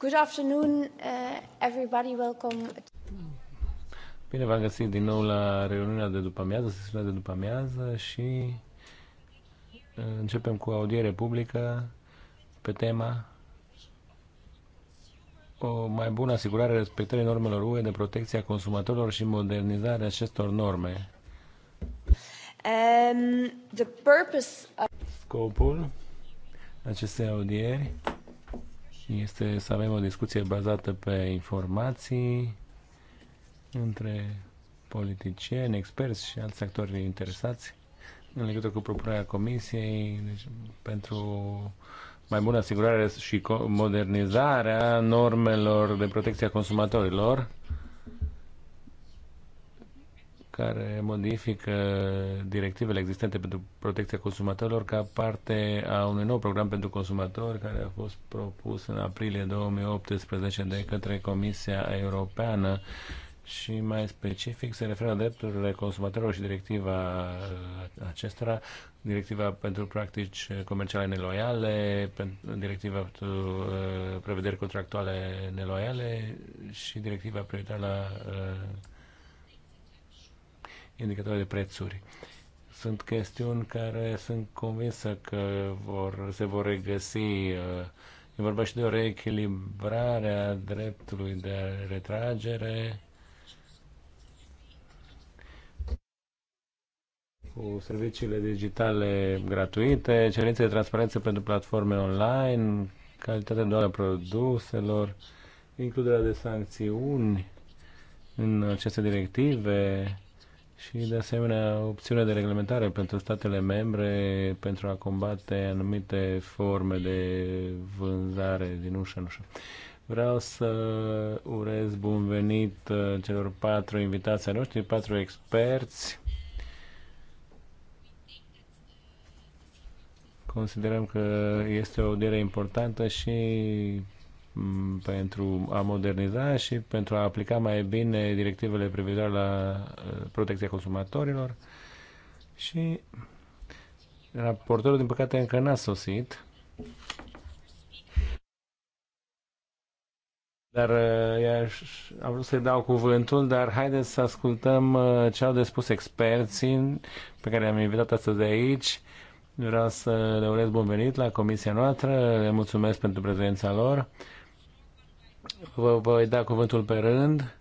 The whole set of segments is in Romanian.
Good afternoon, uh, everybody. Welcome. Bine v-am găsit din nou la reuniunea de după amiază, sesiunea de după amiază și uh, începem cu audiere publică pe tema o mai bună asigurare respectării normelor UE de protecție a consumatorilor și modernizarea acestor norme. Um, the purpose of... Scopul acestei audieri este să avem o discuție bazată pe informații între politicieni, experți și alți actori interesați în legătură cu propunerea Comisiei deci, pentru mai bună asigurare și modernizarea normelor de protecție a consumatorilor care modifică directivele existente pentru protecția consumatorilor ca parte a unui nou program pentru consumatori care a fost propus în aprilie 2018 de către Comisia Europeană și mai specific se referă la drepturile consumatorilor și directiva acestora, directiva pentru practici comerciale neloiale, directiva pentru uh, prevederi contractuale neloiale și directiva prioritară la uh, indicatorii de prețuri. Sunt chestiuni care sunt convinsă că vor, se vor regăsi. Uh, e vorba și de o reechilibrare a dreptului de retragere cu serviciile digitale gratuite, cerințe de transparență pentru platforme online, calitatea doar a produselor, includerea de sancțiuni în aceste directive, și de asemenea opțiune de reglementare pentru statele membre pentru a combate anumite forme de vânzare din ușă în ușă. Vreau să urez bun venit uh, celor patru invitații noștri, patru experți. Considerăm că este o audiere importantă și pentru a moderniza și pentru a aplica mai bine directivele privitoare la uh, protecția consumatorilor. Și raportorul, din păcate, încă n-a sosit. Dar uh, am vrut să-i dau cuvântul, dar haideți să ascultăm uh, ce au de spus experții pe care am invitat astăzi de aici. Vreau să le urez bun venit la comisia noastră, le mulțumesc pentru prezența lor vă voi da cuvântul pe rând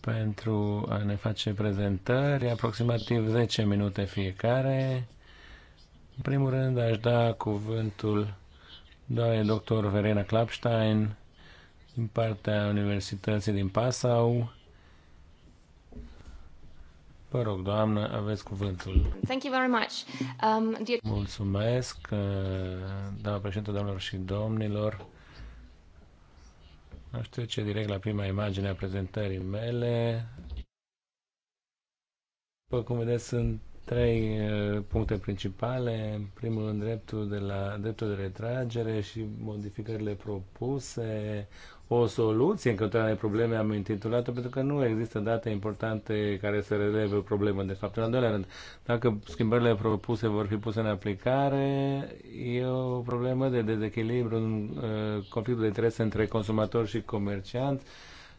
pentru a ne face prezentări, aproximativ 10 minute fiecare. În primul rând aș da cuvântul doamnei doctor Verena Klapstein din partea Universității din Passau. Vă rog, doamnă, aveți cuvântul. Thank you very much. Um, dear... Mulțumesc, uh, doamnă președinte, doamnelor și domnilor. Aș trece direct la prima imagine a prezentării mele. După cum vedeți, sunt trei uh, puncte principale. În primul rând, dreptul de, la, dreptul de retragere și modificările propuse, o soluție în căutarea probleme am intitulat-o pentru că nu există date importante care să releve o problemă. De fapt, în al doilea rând, dacă schimbările propuse vor fi puse în aplicare, e o problemă de dezechilibru, un uh, conflict de interese între consumator și comercianți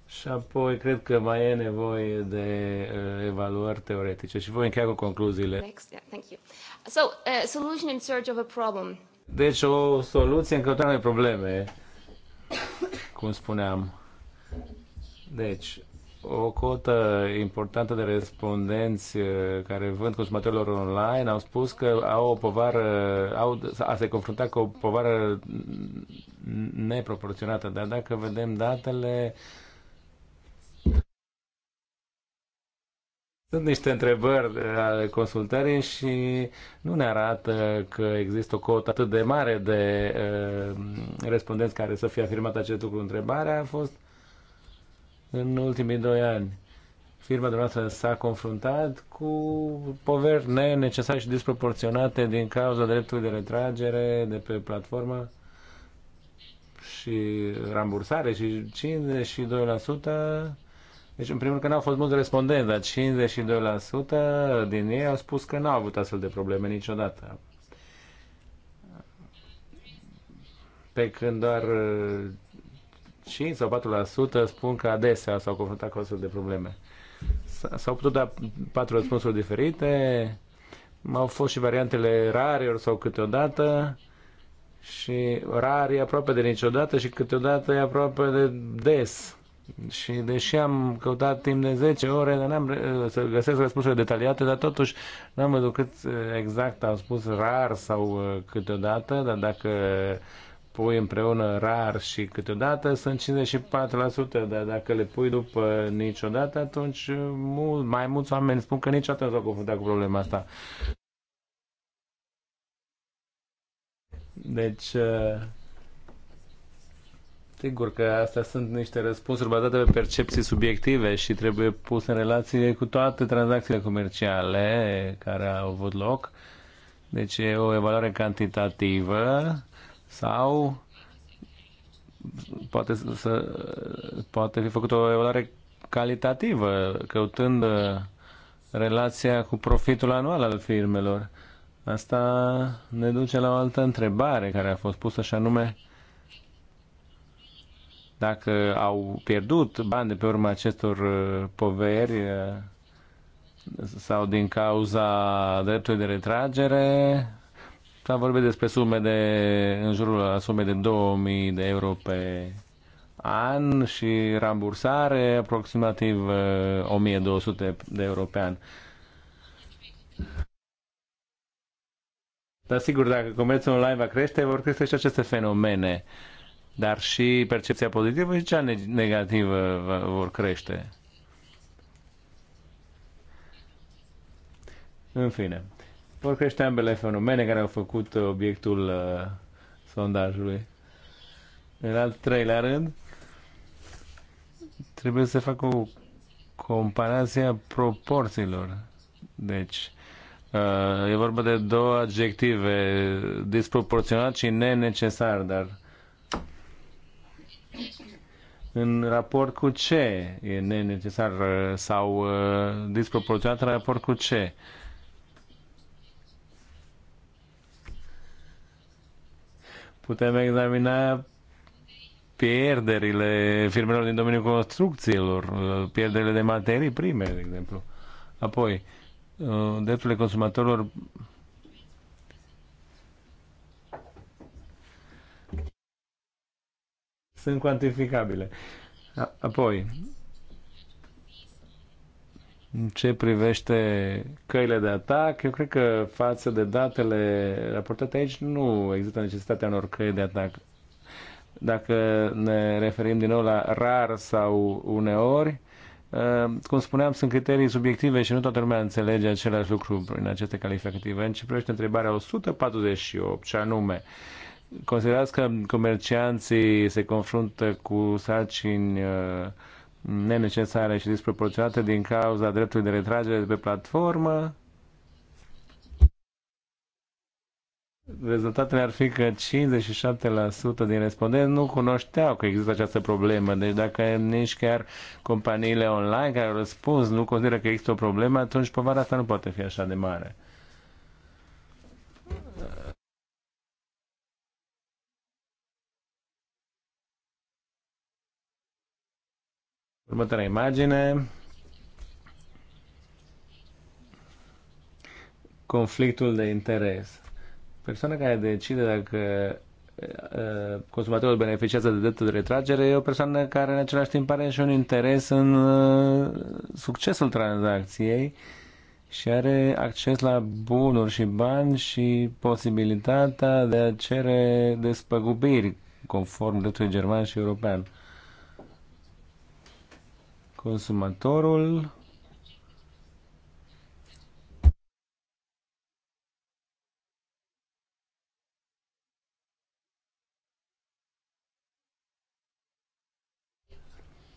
și apoi cred că mai e nevoie de uh, evaluări teoretice și voi încheia cu concluziile. Next, yeah, thank you. So, uh, solution in search of a problem. Deci o soluție în căutarea unei probleme cum spuneam. Deci, o cotă importantă de respondenți eh, care vând consumatorilor online au spus că au o povară, au, a se confrunta cu o povară neproporționată, dar dacă vedem datele, uh, Sunt niște întrebări uh, ale consultării și nu ne arată că există o cotă atât de mare de uh, respondenți care să fie afirmat acest lucru. Întrebarea a fost în ultimii doi ani. Firma dumneavoastră s-a confruntat cu poveri nenecesare și disproporționate din cauza dreptului de retragere de pe platformă și rambursare și 52% deci, în primul rând, că n-au fost mulți respondenți, dar 52% din ei au spus că n-au avut astfel de probleme niciodată. Pe când doar 5 uh, sau 4% spun că adesea s-au confruntat cu astfel de probleme. S-au putut da patru răspunsuri diferite, au fost și variantele rare ori sau câteodată și rar e aproape de niciodată și câteodată e aproape de des. Și deși am căutat timp de 10 ore, n-am să găsesc răspunsuri detaliate, dar totuși n-am văzut cât exact au spus rar sau uh, câteodată, dar dacă pui împreună rar și câteodată sunt 54%, dar dacă le pui după niciodată, atunci uh, mult, mai mulți oameni spun că niciodată nu s-au confruntat cu problema asta. Deci, uh, Sigur că astea sunt niște răspunsuri bazate pe percepții subiective și trebuie pus în relație cu toate tranzacțiile comerciale care au avut loc. Deci e o evaluare cantitativă sau poate, să, poate fi făcută o evaluare calitativă, căutând relația cu profitul anual al firmelor. Asta ne duce la o altă întrebare care a fost pusă și anume dacă au pierdut bani de pe urma acestor uh, poveri uh, sau din cauza dreptului de retragere, s-a vorbit despre sume de, în jurul a sume de 2000 de euro pe an și rambursare aproximativ 1200 uh, de euro pe an. Dar sigur, dacă comerțul online va crește, vor crește și aceste fenomene. Uh, dar și percepția pozitivă și cea negativă vor crește. În fine, vor crește ambele fenomene care au făcut obiectul uh, sondajului. În al treilea rând, trebuie să fac o comparație a proporțiilor. Deci, uh, e vorba de două adjective, disproporționat și nenecesar, dar uh, în raport cu ce e nenecesar uh, sau uh, disproporționat în raport cu ce? Putem examina pierderile firmelor din domeniul construcțiilor, uh, pierderile de materii prime, de exemplu. Apoi, drepturile consumatorilor sunt cuantificabile. Apoi, în ce privește căile de atac, eu cred că față de datele raportate aici nu există necesitatea unor căi de atac. Dacă ne referim din nou la rar sau uneori, ă, cum spuneam, sunt criterii subiective și nu toată lumea înțelege același lucru în aceste calificative. În ce privește întrebarea 148, ce anume, uh, Considerați că comercianții se confruntă cu sarcini uh, nenecesare și disproporționate din cauza dreptului de retragere de pe platformă? Rezultatele ar fi că 57% din respondenți nu cunoșteau că există această problemă. Deci dacă nici chiar companiile online care au răspuns nu consideră că există o problemă, atunci povara asta nu poate fi așa de mare. Următoarea imagine. Conflictul de interes. Persoana care decide dacă uh, uh, consumatorul beneficiază de dreptul de retragere e o persoană care în același timp are și un interes în uh, succesul tranzacției și are acces la bunuri și bani și posibilitatea de a cere despăgubiri conform dreptului german și european. Consumatorul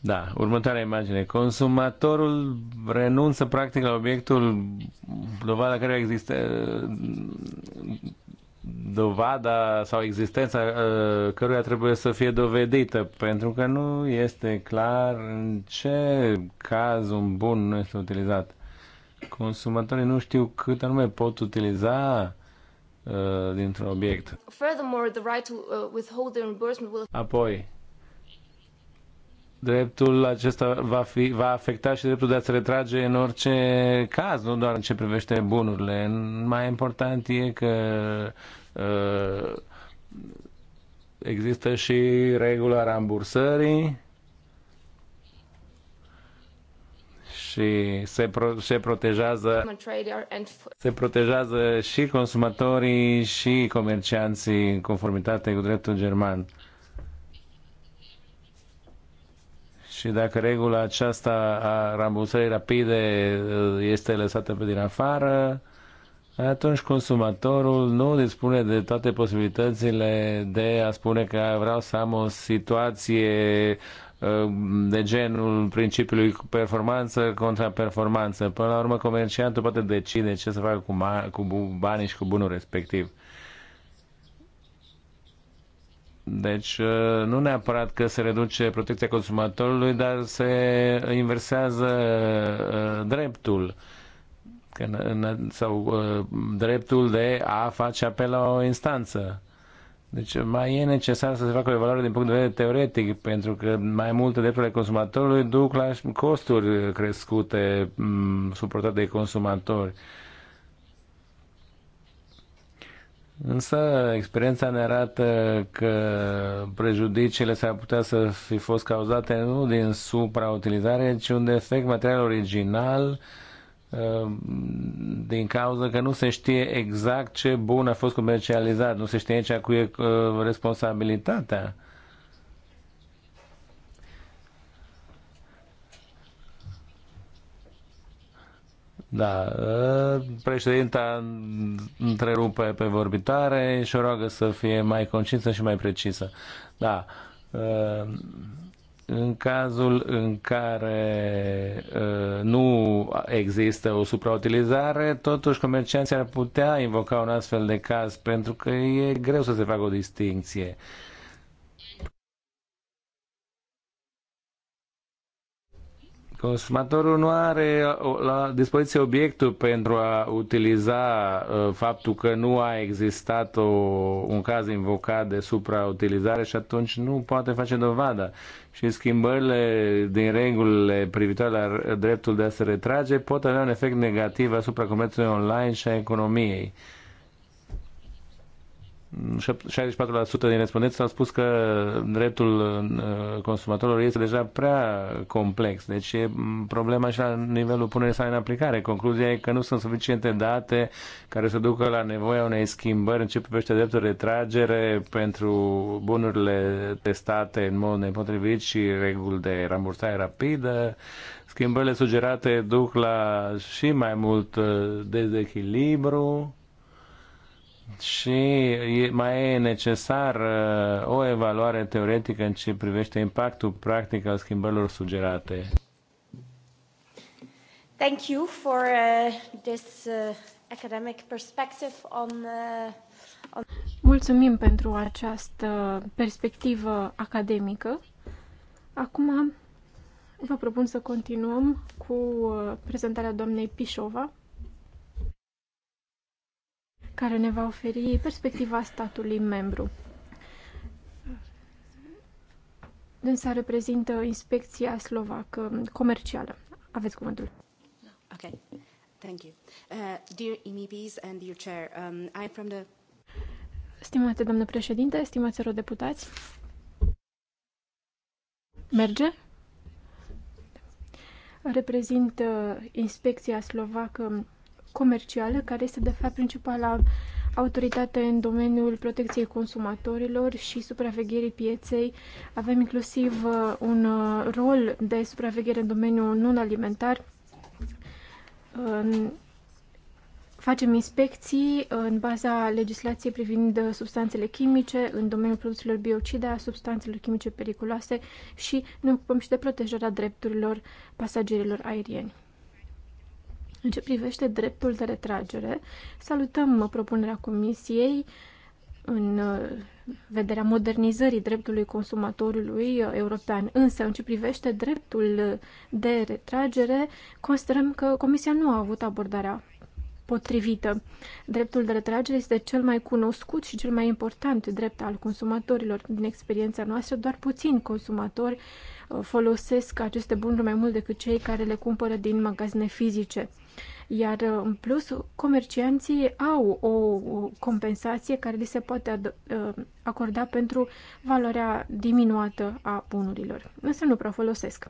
Da, următoarea imagine. Consumatorul renunță practic la obiectul dovada care există dovada sau existența uh, căruia trebuie să fie dovedită, pentru că nu este clar în ce caz un bun nu este utilizat. Consumatorii nu știu cât anume pot utiliza uh, dintr-un obiect. Uh, Apoi, dreptul acesta va, fi, va afecta și dreptul de a se retrage în orice caz, nu doar în ce privește bunurile. Mai important e că uh, există și regula rambursării și se, pro, se protejează se protejează și consumatorii și comercianții în conformitate cu dreptul german. Și dacă regula aceasta a rambursării rapide uh, este lăsată pe din afară, atunci consumatorul nu dispune de toate posibilitățile de a spune că vreau să am o situație uh, de genul principiului performanță contra performanță. Până la urmă, comerciantul poate decide ce să facă cu, cu banii și cu bunul respectiv. Deci uh, nu neapărat că se reduce protecția consumatorului, dar se inversează uh, dreptul sau uh, dreptul de a face apel la o instanță. Deci mai e necesar să se facă o evaluare din punct de vedere teoretic, pentru că mai multe drepturile consumatorului duc la costuri crescute mm, suportate de consumatori. Uh, Însă experiența ne arată că prejudiciile s-ar putea să fi fost cauzate nu din suprautilizare, ci un defect material original uh, din cauza că nu se știe exact ce bun a fost comercializat, nu se știe aici cu e uh, responsabilitatea Da, ă, președinta întrerupe pe vorbitare și o roagă să fie mai concisă și mai precisă. Da, ă, în cazul în care ă, nu există o suprautilizare, totuși comercianții ar putea invoca un astfel de caz pentru că e greu să se facă o distinție. Consumatorul nu are uh, la dispoziție obiectul pentru a utiliza uh, faptul că nu a existat o, un caz invocat de suprautilizare și atunci nu poate face dovada. Și schimbările din regulile privitoare la dreptul de a se retrage pot avea un efect negativ asupra comerțului online și a economiei. 64% din respondenți au spus că dreptul uh, consumatorilor este deja prea complex. Deci e problema și la nivelul punerii sale în aplicare. Concluzia e că nu sunt suficiente date care să ducă la nevoia unei schimbări în ce privește dreptul de tragere pentru bunurile testate în mod nepotrivit și reguli de rambursare rapidă. Schimbările sugerate duc la și mai mult uh, dezechilibru și mai e necesar uh, o evaluare teoretică în ce privește impactul practic al schimbărilor sugerate. Thank you for uh, this uh, academic perspective on, uh, on Mulțumim pentru această perspectivă academică. Acum vă propun să continuăm cu uh, prezentarea doamnei Pișova care ne va oferi perspectiva statului membru. Dânsa reprezintă inspecția slovacă comercială. Aveți cuvântul. Okay. Thank you. Uh, dear MEPs and dear Chair, um, I'm from the... Stimate domnule președinte, stimați eurodeputați, merge? Reprezintă uh, inspecția slovacă comercială, care este de fapt principala autoritate în domeniul protecției consumatorilor și supravegherii pieței. Avem inclusiv uh, un uh, rol de supraveghere în domeniul non-alimentar. Facem inspecții în baza legislației privind substanțele chimice, în domeniul produselor biocide, a substanțelor chimice periculoase și ne ocupăm și de protejarea drepturilor pasagerilor aerieni. În ce privește dreptul de retragere, salutăm propunerea Comisiei în uh, vederea modernizării dreptului consumatorului uh, european. Însă, în ce privește dreptul uh, de retragere, considerăm că Comisia nu a avut abordarea potrivită. Dreptul de retragere este cel mai cunoscut și cel mai important drept al consumatorilor. Din experiența noastră, doar puțini consumatori folosesc aceste bunuri mai mult decât cei care le cumpără din magazine fizice. Iar uh, în plus, comercianții au o compensație care li se poate uh, acorda pentru valoarea diminuată a bunurilor, însă nu prea folosesc.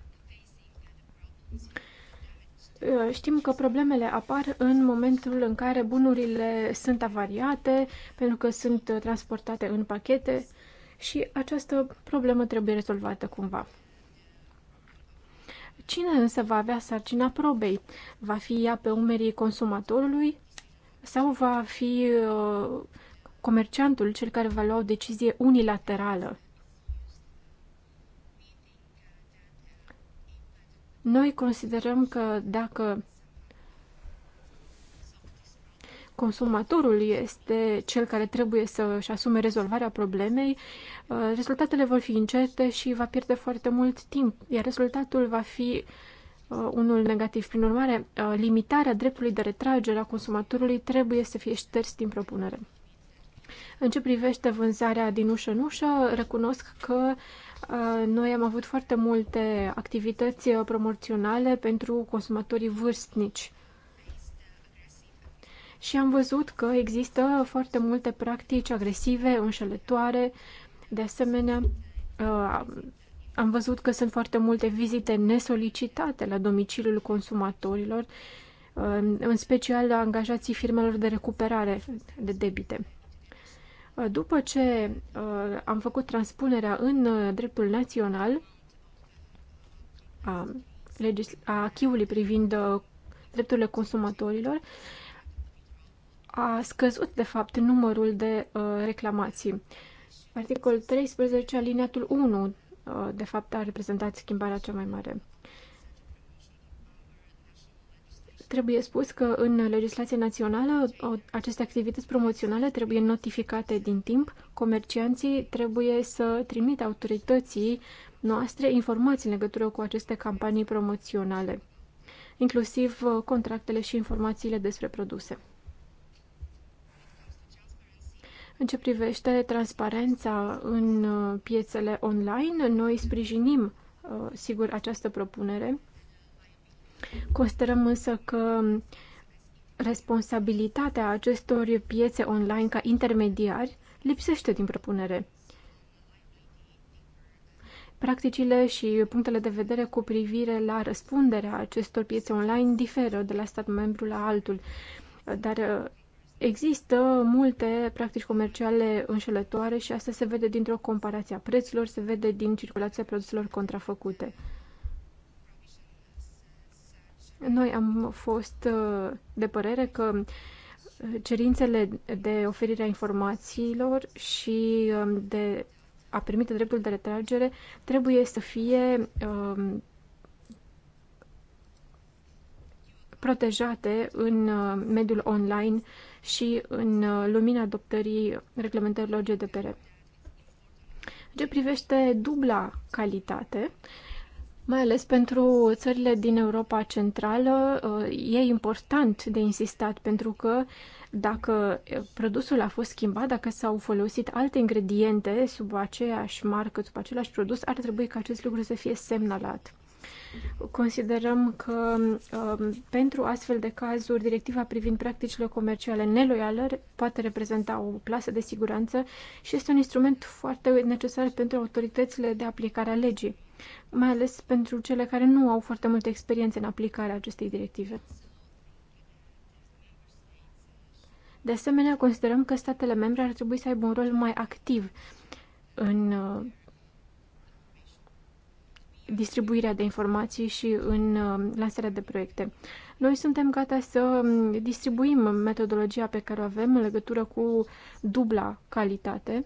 Uh, știm că problemele apar în momentul în care bunurile sunt avariate, pentru că sunt transportate în pachete și această problemă trebuie rezolvată cumva. Cine însă va avea sarcina probei? Va fi ea pe umerii consumatorului sau va fi uh, comerciantul cel care va lua o decizie unilaterală? Noi considerăm că dacă consumatorul este cel care trebuie să-și asume rezolvarea problemei, uh, rezultatele vor fi incerte și va pierde foarte mult timp, iar rezultatul va fi uh, unul negativ. Prin urmare, uh, limitarea dreptului de retragere a consumatorului trebuie să fie șters din propunere. În ce privește vânzarea din ușă în ușă, recunosc că noi am avut foarte multe activități promoționale pentru consumatorii vârstnici și am văzut că există foarte multe practici agresive, înșelătoare. De asemenea, uh, am văzut că sunt foarte multe vizite nesolicitate la domiciliul consumatorilor, uh, în special la angajații firmelor de recuperare de debite. Uh, după ce am făcut transpunerea în dreptul național a, a privind drepturile consumatorilor, a scăzut, de fapt, numărul de uh, reclamații. Articolul 13, alineatul 1, uh, de fapt, a reprezentat schimbarea cea mai mare. Trebuie spus că în legislația națională aceste activități promoționale trebuie notificate din timp. Comercianții trebuie să trimită autorității noastre informații în legătură cu aceste campanii promoționale, inclusiv uh, contractele și informațiile despre produse. În ce privește transparența în uh, piețele online, noi sprijinim, uh, sigur, această propunere. Considerăm însă că responsabilitatea acestor piețe online ca intermediari lipsește din propunere. Practicile și punctele de vedere cu privire la răspunderea acestor piețe online diferă de la stat membru la altul, dar uh, Există multe practici comerciale înșelătoare și asta se vede dintr-o comparație a prețurilor, se vede din circulația produselor contrafăcute. Noi am fost uh, de părere că uh, cerințele de oferire a informațiilor și um, de a permite dreptul de retragere trebuie să fie um, protejate în uh, mediul online și în uh, lumina adoptării reglementărilor GDPR. Ce privește dubla calitate, mai ales pentru țările din Europa Centrală, uh, e important de insistat pentru că dacă produsul a fost schimbat, dacă s-au folosit alte ingrediente sub aceeași marcă, sub același produs, ar trebui ca acest lucru să fie semnalat. Considerăm că um, pentru astfel de cazuri, directiva privind practicile comerciale neloiale poate reprezenta o plasă de siguranță și este un instrument foarte necesar pentru autoritățile de aplicare a legii, mai ales pentru cele care nu au foarte multă experiență în aplicarea acestei directive. De asemenea, considerăm că statele membre ar trebui să aibă un rol mai activ în uh, distribuirea de informații și în uh, lansarea de proiecte. Noi suntem gata să um, distribuim metodologia pe care o avem în legătură cu dubla calitate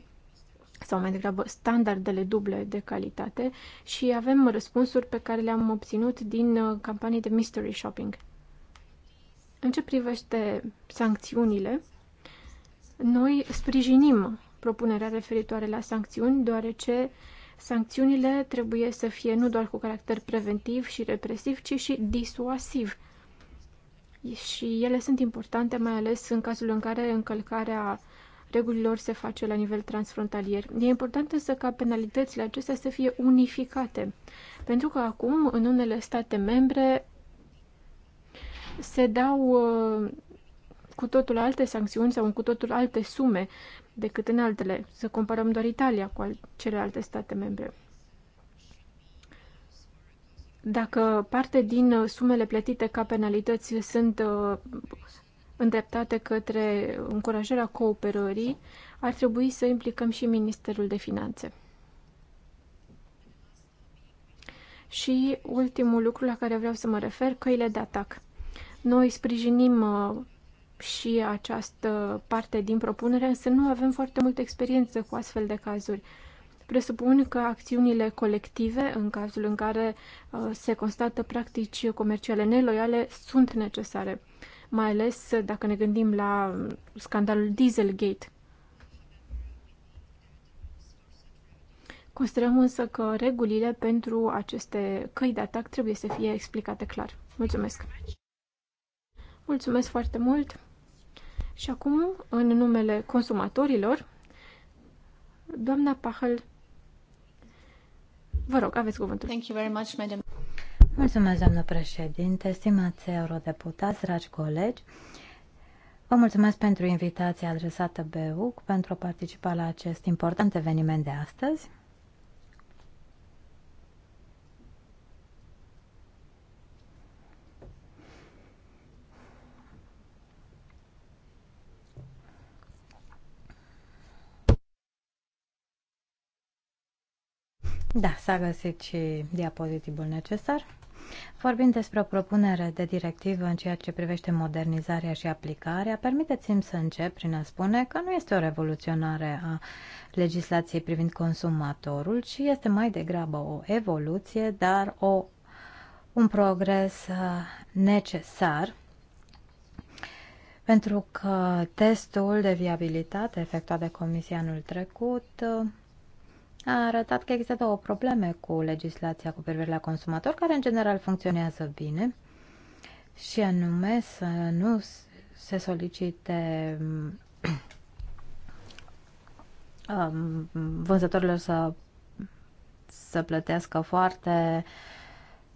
sau mai degrabă standardele duble de calitate și avem răspunsuri pe care le-am obținut din uh, campanii de mystery shopping. În ce privește sancțiunile, noi sprijinim propunerea referitoare la sancțiuni, deoarece uh, Sancțiunile trebuie să fie nu doar cu caracter preventiv și represiv, ci și disuasiv. Și ele sunt importante, mai ales în cazul în care încălcarea regulilor se face la nivel transfrontalier. E important însă ca penalitățile acestea să fie unificate, pentru că acum, în unele state membre, se dau uh, cu totul alte sancțiuni sau cu totul alte sume decât în altele, să comparăm doar Italia cu celelalte state membre. Dacă parte din uh, sumele plătite ca penalități sunt uh, îndreptate către încurajarea cooperării, ar trebui să implicăm și Ministerul de Finanțe. Și ultimul lucru la care vreau să mă refer, căile de atac. Noi sprijinim uh, și această parte din propunere, însă nu avem foarte multă experiență cu astfel de cazuri. Presupun că acțiunile colective, în cazul în care uh, se constată practici comerciale neloiale, sunt necesare, mai ales dacă ne gândim la scandalul Dieselgate. Considerăm însă că regulile pentru aceste căi de atac trebuie să fie explicate clar. Mulțumesc! Mulțumesc foarte mult! Și acum, în numele consumatorilor, doamna Pahăl, vă rog, aveți cuvântul. Thank you very much, madam. Mulțumesc, doamnă președinte, stimați eurodeputați, dragi colegi. Vă mulțumesc pentru invitația adresată BEUC pentru a participa la acest important eveniment de astăzi. Da, s-a găsit și diapozitivul necesar. Vorbind despre o propunere de directivă în ceea ce privește modernizarea și aplicarea, permiteți-mi să încep prin a spune că nu este o revoluționare a legislației privind consumatorul, ci este mai degrabă o evoluție, dar o, un progres uh, necesar pentru că testul de viabilitate efectuat de Comisia anul trecut uh, a arătat că există două probleme cu legislația cu privire la consumator, care în general funcționează bine, și anume să nu se solicite um, vânzătorilor să, să plătească foarte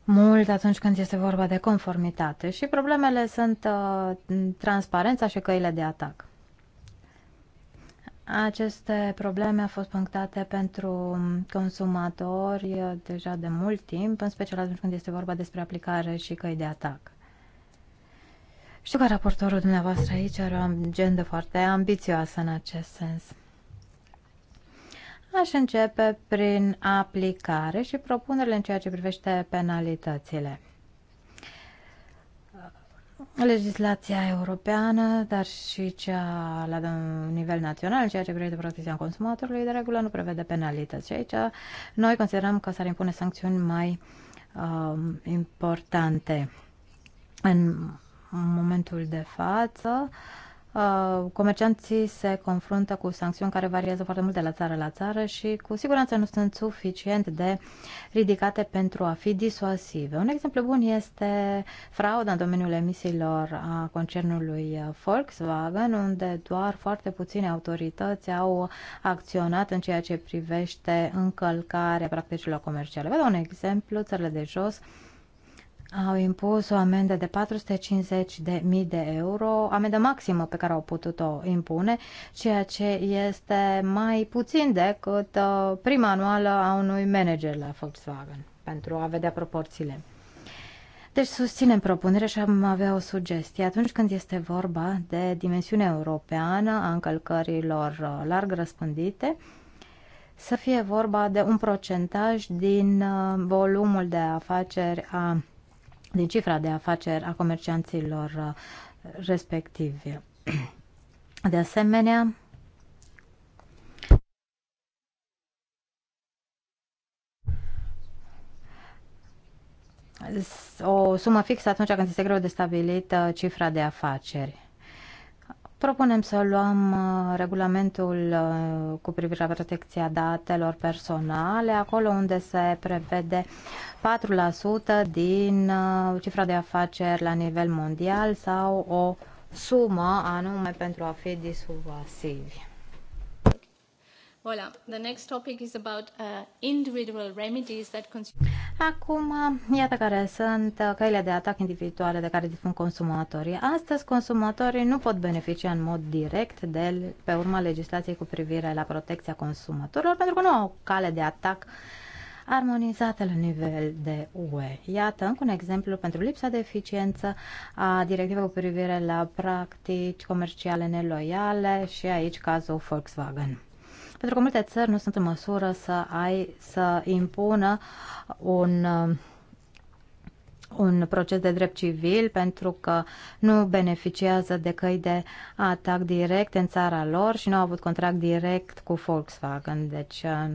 mult atunci când este vorba de conformitate și problemele sunt uh, transparența și căile de atac. Aceste probleme au fost punctate pentru consumatori deja de mult timp, în special atunci când este vorba despre aplicare și căi de atac. Știu că raportorul dumneavoastră aici are o agendă foarte ambițioasă în acest sens. Aș începe prin aplicare și propunerile în ceea ce privește penalitățile legislația europeană, dar și cea la nivel național, ceea ce privește protecția consumatorului, de regulă nu prevede penalități. Și aici noi considerăm că s-ar impune sancțiuni mai uh, importante. În momentul de față, uh, Uh, comercianții se confruntă cu sancțiuni care variază foarte mult de la țară la țară și cu siguranță nu sunt suficient de ridicate pentru a fi disuasive. Un exemplu bun este frauda în domeniul emisiilor a concernului Volkswagen, unde doar foarte puține autorități au acționat în ceea ce privește încălcarea practicilor comerciale. Vă dau un exemplu, țările de jos, au impus o amendă de 450 de mii de euro, amendă maximă pe care au putut-o impune, ceea ce este mai puțin decât uh, prima anuală a unui manager la Volkswagen, pentru a vedea proporțiile. Deci susținem propunerea și am avea o sugestie. Atunci când este vorba de dimensiunea europeană a încălcărilor uh, larg răspândite, să fie vorba de un procentaj din uh, volumul de afaceri a din cifra de afaceri a comercianților uh, respectivi. De asemenea, o sumă fixă atunci când este greu de stabilit uh, cifra de afaceri. Propunem să luăm uh, regulamentul uh, cu privire la protecția datelor personale, acolo unde se prevede 4% din uh, cifra de afaceri la nivel mondial sau o sumă anume pentru a fi disuasivi. Voilà. The next topic is about uh, individual remedies that Acum, uh, iată care sunt uh, căile de atac individuale de care dispun consumatorii. Astăzi, consumatorii nu pot beneficia în mod direct de pe urma legislației cu privire la protecția consumatorilor pentru că nu au cale de atac armonizată la nivel de UE. Iată încă un exemplu pentru lipsa de eficiență a directivei cu privire la practici comerciale neloiale și aici cazul Volkswagen. Pentru că multe țări nu sunt în măsură să, ai, să impună un um, un proces de drept civil pentru că nu beneficiază de căi de atac direct în țara lor și nu au avut contract direct cu Volkswagen. Deci uh,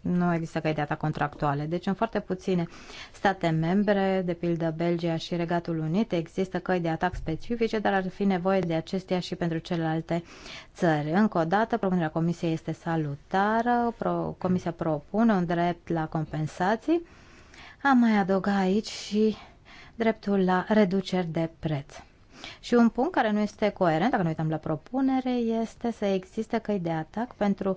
nu există căi de data contractuale. Deci în foarte puține state membre, de pildă Belgia și Regatul Unit, există căi de atac specifice, dar ar fi nevoie de acestea și pentru celelalte țări. Încă o dată, propunerea Comisiei este salutară. Pro, comisia propune un drept la compensații. Am mai adăugat aici și dreptul la reduceri de preț. Și un punct care nu este coerent, dacă nu uităm la propunere, este să existe căi de atac pentru uh,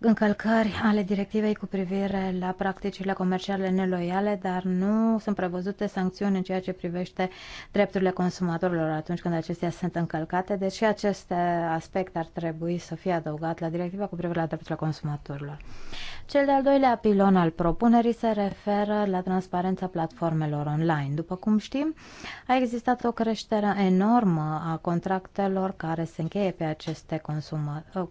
încălcări ale directivei cu privire la practicile comerciale neloiale, dar nu sunt prevăzute sancțiuni în ceea ce privește drepturile consumatorilor atunci când acestea sunt încălcate, deci și acest aspect ar trebui să fie adăugat la directiva cu privire la drepturile consumatorilor. Cel de-al doilea pilon al propunerii se referă la transparența platformelor online. După cum știm, a existat o creștere enormă a contractelor care se încheie pe aceste consumatori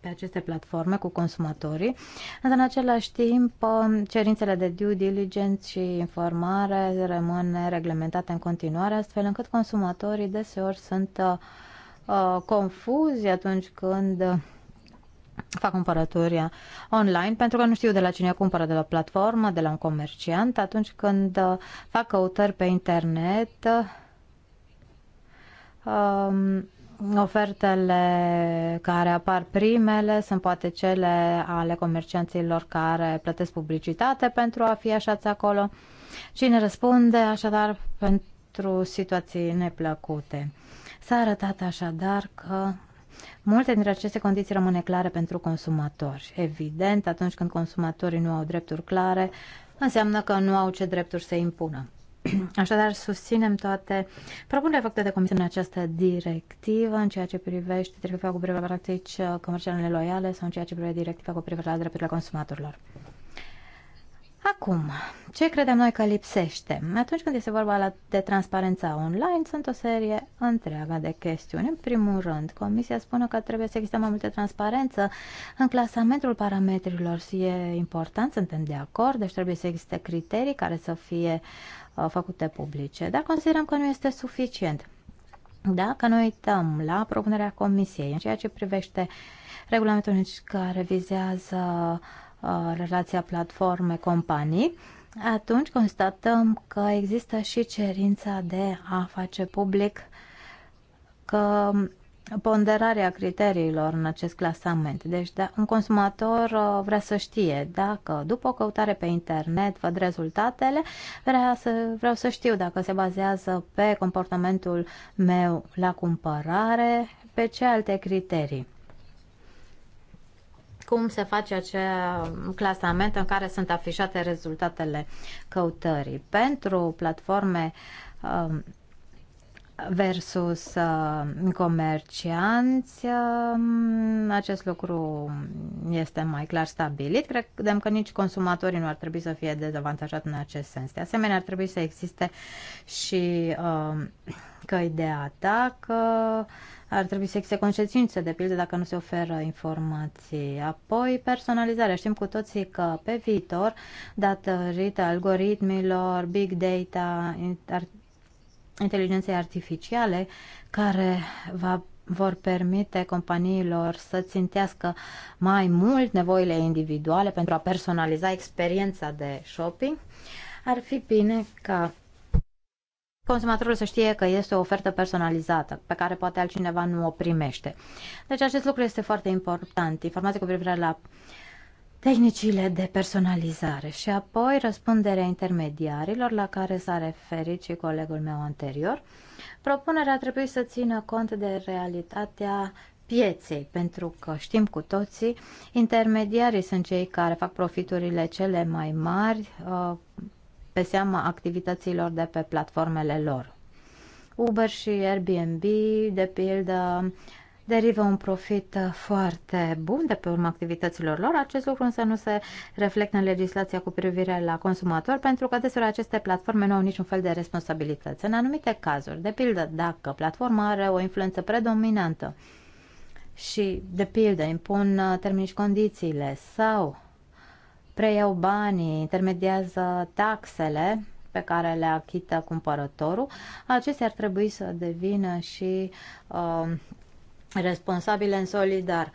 pe aceste platforme cu consumatorii, însă în același timp uh, cerințele de due diligence și informare rămân reglementate în continuare, astfel încât consumatorii deseori sunt uh, uh confuzi atunci când fac cumpărături online pentru că nu știu de la cine cumpără, de la platformă, de la un comerciant. Atunci când uh, fac căutări pe internet, um, Ofertele care apar primele sunt poate cele ale comercianților care plătesc publicitate pentru a fi așați acolo. Cine răspunde așadar pentru situații neplăcute? S-a arătat așadar că Multe dintre aceste condiții rămâne clare pentru consumatori. Evident, atunci când consumatorii nu au drepturi clare, înseamnă că nu au ce drepturi să impună. Așadar, susținem toate propunerile făcute de Comisie în această directivă în ceea ce privește directiva cu privire la practici uh, comerciale neloiale sau în ceea ce privește directiva cu privire la drepturile consumatorilor. Acum, ce credem noi că lipsește? Atunci când este vorba de transparența online, sunt o serie întreagă de chestiuni. În primul rând, Comisia spune că trebuie să existe mai multă transparență în clasamentul parametrilor. E important, suntem de acord, deci trebuie să existe criterii care să fie uh, Uh, făcute publice, dar considerăm că nu este suficient. Dacă noi uităm la propunerea Comisiei în ceea ce privește regulamentul care vizează uh, relația platforme-companii, atunci constatăm că există și cerința de a face public că ponderarea criteriilor în acest clasament. Deci da, un consumator uh, vrea să știe dacă după o căutare pe internet văd rezultatele, vrea să, vreau să știu dacă se bazează pe comportamentul meu la cumpărare, pe ce alte criterii. Cum se face acea clasament în care sunt afișate rezultatele căutării? Pentru platforme um, versus uh, comercianți. Um, acest lucru este mai clar stabilit. Credem că nici consumatorii nu ar trebui să fie dezavantajați în acest sens. De asemenea, ar trebui să existe și um, căi de atac. Uh, ar trebui să existe consecințe, de pildă, dacă nu se oferă informații. Apoi, personalizarea. Știm cu toții că pe viitor, datorită algoritmilor, big data, inteligenței artificiale care va, vor permite companiilor să țintească mai mult nevoile individuale pentru a personaliza experiența de shopping, ar fi bine ca consumatorul să știe că este o ofertă personalizată pe care poate altcineva nu o primește. Deci acest lucru este foarte important. Informații cu privire la uh, tehnicile de personalizare și apoi răspunderea intermediarilor la care s-a referit și colegul meu anterior. Propunerea trebuie să țină cont de realitatea pieței, pentru că știm cu toții, intermediarii sunt cei care fac profiturile cele mai mari uh, pe seama activităților de pe platformele lor. Uber și Airbnb, de pildă, derivă un profit uh, foarte bun de pe urma activităților lor. Acest lucru însă nu se reflectă în legislația cu privire la consumator, pentru că deseori aceste platforme nu au niciun fel de responsabilități. În anumite cazuri, de pildă, dacă platforma are o influență predominantă și, de pildă, impun uh, termeni și condițiile sau preiau banii, intermediază taxele pe care le achită cumpărătorul, acestea ar trebui să devină și uh, responsabile în solidar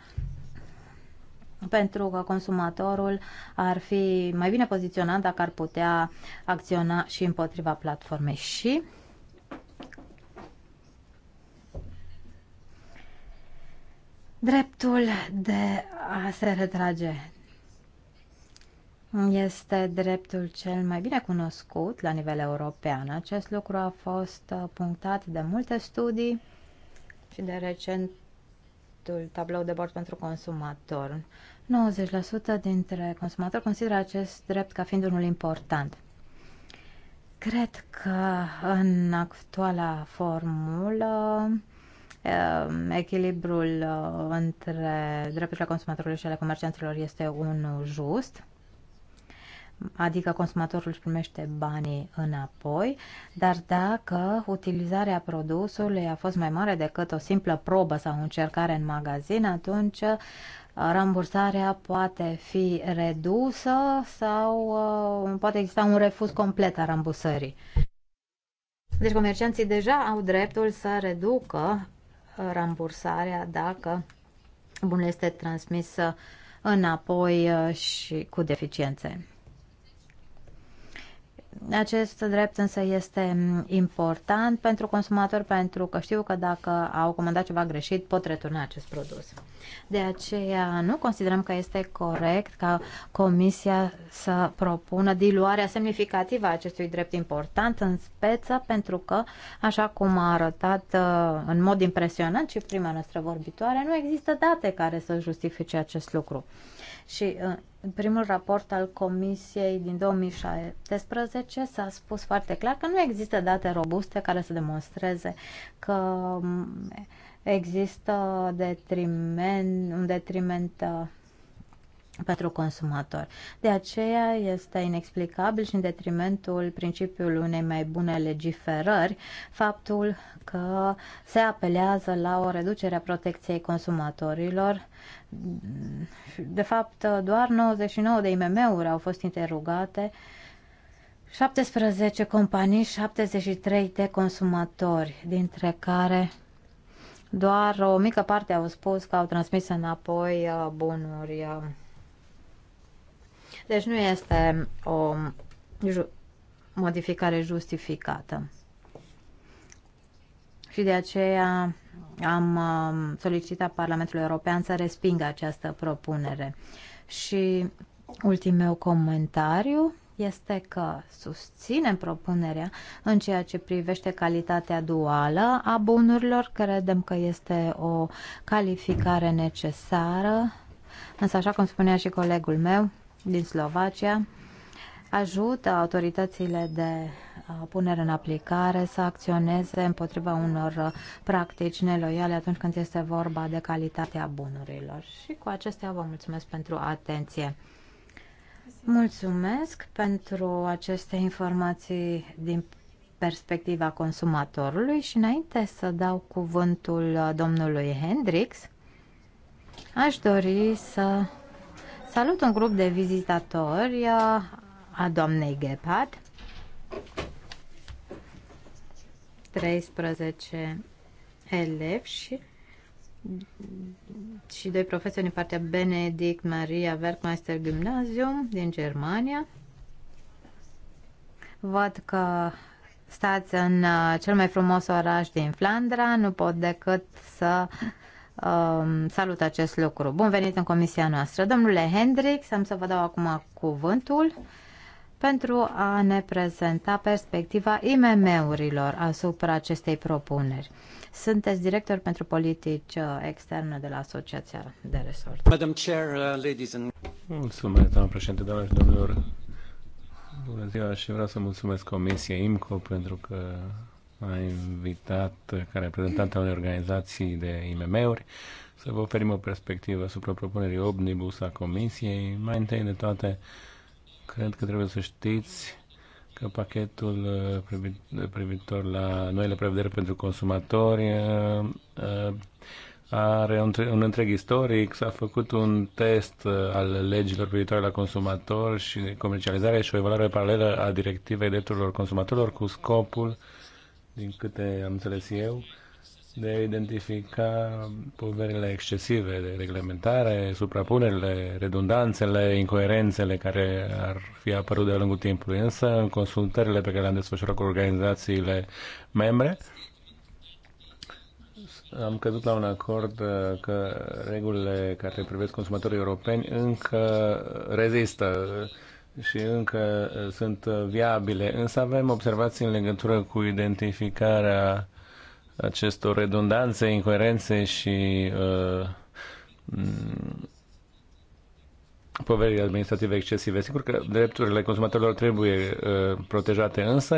pentru că consumatorul ar fi mai bine poziționat dacă ar putea acționa și împotriva platformei. Și dreptul de a se retrage este dreptul cel mai bine cunoscut la nivel european. Acest lucru a fost punctat de multe studii și de recent proiectul tablou de bord pentru consumator. 90% dintre consumatori consideră acest drept ca fiind unul important. Cred că în actuala formulă ehm, echilibrul uh, între drepturile consumatorului și ale comercianților este unul just adică consumatorul își primește banii înapoi, dar dacă utilizarea produsului a fost mai mare decât o simplă probă sau o încercare în magazin, atunci uh, rambursarea poate fi redusă sau uh, poate exista un refuz complet a rambursării. Deci comercianții deja au dreptul să reducă uh, rambursarea dacă bunul este transmis înapoi și cu deficiențe. Acest drept însă este important pentru consumator pentru că știu că dacă au comandat ceva greșit pot returna acest produs. De aceea nu considerăm că este corect ca Comisia să propună diluarea semnificativă a acestui drept important în speță pentru că, așa cum a arătat uh, în mod impresionant și prima noastră vorbitoare, nu există date care să justifice acest lucru. Și uh, în primul raport al Comisiei din 2017 s-a spus foarte clar că nu există date robuste care să demonstreze că mm, există detriment, un detriment uh, pentru consumator. De aceea este inexplicabil și în detrimentul principiului unei mai bune legiferări faptul că se apelează la o reducere a protecției consumatorilor. De fapt, doar 99 de IMM-uri au fost interogate 17 companii, 73 de consumatori, dintre care doar o mică parte au spus că au transmis înapoi uh, bunuri uh, deci nu este o ju- modificare justificată. Și de aceea am um, solicitat Parlamentului European să respingă această propunere. Și ultimul meu comentariu este că susținem propunerea în ceea ce privește calitatea duală a bunurilor. Credem că este o calificare necesară, însă așa cum spunea și colegul meu, din Slovacia ajută autoritățile de uh, punere în aplicare să acționeze împotriva unor uh, practici neloiale atunci când este vorba de calitatea bunurilor. Și cu acestea vă mulțumesc pentru atenție. Mulțumesc pentru aceste informații din perspectiva consumatorului și înainte să dau cuvântul uh, domnului Hendrix, aș dori să Salut un grup de vizitatori uh, a doamnei Gepard. 13 elevi și, și doi profesori din partea Benedict Maria Werkmeister Gymnasium din Germania. Văd că stați în uh, cel mai frumos oraș din Flandra, nu pot decât să Um, salut acest lucru. Bun venit în comisia noastră. Domnule Hendrix, am să vă dau acum cuvântul pentru a ne prezenta perspectiva IMM-urilor asupra acestei propuneri. Sunteți director pentru politici uh, externe de la Asociația de Resort. Madam Chair, uh, ladies and... Mulțumesc, doamnă președinte, doamnă și domnilor. Bună ziua și vreau să mulțumesc Comisiei IMCO pentru că a invitat ca reprezentant al unei organizații de IMM-uri să vă oferim o perspectivă asupra propunerii omnibus a Comisiei. Mai întâi de toate, cred că trebuie să știți că pachetul uh, privitor la noile prevederi pentru consumatori uh, uh, are un, un întreg istoric, s-a făcut un test al legilor privitoare la consumatori și comercializare și o evaluare paralelă a directivei drepturilor consumatorilor cu scopul din câte am înțeles eu, de a identifica poverile excesive de reglementare, suprapunerile, redundanțele, incoerențele care ar fi apărut de-a lungul timpului. Însă, în consultările pe care le-am desfășurat cu organizațiile membre, am căzut la un acord uh, că regulile care privesc consumatorii europeni încă rezistă și încă uh, sunt uh, viabile, însă avem observații în legătură cu identificarea acestor redundanțe, incoerențe și uh, poverii administrative excesive. Sigur că drepturile consumatorilor trebuie uh, protejate, însă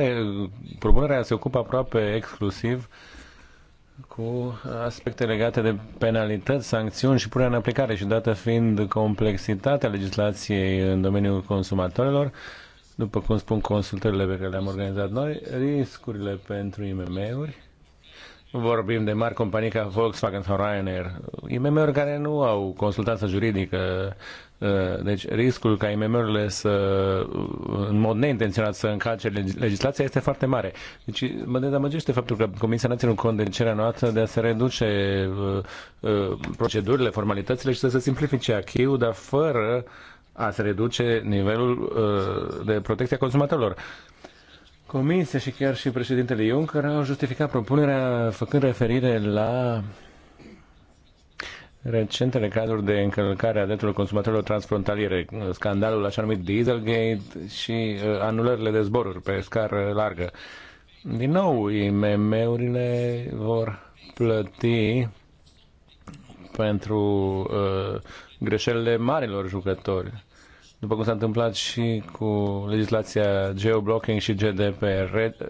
propunerea se ocupă aproape exclusiv uh, cu aspecte legate de penalități, sancțiuni și punerea în aplicare și dată fiind complexitatea legislației în domeniul consumatorilor, după cum spun consultările pe care le-am organizat noi, riscurile pentru IMM-uri, vorbim de mari companii ca Volkswagen sau Ryanair, IMM-uri care nu au consultanță juridică Uh, deci riscul ca IMM-urile să, uh, în mod neintenționat, să încalce legislația este foarte mare. Deci mă dezamăgește faptul că Comisia nu ținut cont de cererea noastră de a se reduce uh, procedurile, formalitățile și să se simplifice acquis dar fără a se reduce nivelul de protecție a consumatorilor. Comisia și chiar și președintele Juncker au justificat propunerea făcând referire la recentele cazuri de încălcare a drepturilor consumatorilor transfrontaliere, scandalul așa numit Dieselgate și uh, anulările de zboruri pe scară largă. Din nou, IMM-urile vor plăti pentru uh, greșelile marilor jucători. După cum s-a întâmplat și cu legislația geoblocking și GDPR, re- uh,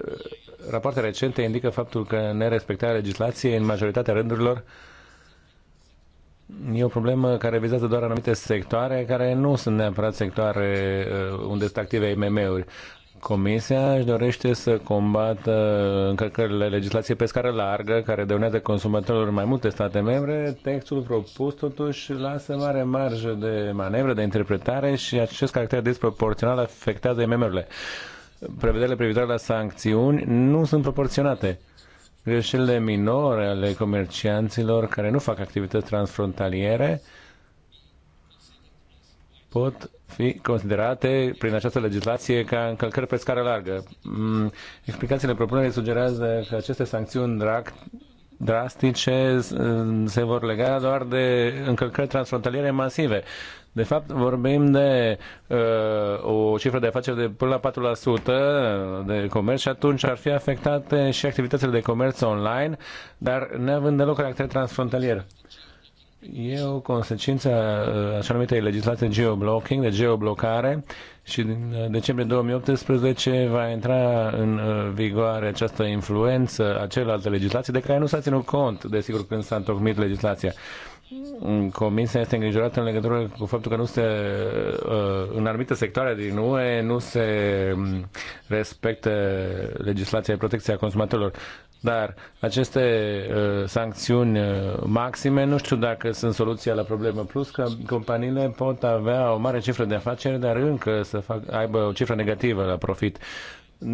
rapoarte recente indică faptul că nerespectarea legislației în majoritatea rândurilor uh, e o problemă care vizează doar anumite sectoare care nu sunt neapărat sectoare uh, unde sunt active IMM-uri. Comisia își dorește să combată încălcările legislației pe scară largă, care dăunează consumatorilor mai multe state membre. Textul propus, totuși, lasă mare marjă de manevră, de interpretare și acest caracter disproporțional afectează IMM-urile. Prevederile privitoare la sancțiuni nu sunt proporționate greșelile minore ale comercianților care nu fac activități transfrontaliere pot fi considerate prin această legislație ca încălcări pe scară largă. Mm, explicațiile propunerii sugerează că aceste sancțiuni drastice mm, se vor lega doar de încălcări transfrontaliere masive. De fapt, vorbim de uh, o cifră de afaceri de până la 4% de comerț și atunci ar fi afectate și activitățile de comerț online, dar neavând deloc caracter transfrontalier. E o consecință a uh, așa numitei legislații geoblocking, de geoblocare și din uh, decembrie 2018 va intra în uh, vigoare această influență a celelalte legislații de care nu s-a ținut cont, desigur, când s-a întocmit legislația. Comisia este îngrijorată în legătură cu faptul că nu se, uh, în anumite sectoare din UE nu se um, respectă legislația de protecție a consumatorilor. Dar aceste uh, sancțiuni uh, maxime nu știu dacă sunt soluția la problemă. Plus că companiile pot avea o mare cifră de afaceri, dar încă să fac, aibă o cifră negativă la profit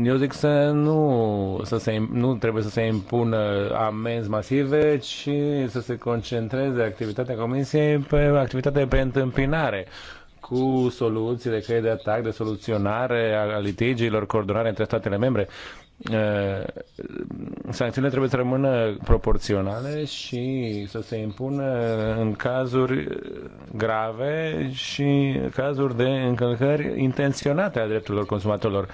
eu zic să nu, să se, nu trebuie să se impună amenzi masive, ci să se concentreze activitatea Comisiei pe activitatea pe întâmpinare cu soluții de căi de atac, de soluționare a litigiilor, coordonare între statele membre. Sancțiunile trebuie să rămână proporționale și să se impună în cazuri grave și cazuri de încălcări intenționate a drepturilor consumatorilor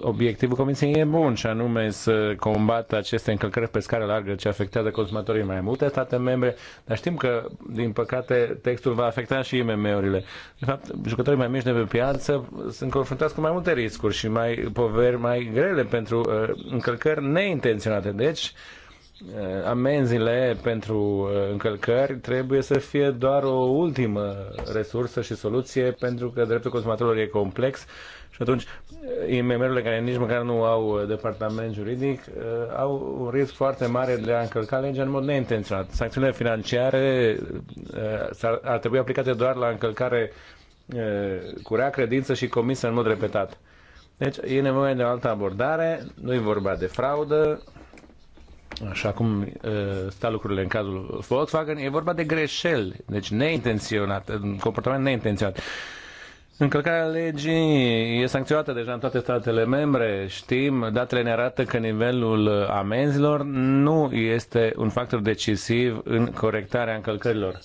obiectivul Comisiei e bun și anume să combată aceste încălcări pe scară largă ce afectează consumatorii mai multe state membre, dar știm că, din păcate, textul va afecta și IMM-urile. De fapt, jucătorii mai mici de pe piață sunt confruntați cu mai multe riscuri și mai poveri mai grele pentru uh, încălcări neintenționate. Deci, uh, amenzile pentru uh, încălcări trebuie să fie doar o ultimă resursă și soluție pentru că dreptul consumatorilor e complex și atunci, IMM-urile care nici măcar nu au uh, departament juridic uh, au un risc foarte mare de a încălca legea în mod neintenționat. Sancțiunile financiare uh, ar trebui aplicate doar la încălcare cu rea credință și comisă în mod repetat. Deci e nevoie de o altă abordare, nu e vorba de fraudă, așa cum stau lucrurile în cazul Volkswagen, e vorba de greșeli, deci neintenționat, comportament neintenționat. Încălcarea legii e sancționată deja în toate statele membre. Știm, datele ne arată că nivelul amenzilor nu este un factor decisiv în corectarea încălcărilor.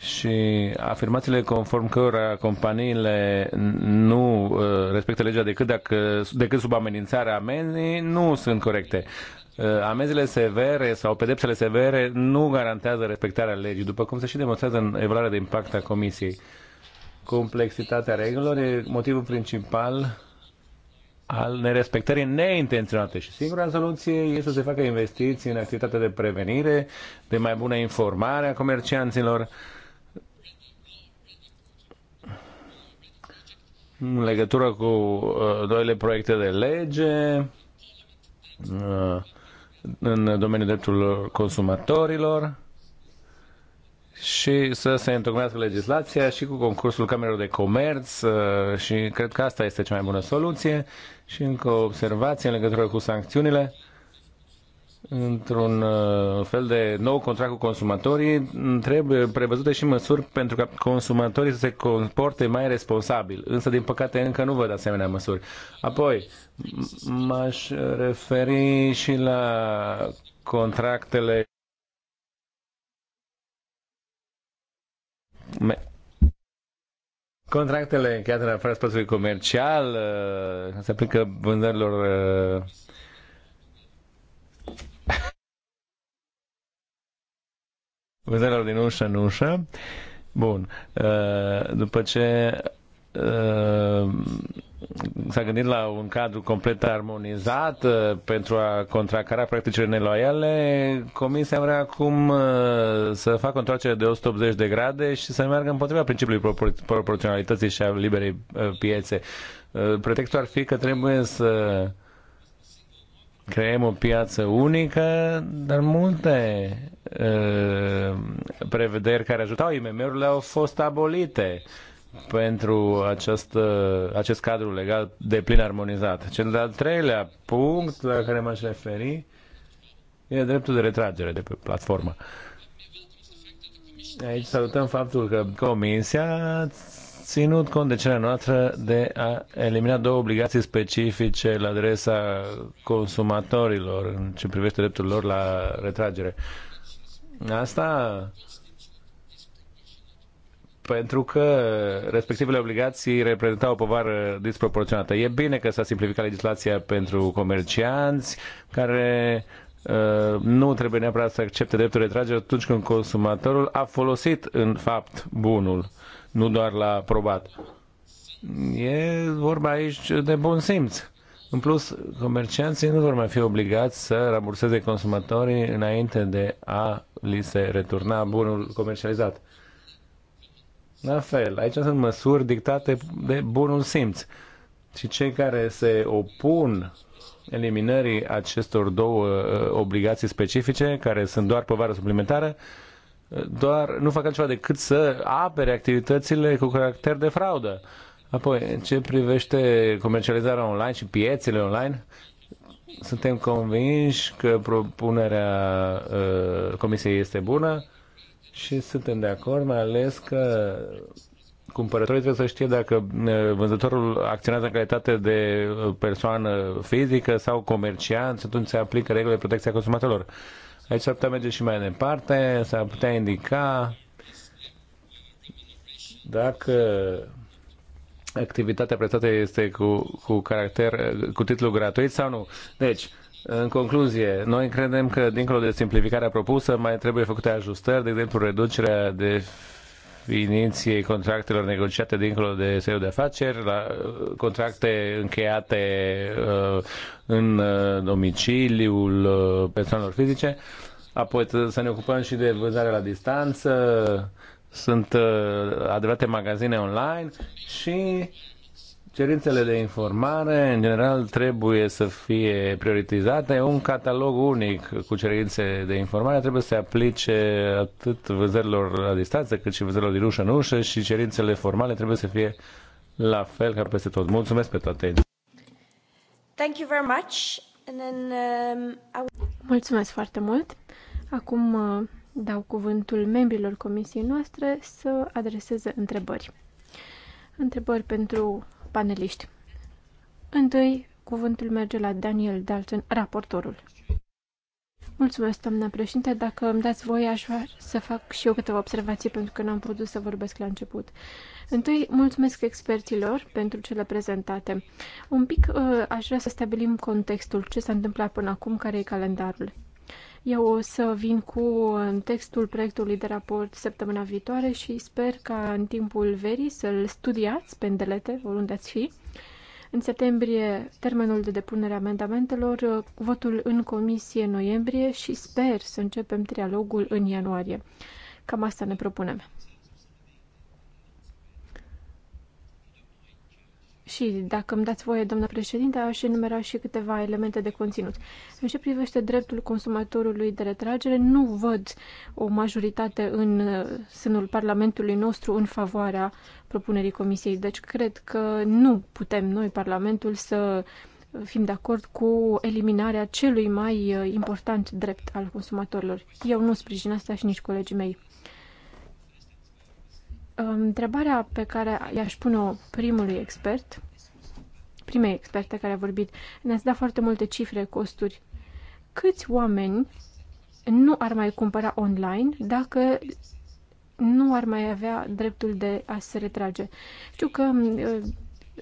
Și afirmațiile conform cărora companiile nu uh, respectă legea decât, dacă, decât sub amenințarea amenzii nu sunt corecte. Uh, amenzile severe sau pedepsele severe nu garantează respectarea legii, după cum se și demonstrează în evaluarea de impact a Comisiei. Complexitatea regulilor e motivul principal al nerespectării neintenționate și singura soluție este să se facă investiții în activitatea de prevenire, de mai bună informare a comercianților, în legătură cu uh, doile proiecte de lege, uh, în domeniul drepturilor consumatorilor și să se întocmească legislația și cu concursul Camerelor de Comerț uh, și cred că asta este cea mai bună soluție. Și încă o observație în legătură cu sancțiunile într-un uh, fel de nou contract cu consumatorii, mm, trebuie prevăzute și măsuri pentru ca consumatorii să se comporte mai responsabil. Însă, din păcate, încă nu văd asemenea măsuri. Apoi, m-aș referi și la contractele Contractele încheiate la fără spațiului comercial uh, se aplică vânzărilor uh, vânzărilor din ușă în ușă. Bun. Uh, după ce uh, s-a gândit la un cadru complet armonizat uh, pentru a contracara practicile neloiale, Comisia vrea acum să facă o întoarcere de 180 de grade și să meargă împotriva principiului propor- proporționalității și a liberei piețe. Pretextul ar fi că trebuie să creăm o piață unică, dar multe uh, prevederi care ajutau IMM-urile au fost abolite pentru acest, uh, acest cadru legal de plin armonizat. Cel de-al treilea punct la care m-aș referi e dreptul de retragere de pe platformă. Aici salutăm faptul că Comisia ținut cont de cererea noastră de a elimina două obligații specifice la adresa consumatorilor în ce privește dreptul lor la retragere. Asta pentru că respectivele obligații reprezentau o povară disproporționată. E bine că s-a simplificat legislația pentru comercianți care uh, nu trebuie neapărat să accepte dreptul de retragere atunci când consumatorul a folosit în fapt bunul. Uh, nu doar la probat. E vorba aici de bun simț. În plus, comercianții nu vor mai fi obligați să ramburseze consumatorii înainte de a li se returna bunul comercializat. La fel, aici sunt măsuri dictate de bunul simț. Și cei care se opun eliminării acestor două uh, obligații specifice, care sunt doar povară suplimentară, doar nu fac altceva decât să apere activitățile cu caracter de fraudă. Apoi, în ce privește comercializarea online și piețele online, suntem convinși că propunerea uh, Comisiei este bună și suntem de acord, mai ales că cumpărătorii trebuie să știe dacă uh, vânzătorul acționează în calitate de uh, persoană fizică sau comerciant, atunci se aplică regulile de protecție a consumatorilor. Uh, Aici s-ar putea merge și mai departe, s-ar putea indica dacă activitatea prestată este cu, cu caracter, cu titlu gratuit sau nu. Deci, în concluzie, noi credem că, dincolo de simplificarea propusă, mai trebuie făcute ajustări, de exemplu, reducerea de definiției contractelor negociate dincolo de seriul de afaceri, la uh, contracte încheiate uh, în uh, domiciliul persoanelor fizice, apoi să ne ocupăm și de vânzare la distanță, sunt adevărate magazine online și Cerințele de informare, în general, trebuie să fie prioritizate. Un catalog unic cu cerințe de informare trebuie să se aplice atât vânzărilor la distanță, cât și vânzărilor din ușă în ușă și cerințele formale trebuie să fie la fel ca peste tot. Mulțumesc pentru atenție! Thank you very much. And then, um, I... Mulțumesc foarte mult! Acum uh, dau cuvântul membrilor comisiei noastre să adreseze întrebări. Întrebări pentru paneliști. Întâi, cuvântul merge la Daniel Dalton, raportorul. Mulțumesc, doamna președinte. Dacă îmi dați voie, aș vrea să fac și eu câteva observații, pentru că n-am putut să vorbesc la început. Întâi, mulțumesc experților pentru cele prezentate. Un pic uh, aș vrea să stabilim contextul, ce s-a întâmplat până acum, care e calendarul. Eu o să vin cu uh, textul proiectului de raport săptămâna viitoare și sper ca în timpul verii să-l studiați pe îndelete, oriunde ați fi. În septembrie, termenul de depunere a amendamentelor, uh, votul în comisie în noiembrie și sper să începem trialogul în ianuarie. Cam asta ne propunem. Și dacă îmi dați voie, doamnă președinte, aș enumera și câteva elemente de conținut. În ce privește dreptul consumatorului de retragere, nu văd o majoritate în uh, sânul Parlamentului nostru în favoarea propunerii Comisiei. Deci cred că nu putem noi, Parlamentul, să fim de acord cu eliminarea celui mai uh, important drept al consumatorilor. Eu nu sprijin asta și nici colegii mei. Întrebarea pe care i-aș pune-o primului expert, primei experte care a vorbit, ne-ați dat foarte multe cifre, costuri. Câți oameni nu ar mai cumpăra online dacă nu ar mai avea dreptul de a se retrage? Știu că uh,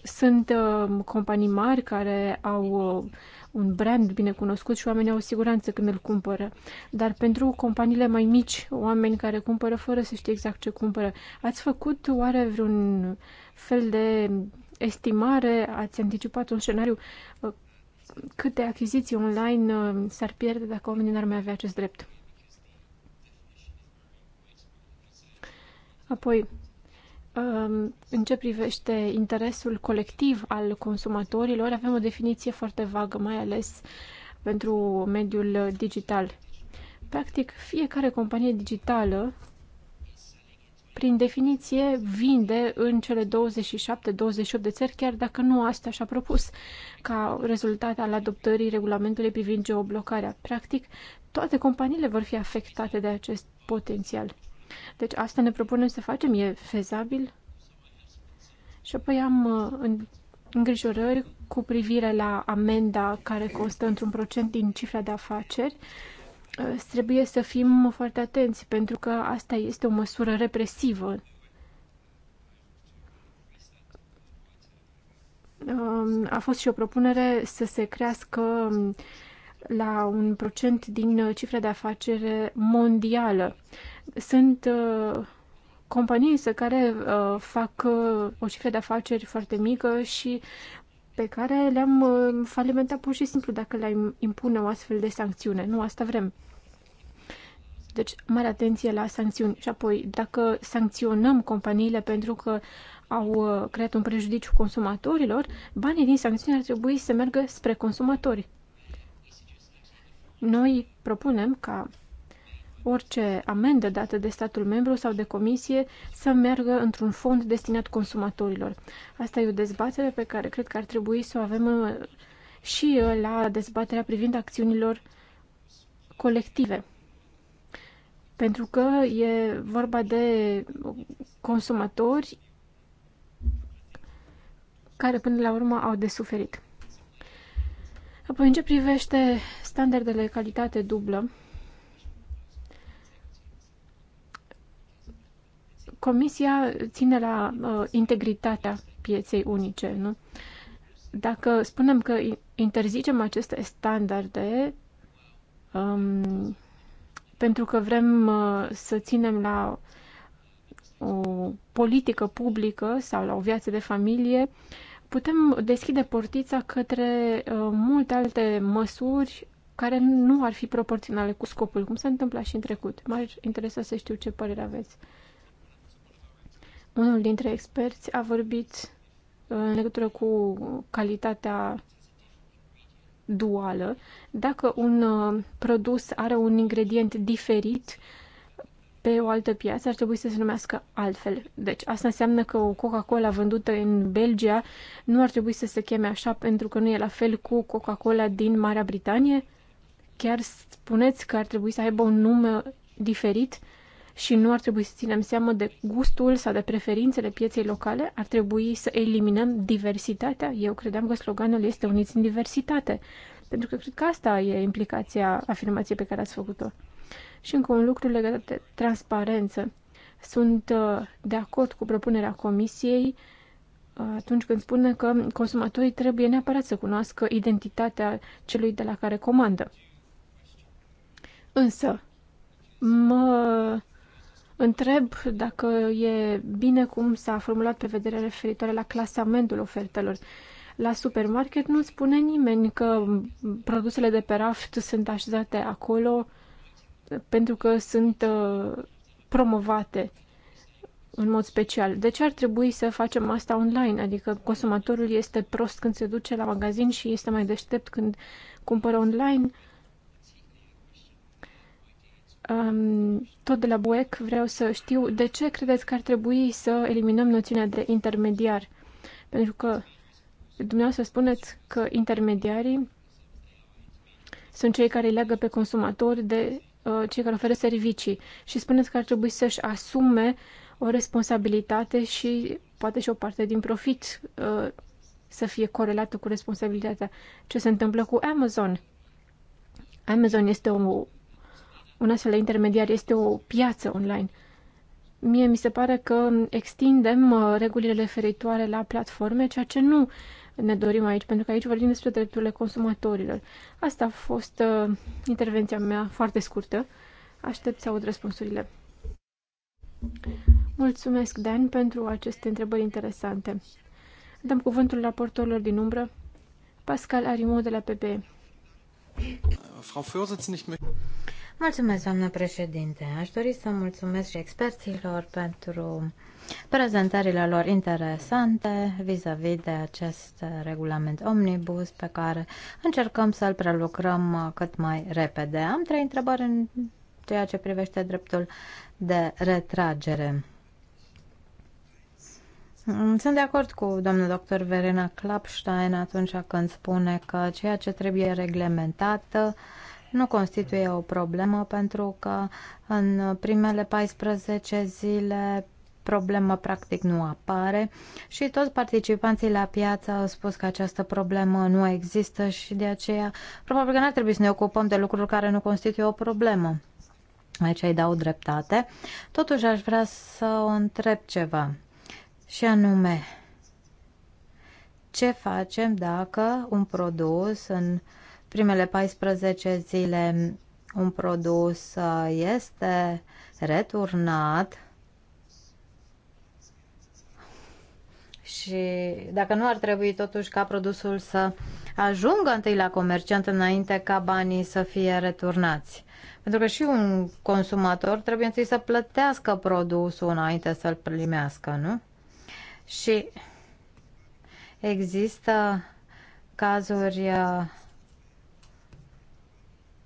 sunt uh, companii mari care au uh, un brand bine cunoscut și oamenii au siguranță când îl cumpără. Dar pentru companiile mai mici, oameni care cumpără fără să știe exact ce cumpără, ați făcut oare vreun fel de estimare, ați anticipat un scenariu uh, câte achiziții online uh, s-ar pierde dacă oamenii n-ar mai avea acest drept? Apoi, în ce privește interesul colectiv al consumatorilor, avem o definiție foarte vagă, mai ales pentru mediul digital. Practic, fiecare companie digitală, prin definiție, vinde în cele 27-28 de țări, chiar dacă nu asta și-a propus, ca rezultat al adoptării regulamentului privind geoblocarea. Practic, toate companiile vor fi afectate de acest potențial. Deci asta ne propunem să facem, e fezabil? Și apoi am uh, îngrijorări cu privire la amenda care constă într-un procent din cifra de afaceri. Uh, trebuie să fim foarte atenți, pentru că asta este o măsură represivă. Um, a fost și o propunere să se crească um, la un procent din uh, cifra de afacere mondială. Sunt uh, companii însă care uh, fac o cifră de afaceri foarte mică și pe care le-am falimentat pur și simplu dacă le-am impune o astfel de sancțiune. Nu asta vrem. Deci, mare atenție la sancțiuni. Și apoi, dacă sancționăm companiile pentru că au creat un prejudiciu consumatorilor, banii din sancțiuni ar trebui să meargă spre consumatori. Noi propunem ca orice amendă dată de statul membru sau de comisie să meargă într-un fond destinat consumatorilor. Asta e o dezbatere pe care cred că ar trebui să o avem uh, și uh, la dezbaterea privind acțiunilor colective. Pentru că e vorba de consumatori care până la urmă au de suferit. Apoi, în ce privește standardele calitate dublă, Comisia ține la uh, integritatea pieței unice, nu? Dacă spunem că interzicem aceste standarde um, pentru că vrem uh, să ținem la o politică publică sau la o viață de familie, uh, putem deschide portița către uh, multe alte măsuri care nu ar fi proporționale cu scopul, cum s-a întâmplat și în trecut. M-ar interesa să știu ce părere aveți. Unul dintre experți a vorbit uh, în legătură cu calitatea duală. Dacă un uh, produs are un ingredient diferit, pe o altă piață, ar trebui să se numească altfel. Deci asta înseamnă că o Coca-Cola vândută în Belgia nu ar trebui să se cheme așa pentru că nu e la fel cu Coca-Cola din Marea Britanie? Chiar spuneți că ar trebui să aibă un nume diferit și nu ar trebui să ținem seama de gustul sau de preferințele pieței locale? Ar trebui să eliminăm diversitatea? Eu credeam că sloganul este Uniți în diversitate, pentru că cred că asta e implicația afirmației pe care ați făcut-o. Și încă un lucru legat de transparență. Sunt uh, de acord cu propunerea comisiei uh, atunci când spune că consumatorii trebuie neapărat să cunoască identitatea celui de la care comandă. Însă, mă întreb dacă e bine cum s-a formulat prevederea referitoare la clasamentul ofertelor. La supermarket nu spune nimeni că produsele de pe raft sunt așezate acolo uh, pentru că sunt uh, promovate în mod special. De deci ce ar trebui să facem asta online? Adică consumatorul este prost când se duce la magazin și este mai deștept când cumpără online? Um, tot de la BUEC vreau să știu de ce credeți că ar trebui să eliminăm noțiunea de intermediar? Pentru că dumneavoastră spuneți că intermediarii sunt cei care leagă pe consumatori de Uh, cei care oferă servicii și spuneți că ar trebui să-și asume o responsabilitate și poate și o parte din profit uh, să fie corelată cu responsabilitatea. Ce se întâmplă cu Amazon? Amazon este o, un astfel de intermediar, este o piață online. Mie mi se pare că extindem uh, regulile referitoare la platforme, ceea ce nu ne dorim aici, pentru că aici vorbim despre drepturile consumatorilor. Asta a fost uh, intervenția mea foarte scurtă. Aștept să aud răspunsurile. Mulțumesc, Dan, pentru aceste întrebări interesante. Dăm cuvântul raportorilor din umbră. Pascal Arimo de la PPE. Frau Vorsitzende, ich möchte... Mulțumesc, doamnă președinte. Aș dori să mulțumesc și experților pentru prezentările lor interesante vis-a-vis -vis de acest regulament omnibus pe care încercăm să-l prelucrăm cât mai repede. Am trei întrebări în ceea ce privește dreptul de retragere. Sunt de acord cu domnul doctor Verena Klapstein atunci când spune că ceea ce trebuie uh, nu constituie o problemă pentru că în primele 14 zile problemă practic nu apare și toți participanții la piață au spus că această problemă nu există și de aceea probabil că n-ar trebui să ne ocupăm de lucruri care nu constituie o problemă. Aici îi dau dreptate. Totuși aș vrea să o întreb ceva și anume ce facem dacă un produs în uh, primele 14 zile un produs uh, este returnat și dacă nu ar trebui totuși ca produsul să ajungă întâi la comerciant înainte ca banii să fie returnați. Pentru că și un consumator trebuie întâi să plătească produsul înainte să-l primească, nu? Și există cazuri uh,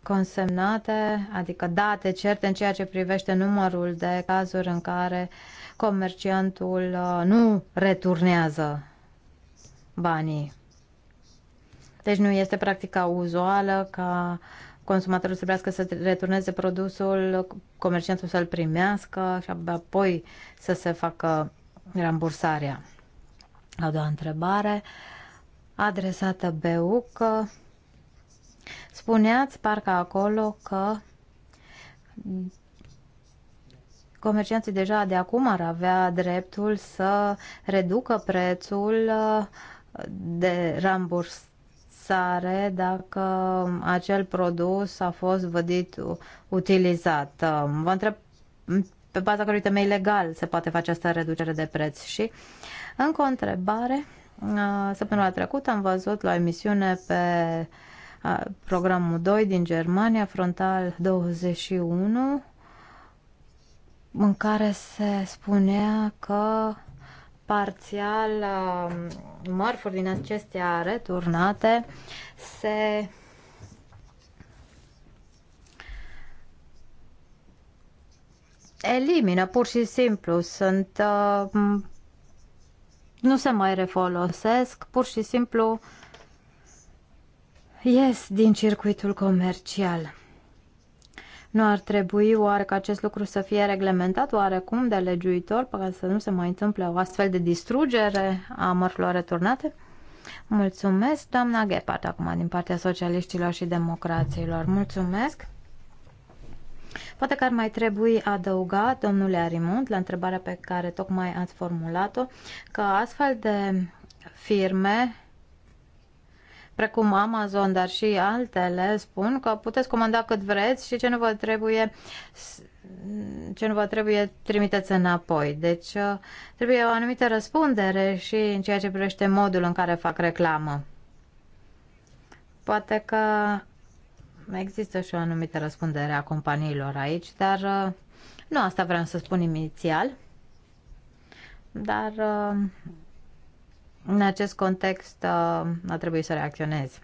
consemnate, adică date certe în ceea ce privește numărul de cazuri în care comerciantul uh, nu returnează banii. Deci nu este practica uzuală ca consumatorul să trebuiască să returneze produsul, comerciantul să-l primească și apoi să se facă rambursarea. A doua întrebare adresată BEUC Spuneați parcă acolo că comercianții deja de acum ar avea dreptul să reducă prețul uh, de rambursare dacă um, acel produs a fost vădit uh, utilizat. Um, vă întreb pe baza cărui temei legal se poate face această reducere de preț și încă o întrebare. Uh, săptămâna trecută am văzut la emisiune pe programul 2 din Germania, frontal 21, în care se spunea că parțial um, mărfuri din acestea returnate se elimină pur și simplu, sunt uh, nu se mai refolosesc, pur și simplu ies din circuitul comercial. Nu ar trebui oare că acest lucru să fie reglementat oarecum de legiuitor ca să nu se mai întâmple o astfel de distrugere a mărfilor returnate? Mulțumesc, doamna Gepard, acum din partea socialiștilor și democraților. Mulțumesc! Poate că ar mai trebui adăugat, domnule Arimont, la întrebarea pe care tocmai ați formulat-o, că astfel de firme precum Amazon, dar și altele, spun că puteți comanda cât vreți și ce nu vă trebuie ce nu vă trebuie trimiteți înapoi. Deci uh, trebuie o anumită răspundere și în ceea ce privește modul în care fac reclamă. Poate că există și o anumită răspundere a companiilor aici, dar uh, nu asta vreau să spun inițial. Dar uh, în acest context uh, a trebuit să reacționez.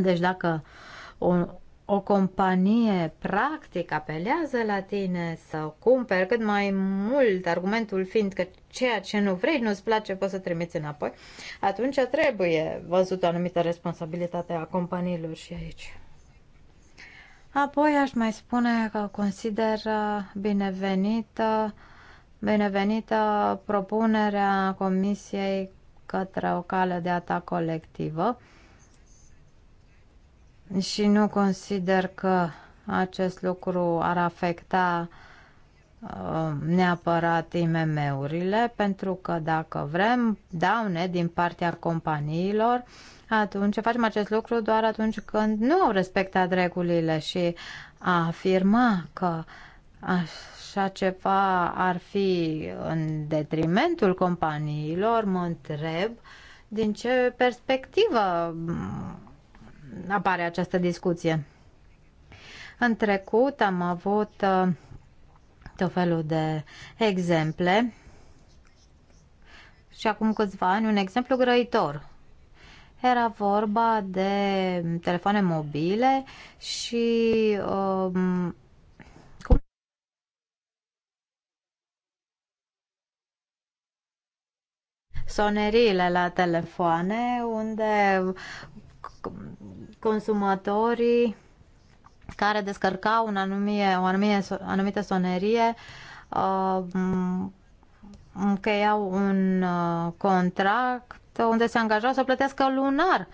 Deci dacă o, o companie practic apelează la tine să cumperi cât mai mult, argumentul fiind că ceea ce nu vrei, nu-ți place, poți să trimiți înapoi, atunci trebuie văzut o anumită responsabilitate a companiilor și aici. Apoi aș mai spune că consider uh, binevenită, binevenită propunerea Comisiei către o cale de atac colectivă și nu consider că acest lucru ar afecta uh, neapărat IMM-urile, pentru că dacă vrem daune din partea companiilor, atunci facem acest lucru doar atunci când nu au respectat regulile și a afirma că așa ceva ar fi în detrimentul companiilor, mă întreb din ce perspectivă apare această discuție. În trecut am avut uh, tot felul de exemple și acum câțiva ani un exemplu grăitor. Era vorba de telefoane mobile și um, soneriile la telefoane, unde consumatorii care descărcau un anumie, o anumie, anumită sonerie uh, încheiau un uh, contract unde se angajau să plătească lunar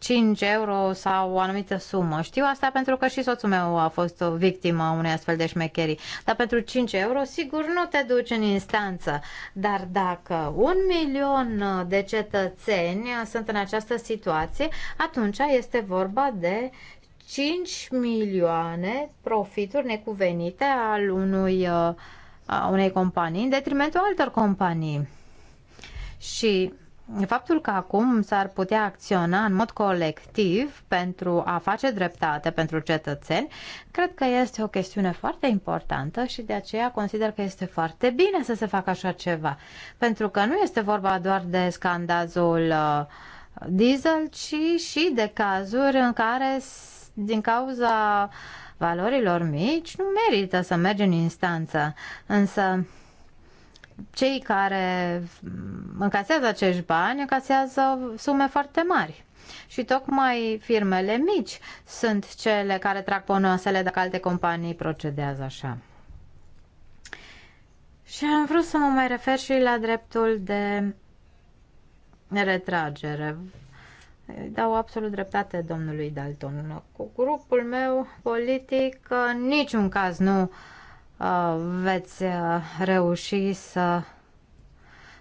5 euro sau o anumită sumă. Știu asta pentru că și soțul meu a fost o victimă a unei astfel de șmecherii. Dar pentru 5 euro, sigur, nu te duci în instanță. Dar dacă un milion de cetățeni sunt în această situație, atunci este vorba de 5 milioane profituri necuvenite al unui, uh, a unei companii în detrimentul altor companii. Și faptul că acum s-ar putea acționa în mod colectiv pentru a face dreptate pentru cetățeni, cred că este o chestiune foarte importantă și de aceea consider că este foarte bine să se facă așa ceva. Pentru că nu este vorba doar de scandalul uh, diesel, ci și de cazuri în care din cauza valorilor mici nu merită să mergi în instanță. Însă cei care încasează acești bani încasează sume foarte mari. Și tocmai firmele mici sunt cele care trag ponoasele dacă alte companii procedează așa. Și am vrut să mă mai refer și la dreptul de retragere. Îi dau absolut dreptate domnului Dalton. Cu grupul meu politic, în niciun caz nu uh, Uh, veți uh, reuși să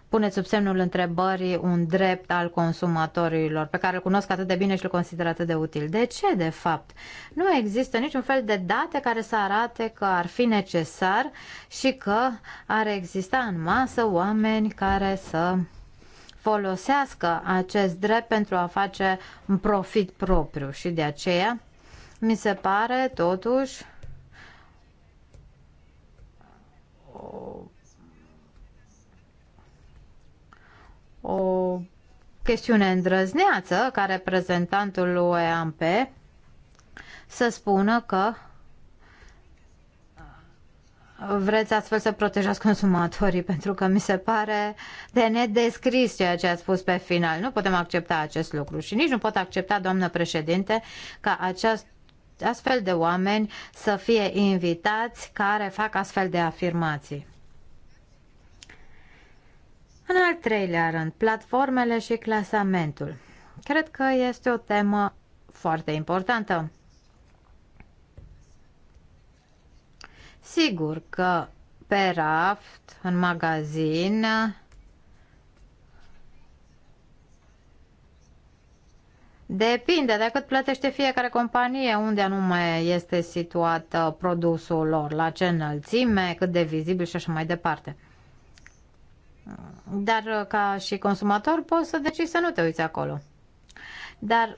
puneți sub semnul întrebării un drept al consumatorilor, pe care îl cunosc atât de bine și îl consider atât de util. De ce, de fapt? Nu există niciun fel de date care să arate că ar fi necesar și că ar exista în masă oameni care să folosească acest drept pentru a face un profit propriu și de aceea mi se pare totuși o chestiune îndrăzneață ca reprezentantul lui EAMP să spună că vreți astfel să protejați consumatorii, pentru că mi se pare de nedescris ceea ce ați spus pe final. Nu putem accepta acest lucru și nici nu pot accepta, doamnă președinte, ca această astfel de oameni să fie invitați care fac astfel de afirmații. În al treilea rând, platformele și clasamentul. Cred că este o temă foarte importantă. Sigur că pe raft, în magazin, Depinde de cât plătește fiecare companie, unde anume este situat uh, produsul lor, la ce înălțime, cât de vizibil și așa mai departe. Uh, dar uh, ca și consumator poți să decizi să nu te uiți acolo. Dar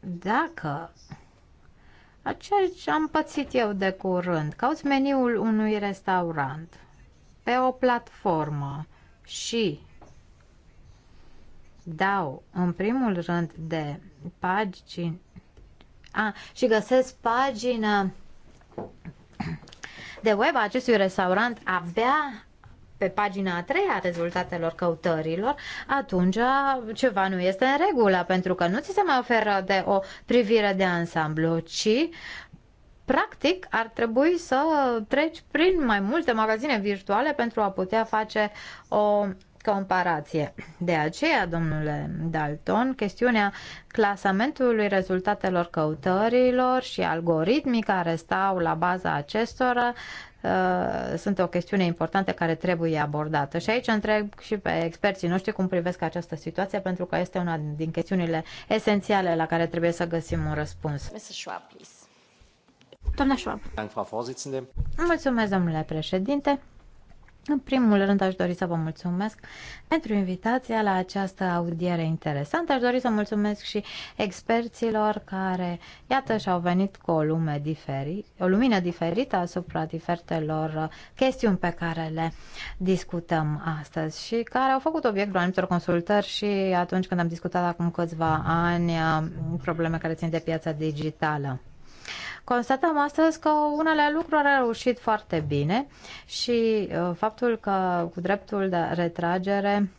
dacă aceea am pățit eu de curând, cauți meniul unui restaurant pe o platformă și dau în primul rând de pagini a, și găsesc pagina de web a acestui restaurant abia pe pagina a treia a rezultatelor căutărilor, atunci ceva nu este în regulă, pentru că nu ți se mai oferă de o privire de ansamblu, ci practic ar trebui să treci prin mai multe magazine virtuale pentru a putea face o comparație. De aceea, domnule Dalton, chestiunea clasamentului rezultatelor căutărilor și algoritmii care stau la baza acestora uh, sunt o chestiune importantă care trebuie abordată. Și aici întreb și pe experții noștri cum privesc această situație, pentru că este una din chestiunile esențiale la care trebuie să găsim un răspuns. please. Doamna Schwab. Mulțumesc, domnule președinte. În primul rând aș dori să vă mulțumesc pentru invitația la această audiere interesantă. Aș dori să mulțumesc și experților care, iată, și-au venit cu o, lume diferi, o lumină diferită asupra diferitelor chestiuni pe care le discutăm astăzi și care au făcut obiectul anumitor consultări și atunci când am discutat acum câțiva ani uh, probleme care țin de piața digitală. Constatăm astăzi că unele lucruri au reușit foarte bine și uh, faptul că cu dreptul de retragere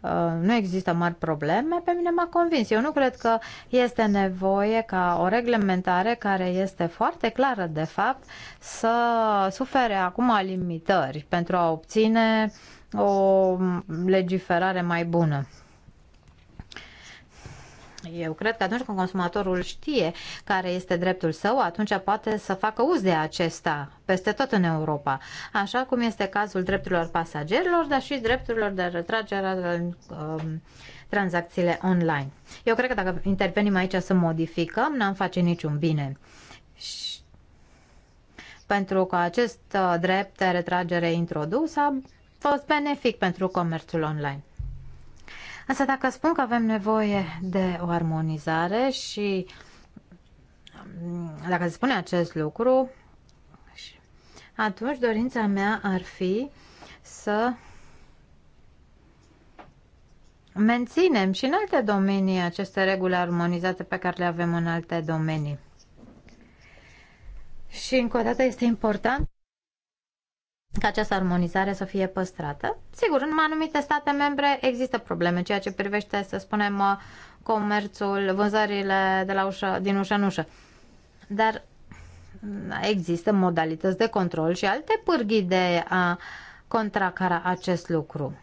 uh, nu există mari probleme, pe mine m-a convins. Eu nu cred că este nevoie ca o reglementare care este foarte clară, de fapt, să sufere acum limitări pentru a obține o legiferare mai bună. Eu cred că atunci când consumatorul știe care este dreptul său, atunci poate să facă uz de acesta peste tot în Europa, așa cum este cazul drepturilor pasagerilor, dar și drepturilor de retragere în um, tranzacțiile online. Eu cred că dacă intervenim aici să modificăm, n-am face niciun bine. Și pentru că acest uh, drept de retragere introdus a fost benefic pentru comerțul online. Însă dacă spun că avem nevoie de o armonizare și mm, dacă se spune acest lucru, atunci dorința mea ar fi să menținem și în alte domenii aceste reguli armonizate pe care le avem în alte domenii. Și încă o dată este important ca această armonizare să fie păstrată. Sigur, în anumite state membre există probleme, ceea ce privește, să spunem, uh, comerțul, vânzările de la ușă, din ușă în ușă. Dar mm, există modalități de control și alte pârghii de a contracara acest lucru.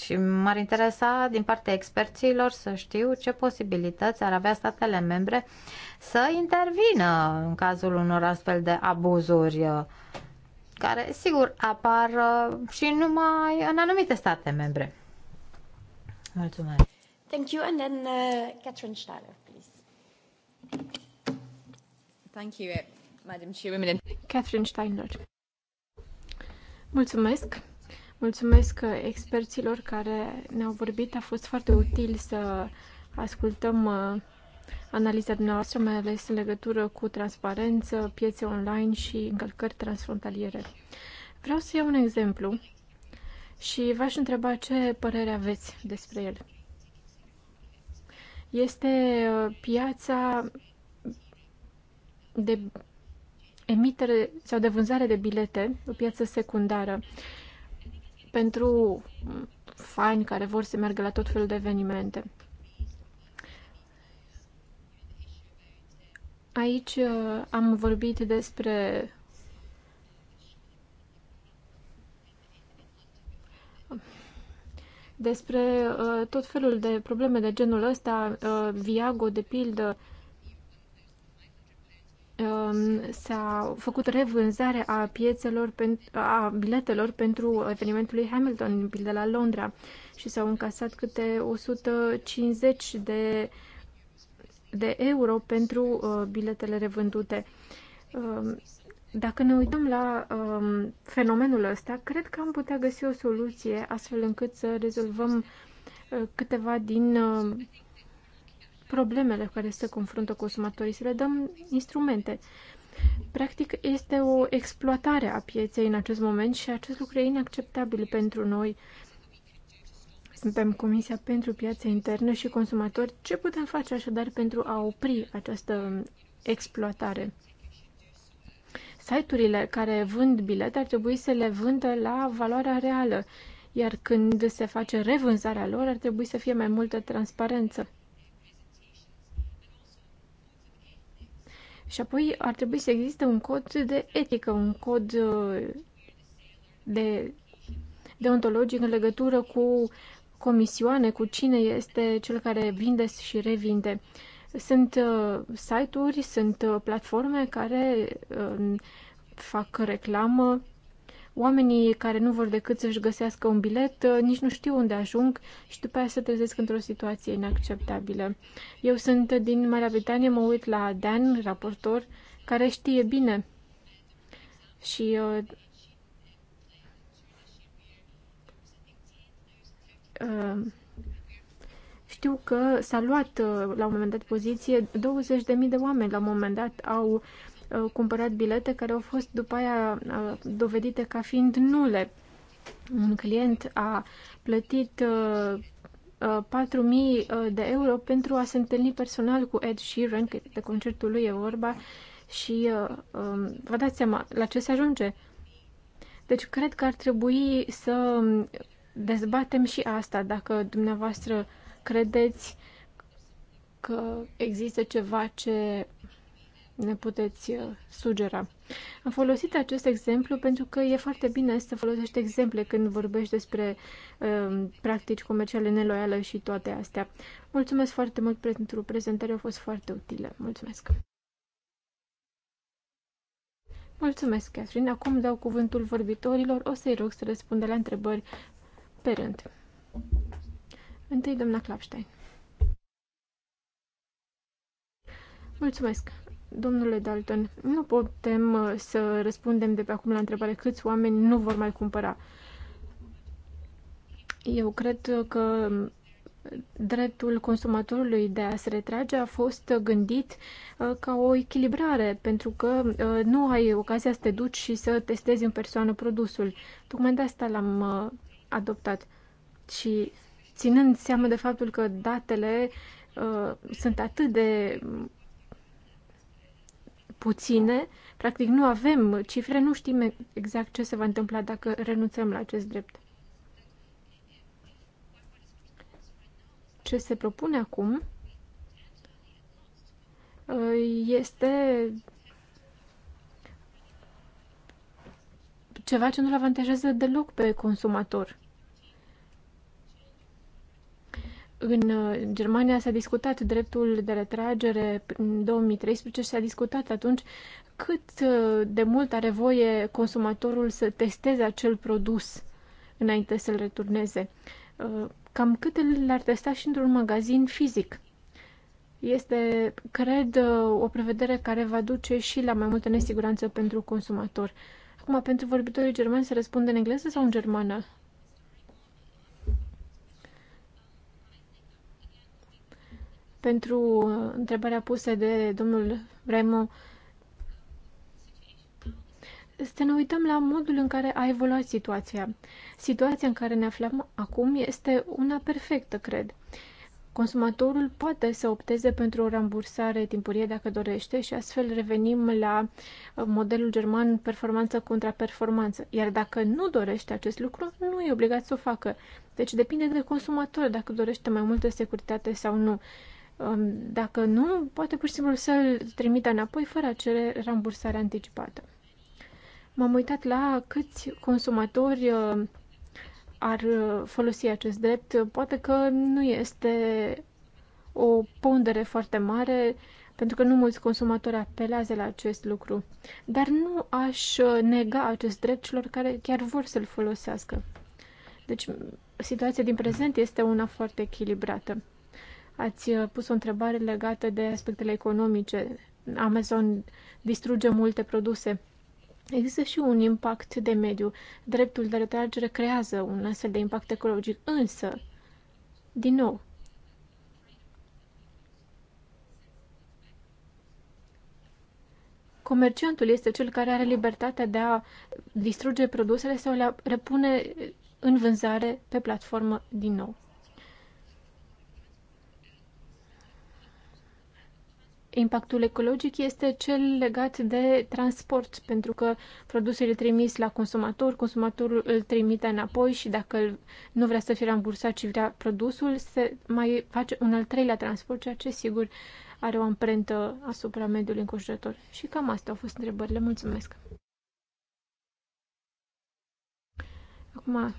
Și m-ar interesa din partea experților să știu ce posibilități ar avea statele membre să intervină în cazul unor astfel de abuzuri uh, care, sigur, apar uh, și numai în anumite state membre. Mulțumesc. Thank you, and then uh, Catherine Steiner, please. Thank you, uh, Madam Chairwoman. Catherine Steiner. Mulțumesc. Mulțumesc uh, experților care ne-au vorbit. A fost foarte util să ascultăm uh, analiza dumneavoastră, mai ales în legătură cu transparență, piețe online și încălcări transfrontaliere. Vreau să iau un exemplu și v-aș întreba ce părere aveți despre el. Este uh, piața de emitere sau de vânzare de bilete, o piață secundară pentru fani care vor să meargă la tot felul de evenimente. Aici uh, am vorbit despre despre uh, tot felul de probleme de genul ăsta, uh, Viago, de pildă, um, s-a făcut revânzare a piețelor, a biletelor pentru evenimentul lui Hamilton, de la Londra, și s-au încasat câte 150 de uh, de euro pentru uh, biletele revândute. Um, dacă ne uităm la uh, fenomenul ăsta, cred că am putea găsi o soluție astfel încât să rezolvăm uh, câteva din uh, problemele care se confruntă consumatorii, să le dăm instrumente. Practic, este o exploatare a pieței în acest moment și acest lucru e inacceptabil pentru noi. Uh, suntem Comisia pentru Piața Internă și Consumatori. Ce putem face așadar pentru a opri această exploatare? Site-urile care vând bilete ar trebui să le vândă la valoarea reală, iar când se face revânzarea lor ar trebui să fie mai multă transparență. Și apoi ar trebui să existe un cod de etică, un cod uh, de deontologic în legătură cu comisioane, cu cine este cel care vinde și revinde. Sunt uh, site-uri, sunt uh, platforme care um, fac reclamă. Oamenii care nu vor decât să-și găsească un bilet uh, nici nu știu unde ajung și după aia se trezesc într-o situație inacceptabilă. Eu sunt din Marea Britanie, mă uit la Dan, raportor, care știe bine și Uh, știu că s-a luat uh, la un moment dat poziție, 20.000 de oameni la un moment dat au uh, cumpărat bilete care au fost după aia dovedite ca fiind nule. Un client a plătit 4.000 de euro pentru a se întâlni personal cu Ed Sheeran, că de concertul lui e vorba, și um, vă dați seama la ce se ajunge. Deci cred că ar trebui să dezbatem și asta, dacă dumneavoastră credeți că există ceva ce ne puteți uh, sugera. Am folosit acest exemplu pentru că e foarte bine să folosești exemple când vorbești despre uh, practici comerciale neloiale și toate astea. Mulțumesc foarte mult pentru prezentare, a fost foarte utilă. Mulțumesc! Mulțumesc, Catherine. Acum dau cuvântul vorbitorilor. O să-i rog să răspundă la întrebări pe rând. Întâi, doamna Klapstein. Mulțumesc. Domnule Dalton, nu putem uh, să răspundem de pe acum la întrebare câți oameni nu vor mai cumpăra. Eu cred că dreptul consumatorului de a se retrage a fost gândit uh, ca o echilibrare, pentru că uh, nu ai ocazia să te duci și să testezi în persoană produsul. Tocmai de asta l-am adoptat. Și ținând seama de faptul că datele uh, sunt atât de puține, practic nu avem cifre, nu știm exact ce se va întâmpla dacă renunțăm la acest drept. Ce se propune acum uh, este ceva ce nu-l avantajează deloc pe consumator. În uh, Germania s-a discutat dreptul de retragere în 2013 și s-a discutat atunci cât uh, de mult are voie consumatorul să testeze acel produs înainte să-l returneze. Uh, cam cât l-ar testa și într-un magazin fizic. Este, cred, o prevedere care va duce și la mai multă nesiguranță pentru consumator. Acum, pentru vorbitorii germani, se răspunde în engleză sau în germană? pentru uh, întrebarea pusă de domnul Vremo. Să ne uităm la modul în care a evoluat situația. Situația în care ne aflăm acum este una perfectă, cred. Consumatorul poate să opteze pentru o rambursare timpurie dacă dorește și astfel revenim la uh, modelul german performanță contra performanță. Iar dacă nu dorește acest lucru, nu e obligat să o facă. Deci depinde de consumator dacă dorește mai multă securitate sau nu. Um, dacă nu, poate pur și simplu să-l trimită înapoi fără a cere rambursare anticipată. M-am uitat la câți consumatori uh, ar uh, folosi acest drept. Poate că nu este o pondere foarte mare, pentru că nu mulți consumatori apelează la acest lucru. Dar nu aș uh, nega acest drept celor care chiar vor să-l folosească. Deci, situația din prezent este una foarte echilibrată. Ați uh, pus o întrebare legată de aspectele economice. Amazon distruge multe produse. Există și un impact de mediu. Dreptul de retragere creează un astfel de impact ecologic, însă, din nou, comerciantul este cel care are libertatea de a distruge produsele sau le repune în vânzare pe platformă din nou. Impactul ecologic este cel legat de transport, pentru că produsul e trimis la consumator, consumatorul îl trimite înapoi și dacă nu vrea să fie rambursat și vrea produsul, se mai face un al treilea transport, ceea ce sigur are o amprentă asupra mediului înconjurător. Și cam astea au fost întrebările. Mulțumesc! Acum,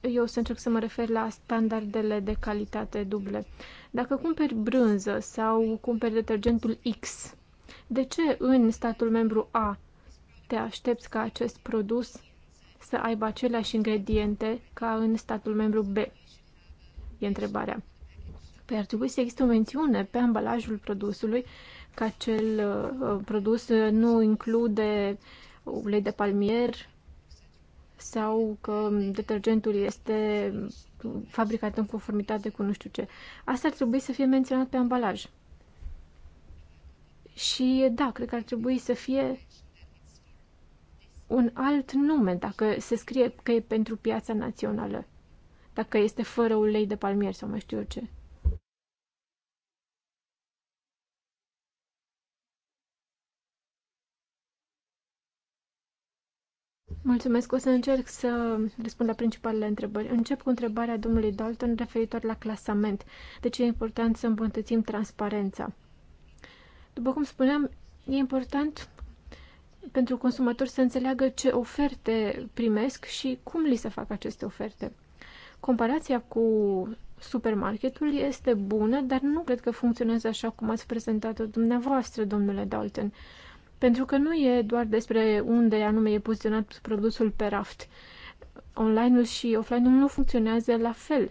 eu să încerc să mă refer la standardele de calitate duble. Dacă cumperi brânză sau cumperi detergentul X, de ce în statul membru A te aștepți ca acest produs să aibă aceleași ingrediente ca în statul membru B? E întrebarea. Păi ar trebui să există o mențiune pe ambalajul produsului că acel uh, produs nu include ulei de palmier, sau că detergentul este fabricat în conformitate cu nu știu ce. Asta ar trebui să fie menționat pe ambalaj. Și da, cred că ar trebui să fie un alt nume, dacă se scrie că e pentru piața națională, dacă este fără ulei de palmier sau mai știu eu ce. Mulțumesc. O să încerc să răspund la principalele întrebări. Încep cu întrebarea domnului Dalton referitor la clasament. De ce e important să îmbunătățim transparența? După cum spuneam, e important pentru consumatori să înțeleagă ce oferte primesc și cum li se fac aceste oferte. Comparația cu supermarketul este bună, dar nu cred că funcționează așa cum ați prezentat-o dumneavoastră, domnule Dalton. Pentru că nu e doar despre unde anume e poziționat produsul pe raft. Online-ul și offline-ul nu funcționează la fel.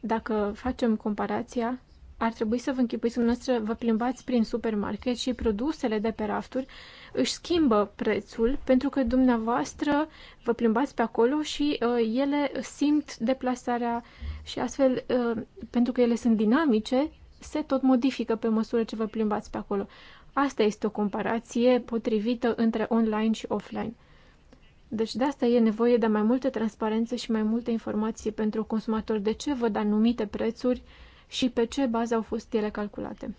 Dacă facem comparația, ar trebui să vă închipuiți că noastră vă plimbați prin supermarket și produsele de pe rafturi își schimbă prețul pentru că dumneavoastră vă plimbați pe acolo și uh, ele simt deplasarea și astfel, uh, pentru că ele sunt dinamice, se tot modifică pe măsură ce vă plimbați pe acolo. Asta este o comparație potrivită între online și offline. Deci de asta e nevoie de mai multă transparență și mai multe informații pentru consumator de ce văd anumite prețuri și pe ce bază au fost ele calculate.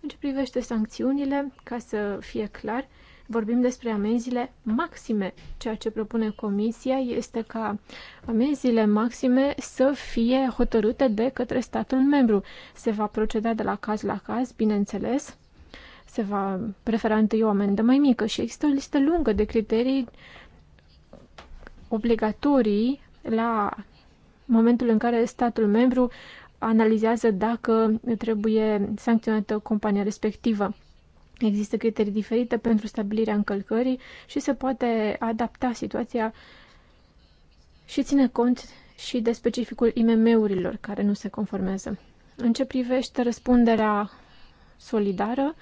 În ce privește sancțiunile, ca să fie clar, vorbim despre amenziile maxime. Ceea ce propune Comisia este ca amenziile maxime să fie hotărâte de către statul membru. Se va proceda de la caz la caz, bineînțeles. Se va prefera întâi o amendă mai mică și există o listă lungă de criterii obligatorii la momentul în care statul membru analizează dacă trebuie sancționată compania respectivă. Există criterii diferite pentru stabilirea încălcării și se poate adapta situația și ține cont și de specificul IMM-urilor care nu se conformează. În ce privește răspunderea solidară,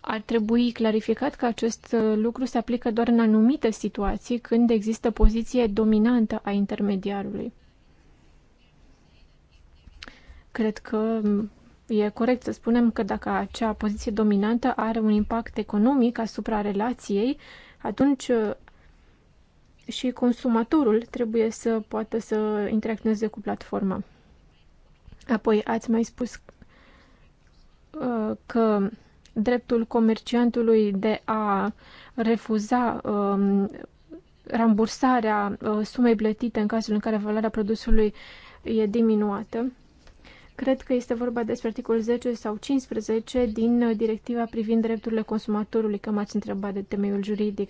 ar trebui clarificat că acest lucru se aplică doar în anumite situații când există poziție dominantă a intermediarului. Cred că E corect să spunem că dacă acea poziție dominantă are un impact economic asupra relației, atunci uh, și consumatorul trebuie să poată să interacționeze cu platforma. Apoi ați mai spus uh, că dreptul comerciantului de a refuza um, rambursarea uh, sumei plătite în cazul în care valoarea produsului e diminuată Cred că este vorba despre articolul 10 sau 15 din directiva privind drepturile consumatorului, că m-ați întrebat de temeiul juridic.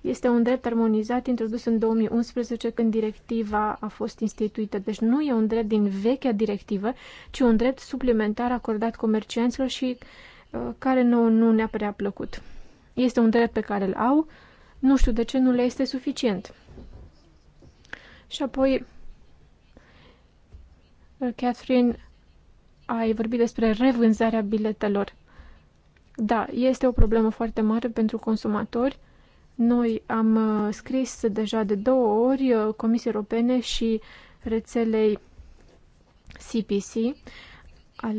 Este un drept armonizat introdus în 2011 când directiva a fost instituită. Deci nu e un drept din vechea directivă, ci un drept suplimentar acordat comercianților și uh, care nu, nu ne-a prea plăcut. Este un drept pe care îl au, nu știu de ce nu le este suficient. Și apoi uh, Catherine ai vorbit despre revânzarea biletelor. Da, este o problemă foarte mare pentru consumatori. Noi am uh, scris deja de două ori uh, Comisiei Europene și rețelei CPC, al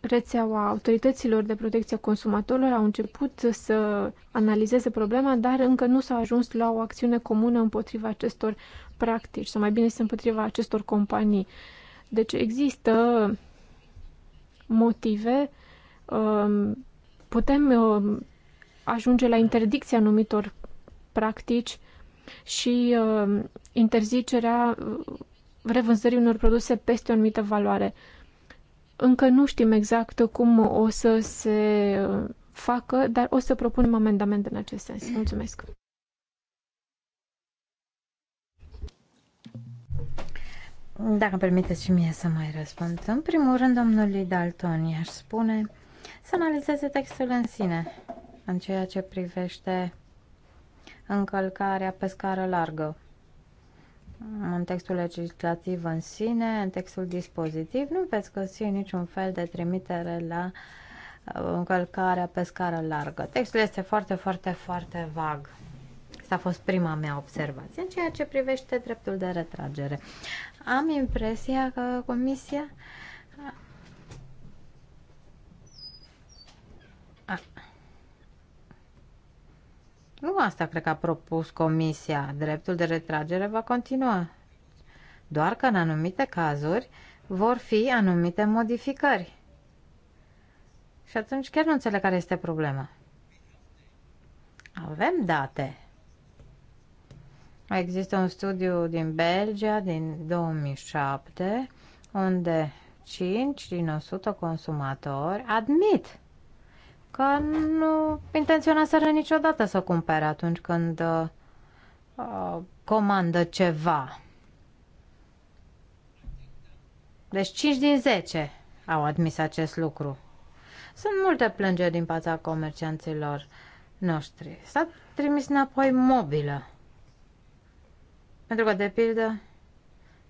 rețeaua autorităților de protecție a consumatorilor, au început să analizeze problema, dar încă nu s-a ajuns la o acțiune comună împotriva acestor practici, sau mai bine să împotriva acestor companii. Deci există motive um, putem um, ajunge la interdicția anumitor practici și um, interzicerea uh, revânzării unor produse peste o anumită valoare. Încă nu știm exact cum o să se uh, facă, dar o să propunem amendamente în acest sens. Mulțumesc! Dacă permiteți și mie să mai răspund. În primul rând, domnului Dalton, i-aș spune să analizeze textul în sine, în ceea ce privește încălcarea pe scară largă. În textul legislativ în sine, în textul dispozitiv, nu veți găsi niciun fel de trimitere la uh, încălcarea pe scară largă. Textul este foarte, foarte, foarte vag. Asta a fost prima mea observație în ceea ce privește dreptul de retragere am impresia că Comisia a... Nu asta cred că a propus Comisia. Dreptul de retragere va continua. Doar că în anumite cazuri vor fi anumite modificări. Și atunci chiar nu înțeleg care este problema. Avem date Există un studiu din Belgia din 2007 unde 5 din 100 consumatori admit că nu intenționa intenționaseră niciodată să cumpere atunci când uh, uh comandă ceva. Deci 5 din 10 au admis acest lucru. Sunt multe plângeri din partea comercianților noștri. S-a trimis înapoi mobilă pentru că, de pildă,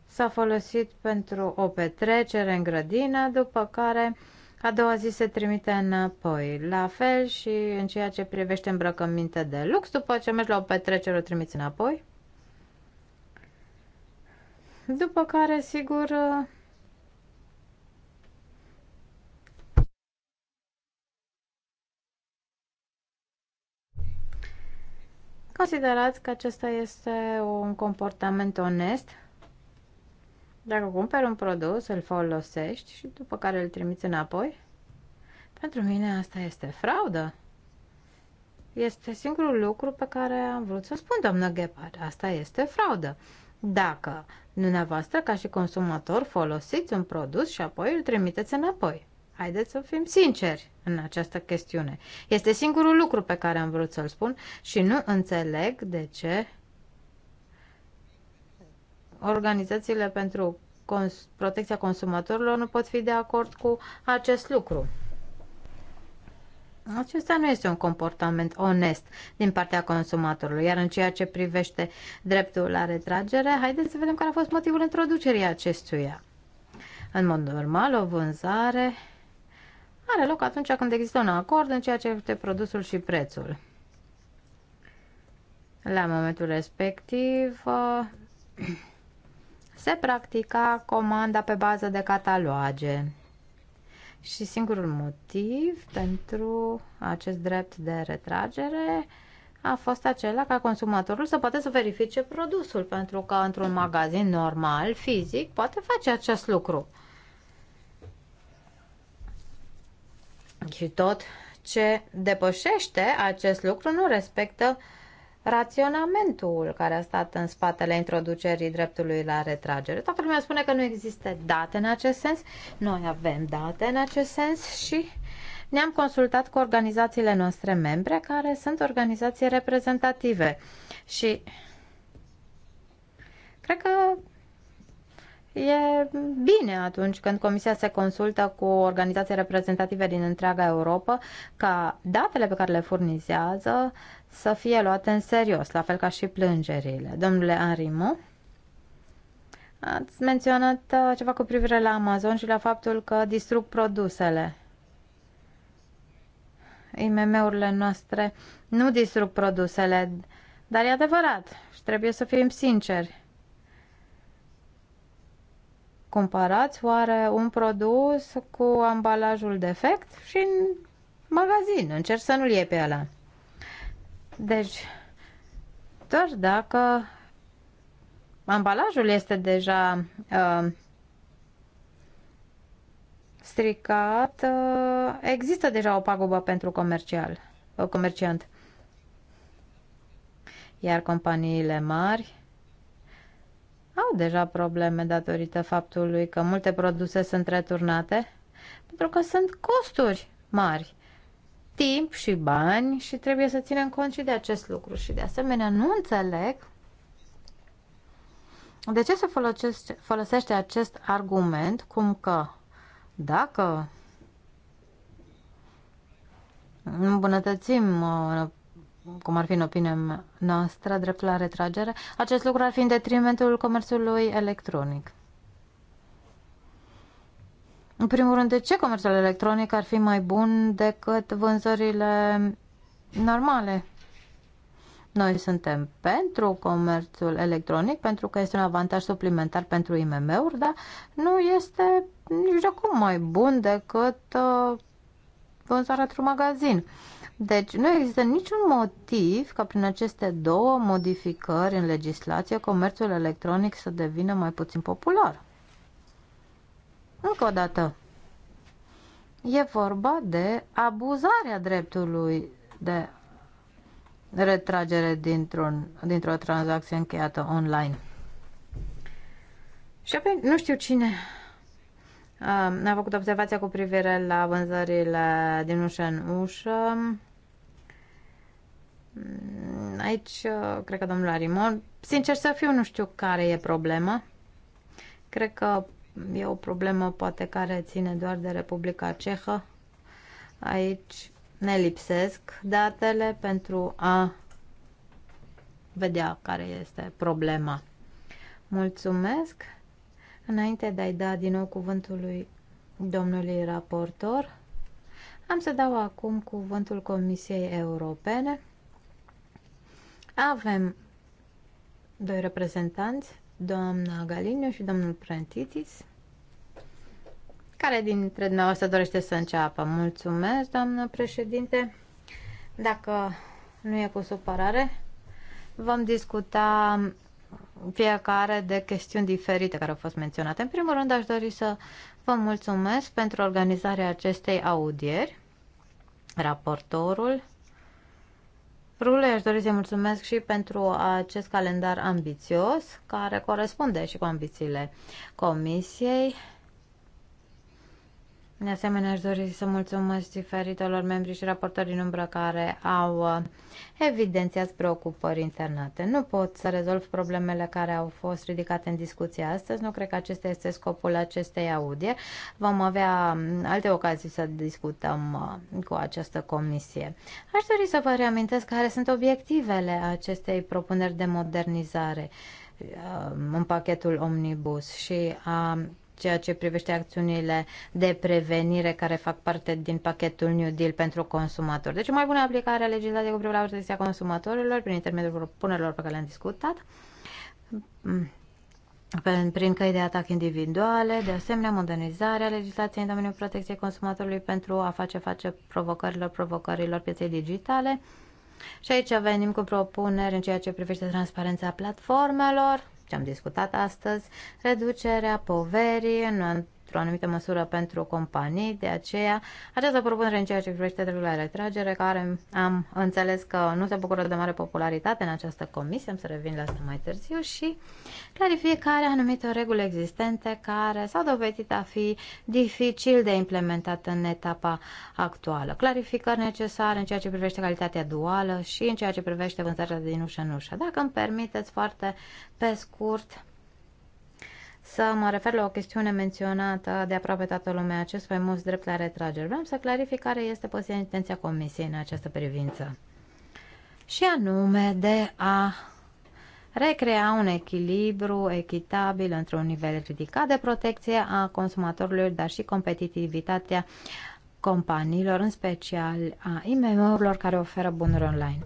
s-a folosit pentru o petrecere în grădină, după care a doua zi se trimite înapoi. La fel și în ceea ce privește îmbrăcăminte de lux, după ce mergi la o petrecere o trimiți înapoi. După care, sigur, Considerați că acesta este un comportament onest? Dacă cumperi un produs, îl folosești și după care îl trimiți înapoi? Pentru mine asta este fraudă. Este singurul lucru pe care am vrut să spun, doamnă Gepard. Asta este fraudă. Dacă dumneavoastră, ca și consumator, folosiți un produs și apoi îl trimiteți înapoi. Haideți să fim sinceri în această chestiune. Este singurul lucru pe care am vrut să-l spun și nu înțeleg de ce organizațiile pentru cons- protecția consumatorilor nu pot fi de acord cu acest lucru. Acesta nu este un comportament onest din partea consumatorului, iar în ceea ce privește dreptul la retragere, haideți să vedem care a fost motivul introducerii acestuia. În mod normal, o vânzare are loc atunci când există un acord în ceea ce privește produsul și prețul. La momentul respectiv se practica comanda pe bază de cataloage și singurul motiv pentru acest drept de retragere a fost acela ca consumatorul să poată să verifice produsul, pentru că într-un magazin normal, fizic, poate face acest lucru. Și tot ce depășește acest lucru nu respectă raționamentul care a stat în spatele introducerii dreptului la retragere. Toată lumea spune că nu există date în acest sens. Noi avem date în acest sens și ne-am consultat cu organizațiile noastre membre, care sunt organizații reprezentative. Și cred că E bine atunci când Comisia se consultă cu organizații reprezentative din întreaga Europa ca datele pe care le furnizează să fie luate în serios, la fel ca și plângerile. Domnule Anrimu, ați menționat uh, ceva cu privire la Amazon și la faptul că distrug produsele. IMM-urile noastre nu distrug produsele, dar e adevărat și trebuie să fim sinceri. Comparați oare un produs cu ambalajul defect și în magazin. Încerci să nu-l iei pe ăla. Deci, doar dacă ambalajul este deja uh, stricat, uh, există deja o pagubă pentru comercial, uh, comerciant. Iar companiile mari au deja probleme datorită faptului că multe produse sunt returnate pentru că sunt costuri mari timp și bani și trebuie să ținem cont și de acest lucru. Și de asemenea nu înțeleg de ce se folosește, acest argument cum că dacă îmbunătățim uh, cum ar fi în opinia noastră, dreptul la retragere, acest lucru ar fi în detrimentul comerțului electronic. În primul rând, de ce comerțul electronic ar fi mai bun decât vânzările normale? Noi suntem pentru comerțul electronic pentru că este un avantaj suplimentar pentru IMM-uri, dar nu este nici de acum mai bun decât uh, vânzarea într-un magazin. Uh, deci nu există niciun motiv ca prin aceste două modificări în legislație comerțul electronic să devină mai puțin popular. Încă o dată, e vorba de abuzarea dreptului de retragere dintr o dintr-o tranzacție încheiată online. Și apoi, nu știu cine um, a făcut observația cu privire la vânzările din ușă în ușă. Aici, uh, cred că domnul Arimon, sincer să fiu, nu știu care e problema. Cred că e o problemă poate care ține doar de Republica Cehă. Aici ne lipsesc datele pentru a vedea care este problema. Mulțumesc! Înainte de a-i da din nou cuvântul lui domnului raportor, am să dau acum cuvântul Comisiei Europene. Avem doi reprezentanți, doamna Galiniu și domnul Prentitis. Care dintre dumneavoastră dorește să înceapă? Mulțumesc, doamnă președinte. Dacă nu e cu supărare, vom discuta fiecare de chestiuni diferite care au fost menționate. În primul rând, aș dori să vă mulțumesc pentru organizarea acestei audieri. Raportorul Rule, aș dori să mulțumesc și pentru acest calendar ambițios, care corespunde și cu ambițiile Comisiei. De asemenea, aș dori să mulțumesc diferitelor membri și raportori din umbră care au uh, evidențiat preocupări internate. Nu pot să rezolv problemele care au fost ridicate în discuție astăzi. Nu cred că acesta este scopul acestei audieri. Vom avea um, alte ocazii să discutăm uh, cu această comisie. Aș dori să vă reamintesc care sunt obiectivele acestei propuneri de modernizare uh, în pachetul Omnibus și a um, ceea ce privește acțiunile de prevenire care fac parte din pachetul New Deal pentru consumatori. Deci o mai bună aplicare a legislației cu privire la protecția consumatorilor prin intermediul propunerilor pe care le-am discutat prin căi de atac individuale, de asemenea modernizarea legislației în domeniul protecției consumatorului pentru a face face provocărilor provocărilor pieței digitale. Și aici venim cu propuneri în ceea ce privește transparența platformelor, ce am discutat astăzi, reducerea poverii în într-o anumită măsură pentru companii, de aceea această propunere în ceea ce privește dreptul la retragere, care am înțeles că nu se bucură de mare popularitate în această comisie, am să revin la asta mai târziu, și clarificarea anumite reguli existente care s-au dovedit a fi dificil de implementat în etapa actuală. Clarificări necesare în ceea ce privește calitatea duală și în ceea ce privește vânzarea din ușă în ușă. Dacă îmi permiteți foarte pe scurt, să mă refer la o chestiune menționată de aproape toată lumea, acest faimos drept la retragere. Vreau să clarific care este poziția intenția Comisiei în această privință. Și anume de a recrea un echilibru echitabil între un nivel ridicat de protecție a consumatorilor, dar și competitivitatea companiilor, în special a IMM-urilor care oferă bunuri online.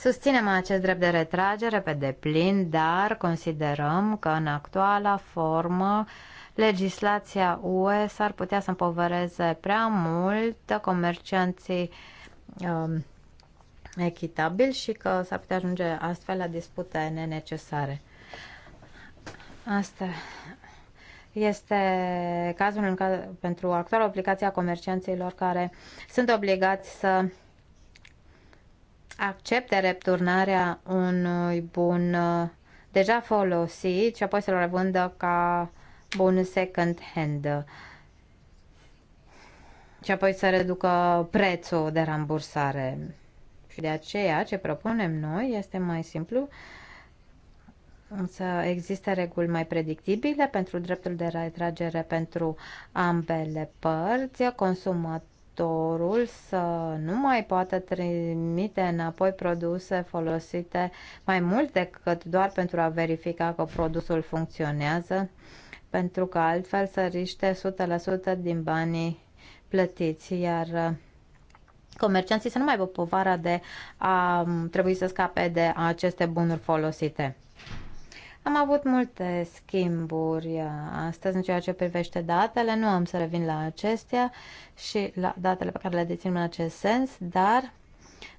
Susținem acest drept de retragere pe deplin, dar considerăm că în actuala formă legislația UE s-ar putea să împovăreze prea mult comercianții um, echitabil și că s-ar putea ajunge astfel la dispute nenecesare. Asta este cazul în care, pentru actuala obligația comercianților care sunt obligați să accepte returnarea unui bun uh, deja folosit și apoi să-l revândă ca bun second hand și apoi să reducă prețul de rambursare. Și de aceea ce propunem noi este mai simplu să existe reguli mai predictibile pentru dreptul de retragere pentru ambele părți, consumat producătorul să nu mai poată trimite înapoi produse folosite mai mult decât doar pentru a verifica că produsul funcționează, pentru că altfel riște 100% din banii plătiți, iar uh, comercianții să nu mai aibă povara de a trebui să scape de aceste bunuri folosite. Am avut multe schimburi uh, astăzi în ceea ce privește datele, nu am să revin la acestea și la datele pe care le dețin în acest sens, dar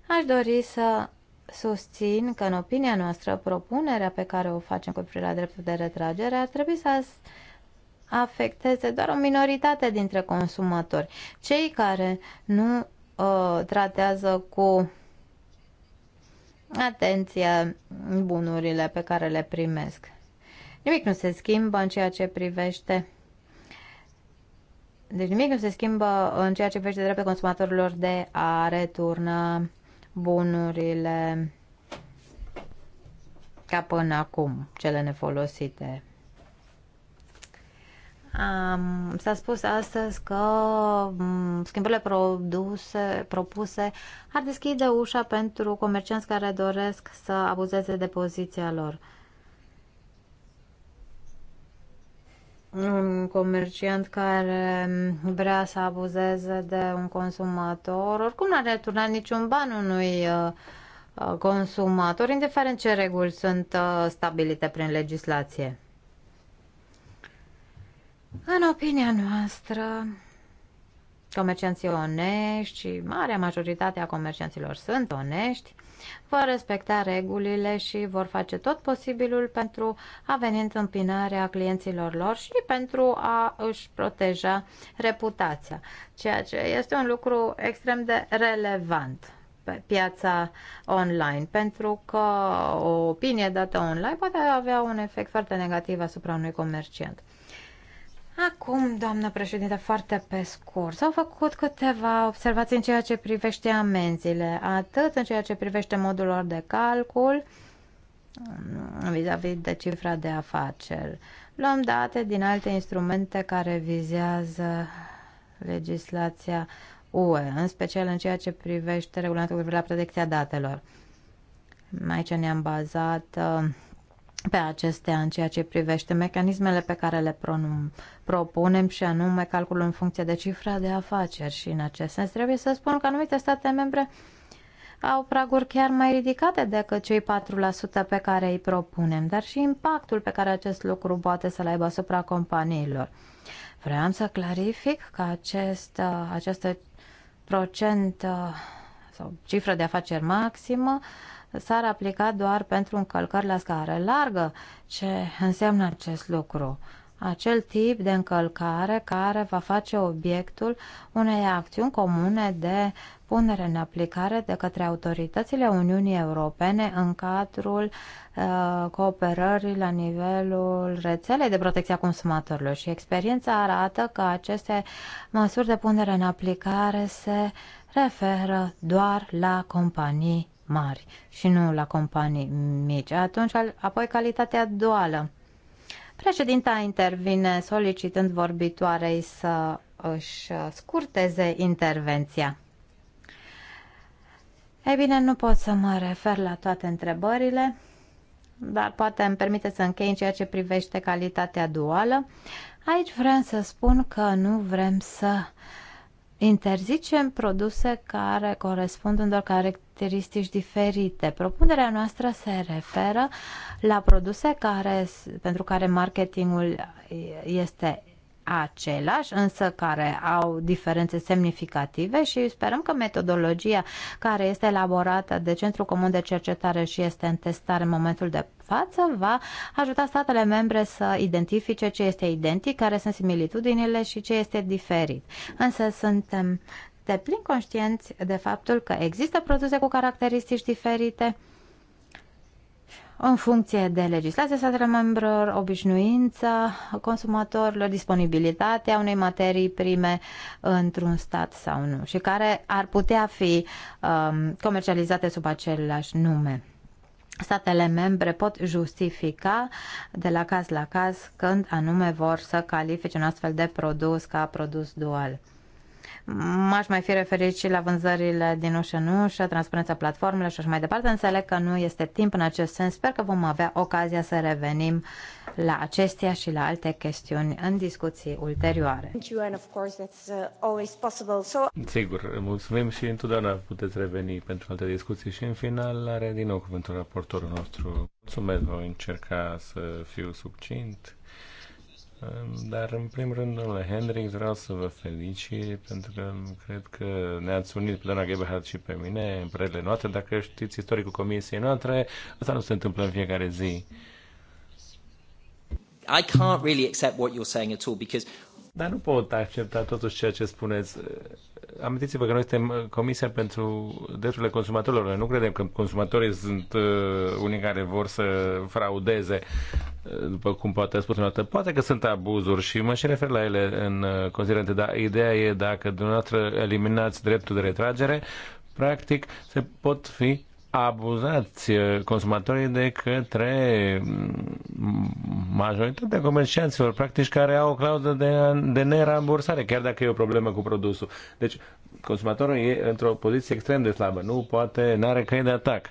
aș dori să susțin că, în opinia noastră, propunerea pe care o facem cu privire la dreptul de retragere ar trebui să afecteze doar o minoritate dintre consumatori. Cei care nu uh, tratează cu atenție bunurile pe care le primesc. Nimic nu se schimbă în ceea ce privește deci nimic nu se schimbă în ceea ce privește dreptul consumatorilor de a returna bunurile ca până acum, cele nefolosite. Um, s-a spus astăzi că um, schimbările produse, propuse ar deschide ușa pentru comercianți care doresc să abuzeze de poziția lor. Un comerciant care vrea să abuzeze de un consumator, oricum n a returnat niciun ban unui uh, uh, consumator, indiferent ce reguli sunt uh, stabilite prin legislație. În opinia noastră, comercianții onești și marea majoritate a comercianților sunt onești, vor respecta regulile și vor face tot posibilul pentru a veni întâmpinarea clienților lor și pentru a își proteja reputația, ceea ce este un lucru extrem de relevant pe piața online, pentru că o opinie dată online poate avea un efect foarte negativ asupra unui comerciant. Acum, doamnă președinte, foarte pe scurt, s-au făcut câteva observații în ceea ce privește amenziile, atât în ceea ce privește modul lor de calcul, mm, vis-a-vis -vis de cifra de afaceri. Luăm date din alte instrumente care vizează legislația UE, în special în ceea ce privește regulamentul privind la protecția datelor. Aici ne-am bazat uh, pe acestea în ceea ce privește mecanismele pe care le propunem și anume calculul în funcție de cifra de afaceri și în acest sens trebuie să spun că anumite state membre au praguri chiar mai ridicate decât cei 4% pe care îi propunem, dar și impactul pe care acest lucru poate să-l aibă asupra companiilor. Vreau să clarific că acest, acest procent sau cifră de afaceri maximă s-ar aplica doar pentru încălcări la scară largă. Ce înseamnă acest lucru? Acel tip de încălcare care va face obiectul unei acțiuni comune de punere în aplicare de către autoritățile Uniunii Europene în cadrul uh, cooperării la nivelul rețelei de protecție a consumatorilor și experiența arată că aceste măsuri de punere în aplicare se referă doar la companii mari și nu la companii mici. Atunci, apoi calitatea duală. Președinta intervine solicitând vorbitoarei să își scurteze intervenția. Ei bine, nu pot să mă refer la toate întrebările, dar poate îmi permite să închei în ceea ce privește calitatea duală. Aici vrem să spun că nu vrem să interzicem produse care corespund doar care caracteristici diferite. Propunerea noastră se referă la produse care, pentru care marketingul este același, însă care au diferențe semnificative și sperăm că metodologia care este elaborată de Centrul Comun de Cercetare și este în testare în momentul de față va ajuta statele membre să identifice ce este identic, care sunt similitudinile și ce este diferit. Însă suntem deplin conștienți de faptul că există produse cu caracteristici diferite în funcție de legislația statelor membrilor, obișnuința consumatorilor, disponibilitatea unei materii prime într-un stat sau nu și care ar putea fi um, comercializate sub același nume. Statele membre pot justifica de la caz la caz când anume vor să califice un astfel de produs ca produs dual. M-aș mai fi referit și la vânzările din ușă în ușă, transparența platformelor și așa mai departe. Înțeleg că nu este timp în acest sens. Sper că vom avea ocazia să revenim la acestea și la alte chestiuni în discuții ulterioare. Uh, Sigur, mulțumim și întotdeauna puteți reveni pentru alte discuții și în final are din nou cuvântul raportorul nostru. Mulțumesc, voi încerca să fiu succint dar, în primul rând, domnule Hendrix, vreau să vă felicit pentru că cred că ne-ați unit pe doamna Gebhardt și pe mine în părerile noastre. Dacă știți istoricul comisiei noastre, asta nu se întâmplă în fiecare zi. I can't really accept what you're saying at all because dar nu pot accepta totuși ceea ce spuneți amintiți-vă că noi suntem Comisia pentru Drepturile Consumatorilor. Noi nu credem că consumatorii sunt uh, unii care vor să fraudeze, uh, după cum poate a spus o dată. Poate că sunt abuzuri și mă și refer la ele în uh, considerente, dar ideea e dacă dumneavoastră eliminați dreptul de retragere, practic se pot fi abuzați uh, consumatorii de către mm, majoritatea comercianților, practic, care au o clauză de, de nerambursare, chiar dacă e o problemă cu produsul. Deci, consumatorul e într-o poziție extrem de slabă, nu poate, nu are căi de atac.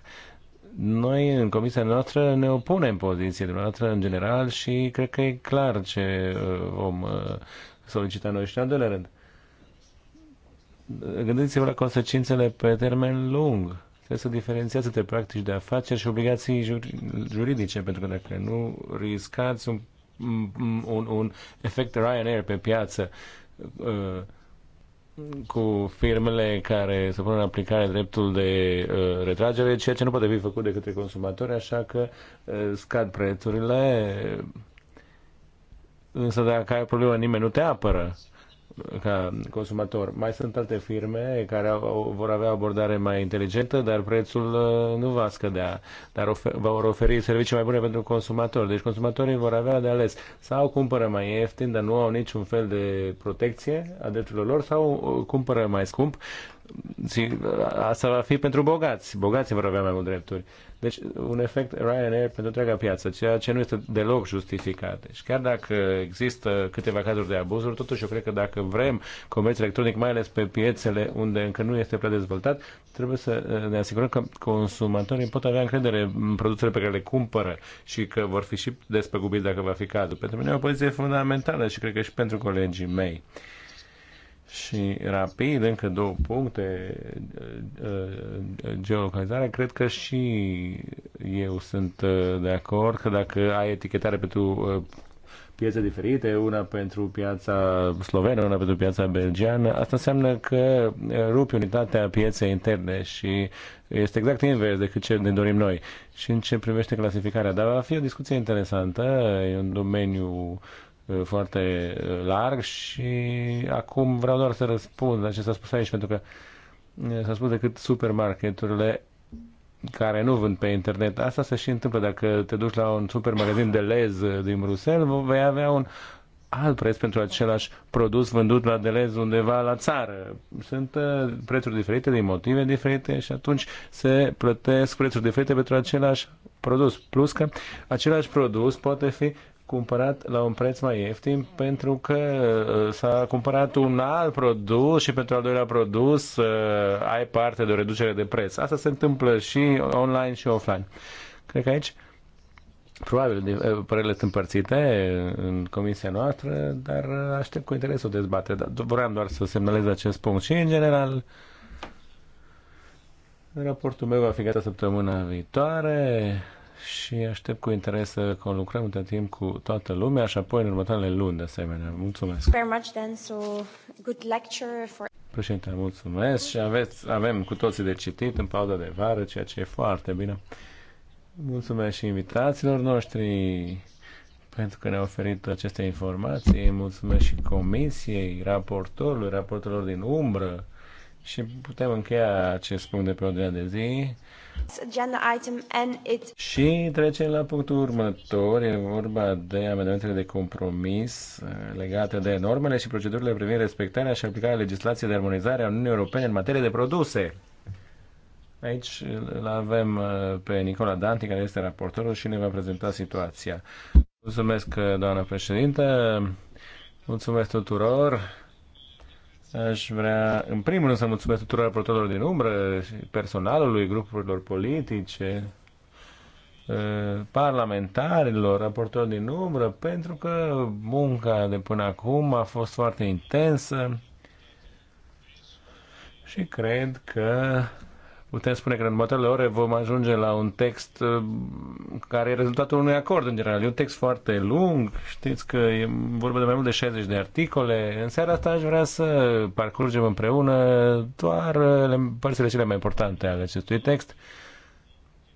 Noi, în comisia noastră, ne opunem poziției dumneavoastră în general și cred că e clar ce uh, vom uh, solicita noi și în al doilea rând. Gândiți-vă la consecințele pe termen lung Trebuie să diferențiați între practici de afaceri și obligații juridice, pentru că dacă nu riscați un, un, un efect Ryanair pe piață uh, cu firmele care să pună în aplicare dreptul de uh, retragere, ceea ce nu poate fi făcut de către consumatori, așa că uh, scad prețurile. Însă dacă ai o problemă, nimeni nu te apără ca consumator. Mai sunt alte firme care au, vor avea abordare mai inteligentă, dar prețul uh, nu va scădea, dar ofer, vor oferi servicii mai bune pentru consumator. Deci consumatorii vor avea de ales sau cumpără mai ieftin, dar nu au niciun fel de protecție a drepturilor lor, sau uh, cumpără mai scump, și uh, asta va fi pentru bogați. Bogații vor avea mai multe drepturi. Deci, un efect Ryanair pentru întreaga piață, ceea ce nu este deloc justificat. Deci, chiar dacă există câteva cazuri de abuzuri, totuși eu cred că dacă vrem comerț electronic, mai ales pe piețele unde încă nu este prea dezvoltat, trebuie să uh, ne asigurăm că consumatorii pot avea încredere în produsele pe care le cumpără și că vor fi și despăgubiți dacă va fi cazul. Pentru mine e o poziție fundamentală și cred că și pentru colegii mei și rapid, încă două puncte, uh, uh, geolocalizare, cred că și eu sunt uh, de acord că dacă ai etichetare pentru piețe diferite, una pentru piața slovenă, una pentru piața belgiană, asta înseamnă că rupi unitatea pieței interne și este exact invers decât ce ne dorim noi. Și în ce privește clasificarea, dar va fi o discuție interesantă, e un domeniu uh, foarte larg și acum vreau doar să răspund la ce s-a spus aici, pentru că s-a spus decât supermarketurile care nu vând pe internet. Asta se și întâmplă dacă te duci la un supermagazin de lez din Bruxelles, vei avea un alt preț pentru același produs vândut la Delez undeva la țară. Sunt prețuri diferite din motive diferite și atunci se plătesc prețuri diferite pentru același produs. Plus că același produs poate fi cumpărat la un preț mai ieftin pentru că uh, s-a cumpărat un alt produs și pentru al doilea produs uh, ai parte de o reducere de preț. Asta se întâmplă și online și offline. Cred că aici probabil uh, părerele sunt împărțite în comisia noastră, dar aștept cu interes o dezbatere. Vreau doar să semnalez acest punct și în general raportul meu va fi gata săptămâna viitoare și aștept cu interes să conlucrăm între timp cu toată lumea și apoi în următoarele luni de asemenea. Mulțumesc! Very much, then, So, good lecture for... Președinte, mulțumesc și aveți, avem cu toții de citit în pauza de vară, ceea ce e foarte bine. Mulțumesc și invitațiilor noștri pentru că ne au oferit aceste informații. Mulțumesc și comisiei, raportorului, raportorilor din umbră și putem încheia acest punct de pe ordinea de zi. Și trecem la punctul următor. E vorba de amendamentele de compromis eh, legate de normele și procedurile privind respectarea și aplicarea legislației de armonizare a Uniunii Europene în materie de produse. Aici îl avem eh, pe Nicola Danti, care este raportorul și ne va prezenta situația. Mulțumesc, eh, doamna președintă. Mulțumesc tuturor Aș vrea, în primul rând, să mulțumesc tuturor raportorilor din umbră, personalului, grupurilor politice, parlamentarilor, raportorilor din umbră, pentru că munca de până acum a fost foarte intensă și cred că putem spune că în următoarele ore vom ajunge la un text uh, care e rezultatul unui acord în general. E un text foarte lung, știți că e vorba de mai mult de 60 de articole. În seara asta aș vrea să parcurgem împreună doar uh, părțile cele mai importante ale acestui text,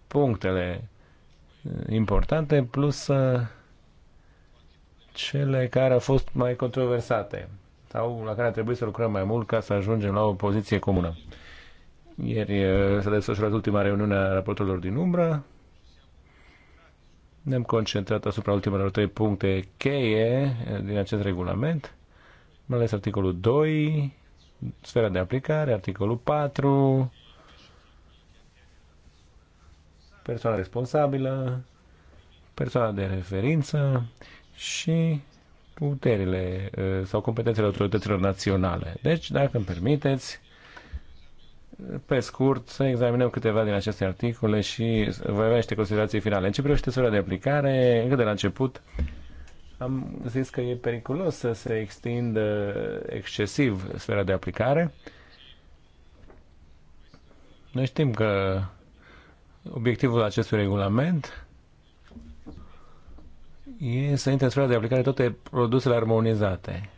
punctele uh, importante plus cele care au fost mai controversate sau la care a trebuit să lucrăm mai mult ca să ajungem la o poziție comună. Ieri uh, s-a desfășurat ultima reuniune a raportorilor din umbră. Ne-am concentrat asupra ultimelor trei puncte cheie uh, din acest regulament, mai ales articolul 2, sfera de aplicare, articolul 4, persoana responsabilă, persoana de referință și puterile uh, sau competențele autorităților naționale. Deci, dacă îmi permiteți, pe scurt, să examinăm câteva din aceste articole și voi avea niște considerații finale. În ce privește sfera de aplicare, încă de la început, am zis că e periculos să se extindă excesiv sfera de aplicare. Noi știm că obiectivul acestui regulament e să intre în sfera de aplicare toate produsele armonizate.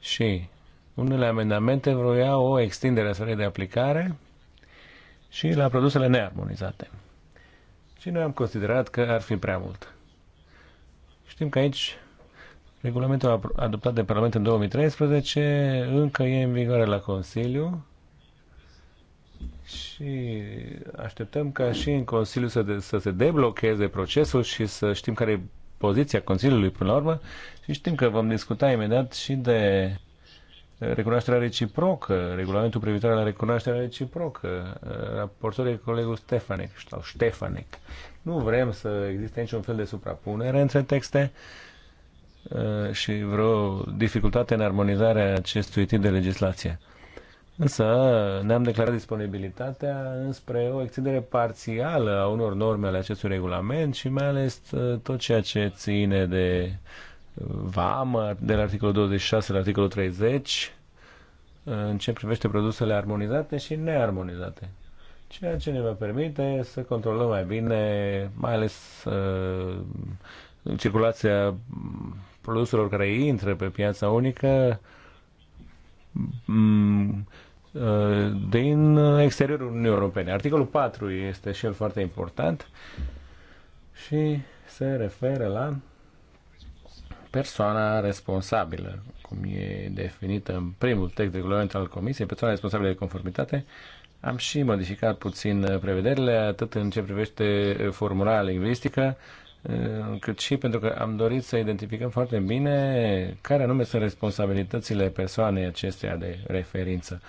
Și unele amendamente vroiau o extindere a sferei de aplicare și la produsele nearmonizate. Și noi am considerat că ar fi prea mult. Știm că aici regulamentul adoptat de Parlament în 2013 încă e în vigoare la Consiliu și așteptăm ca și în Consiliu să, de, să se deblocheze procesul și să știm care e poziția Consiliului până la urmă și știm că vom discuta imediat și de recunoașterea reciprocă, regulamentul privitor la recunoașterea reciprocă, raportul de colegul Stefanec sau Ștefanec. Nu vrem să existe niciun fel de suprapunere între texte uh, și vreo dificultate în armonizarea acestui tip de legislație. Însă ne-am declarat disponibilitatea înspre o extindere parțială a unor norme ale acestui regulament și mai ales uh, tot ceea ce ține de vamă de la articolul 26 la articolul 30 în ce privește produsele armonizate și nearmonizate. Ceea ce ne va permite să controlăm mai bine, mai ales uh, circulația produselor care intră pe piața unică um, uh, din exteriorul Uniunii Europene. Articolul 4 este și el foarte important și se referă la persoana responsabilă, cum e definită în primul text de regulament al Comisiei, persoana responsabilă de conformitate, am și modificat puțin prevederile, atât în ce privește uh, formularea lingvistică, uh, cât și pentru că am dorit să identificăm foarte bine care anume sunt responsabilitățile persoanei acesteia de referință.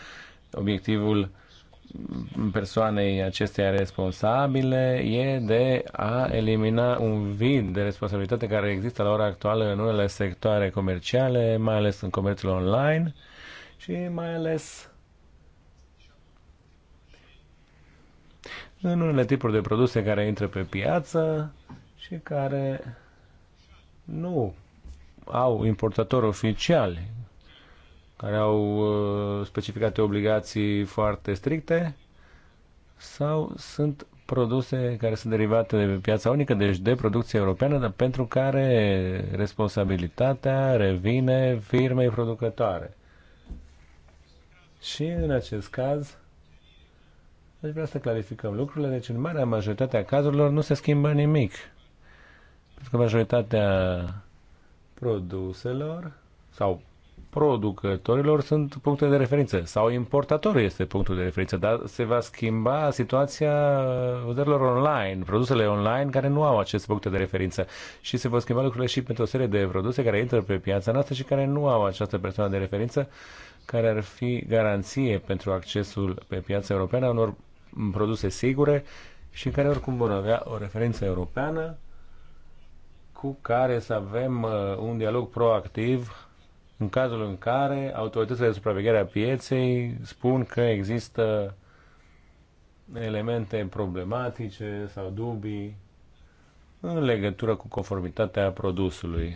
Obiectivul persoanei acesteia responsabile e de a elimina un vid de responsabilitate care există la ora actuală în unele sectoare comerciale, mai ales în comerțul online și mai ales în unele tipuri de produse care intră pe piață și care nu au importatori oficiali care au uh, specificate obligații foarte stricte sau sunt produse care sunt derivate de piața unică, deci de producție europeană, dar pentru care responsabilitatea revine firmei producătoare. Și în acest caz, aș vrea să clarificăm lucrurile, deci în marea majoritate a cazurilor nu se schimbă nimic. Pentru că majoritatea produselor sau producătorilor sunt puncte de referință sau importatorul este punctul de referință, dar se va schimba situația vânzărilor online, produsele online care nu au aceste puncte de referință și se vor schimba lucrurile și pentru o serie de produse care intră pe piața noastră și care nu au această persoană de referință care ar fi garanție pentru accesul pe piața europeană a unor produse sigure și care oricum vor avea o referință europeană cu care să avem uh, un dialog proactiv în cazul în care autoritățile de supraveghere a pieței spun că există elemente problematice sau dubii în legătură cu conformitatea produsului.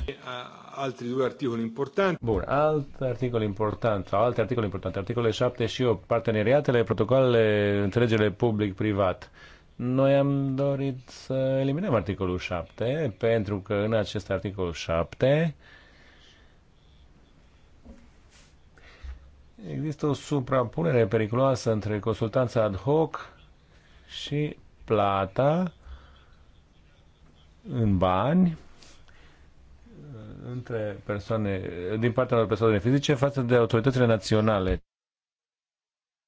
Alte doi articole importante. Bun, alt articol important, sau alte articole importante, articole 7 și 8, parteneriatele, protocoalele, înțelegerile public-privat. Noi am dorit să eliminăm articolul 7, pentru că în acest articol 7 Există o suprapunere periculoasă între consultanța ad hoc și plata în bani între persoane, din partea unor persoane fizice față de autoritățile naționale.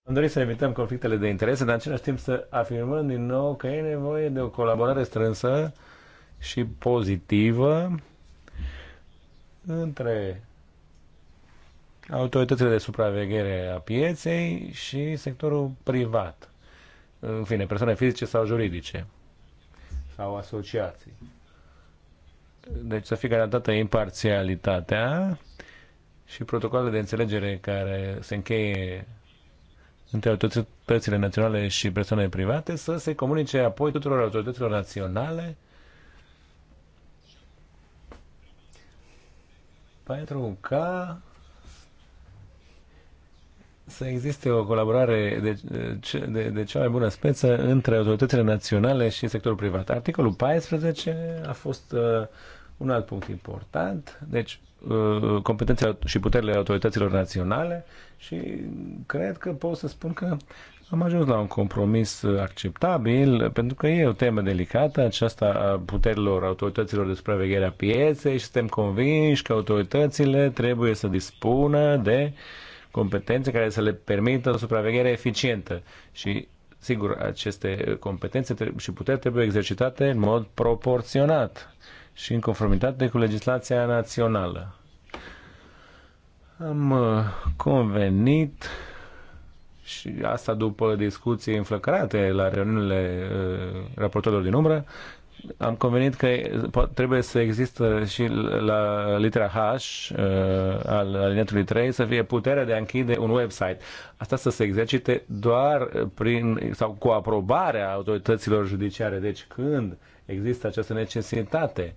Am dorit să evităm conflictele de interese, dar în același timp să afirmăm din nou că e nevoie de o colaborare strânsă și pozitivă între autoritățile de supraveghere a pieței și sectorul privat, în fine, persoane fizice sau juridice sau asociații. Deci să fie garantată imparțialitatea și protocolul de înțelegere care se încheie între autoritățile naționale și persoanele private să se comunice apoi tuturor autorităților naționale pentru ca să existe o colaborare de, de, de cea mai bună speță între autoritățile naționale și sectorul privat. Articolul 14 a fost uh, un alt punct important, deci uh, competențele și puterile autorităților naționale și cred că pot să spun că am ajuns la un compromis acceptabil, pentru că e o temă delicată, aceasta a puterilor autorităților de supraveghere a pieței și suntem convinși că autoritățile trebuie să dispună de uh, competențe care să le permită o supraveghere eficientă și sigur, aceste competențe și puteri trebuie exercitate în mod proporționat și în conformitate cu legislația națională. Am uh, convenit și asta după discuții înflăcărate la reuniunile uh, raportorilor din umbră, am convenit că trebuie să există și la litera H uh, al alinetului 3 să fie puterea de a închide un website. Asta să se exercite doar prin sau cu aprobarea autorităților judiciare. Deci când există această necesitate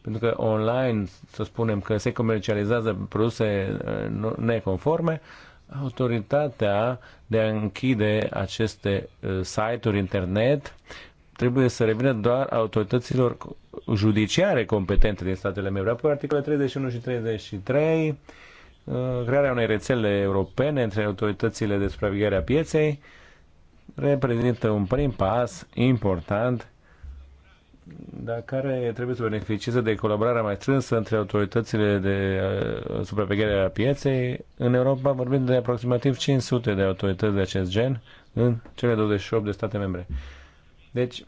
pentru că online, să spunem că se comercializează produse uh, neconforme, autoritatea de a închide aceste uh, site-uri internet trebuie să revină doar autorităților judiciare competente din statele membre. Apoi articole 31 și 33, uh, crearea unei rețele europene între autoritățile de supraveghere a pieței, reprezintă un prim pas important dar care trebuie să beneficieze de colaborarea mai strânsă între autoritățile de uh, supraveghere a pieței. În Europa vorbim de aproximativ 500 de autorități de acest gen în cele 28 de state membre. Deci,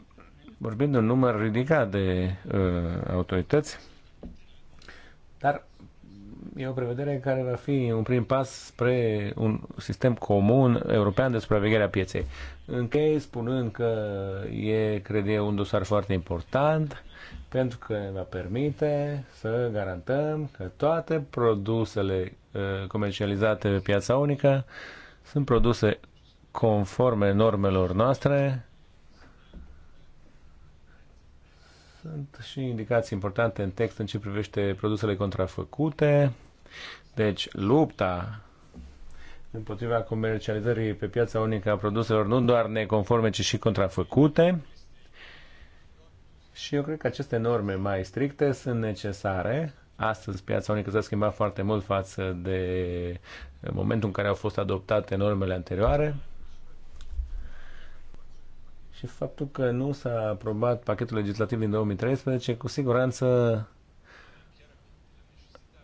vorbind un număr ridicat de uh, autorități, dar e o prevedere care va fi un prim pas spre un sistem comun european de supraveghere a pieței. Închei spunând că e, cred eu, un dosar foarte important pentru că ne va permite să garantăm că toate produsele uh, comercializate pe piața unică sunt produse conforme normelor noastre Sunt și indicații importante în text în ce privește produsele contrafăcute. Deci, lupta împotriva comercializării pe piața unică a produselor nu doar neconforme, ci și contrafăcute. Și eu cred că aceste norme mai stricte sunt necesare. Astăzi piața unică s-a schimbat foarte mult față de momentul în care au fost adoptate normele anterioare. Și faptul că nu s-a aprobat pachetul legislativ din 2013, cu siguranță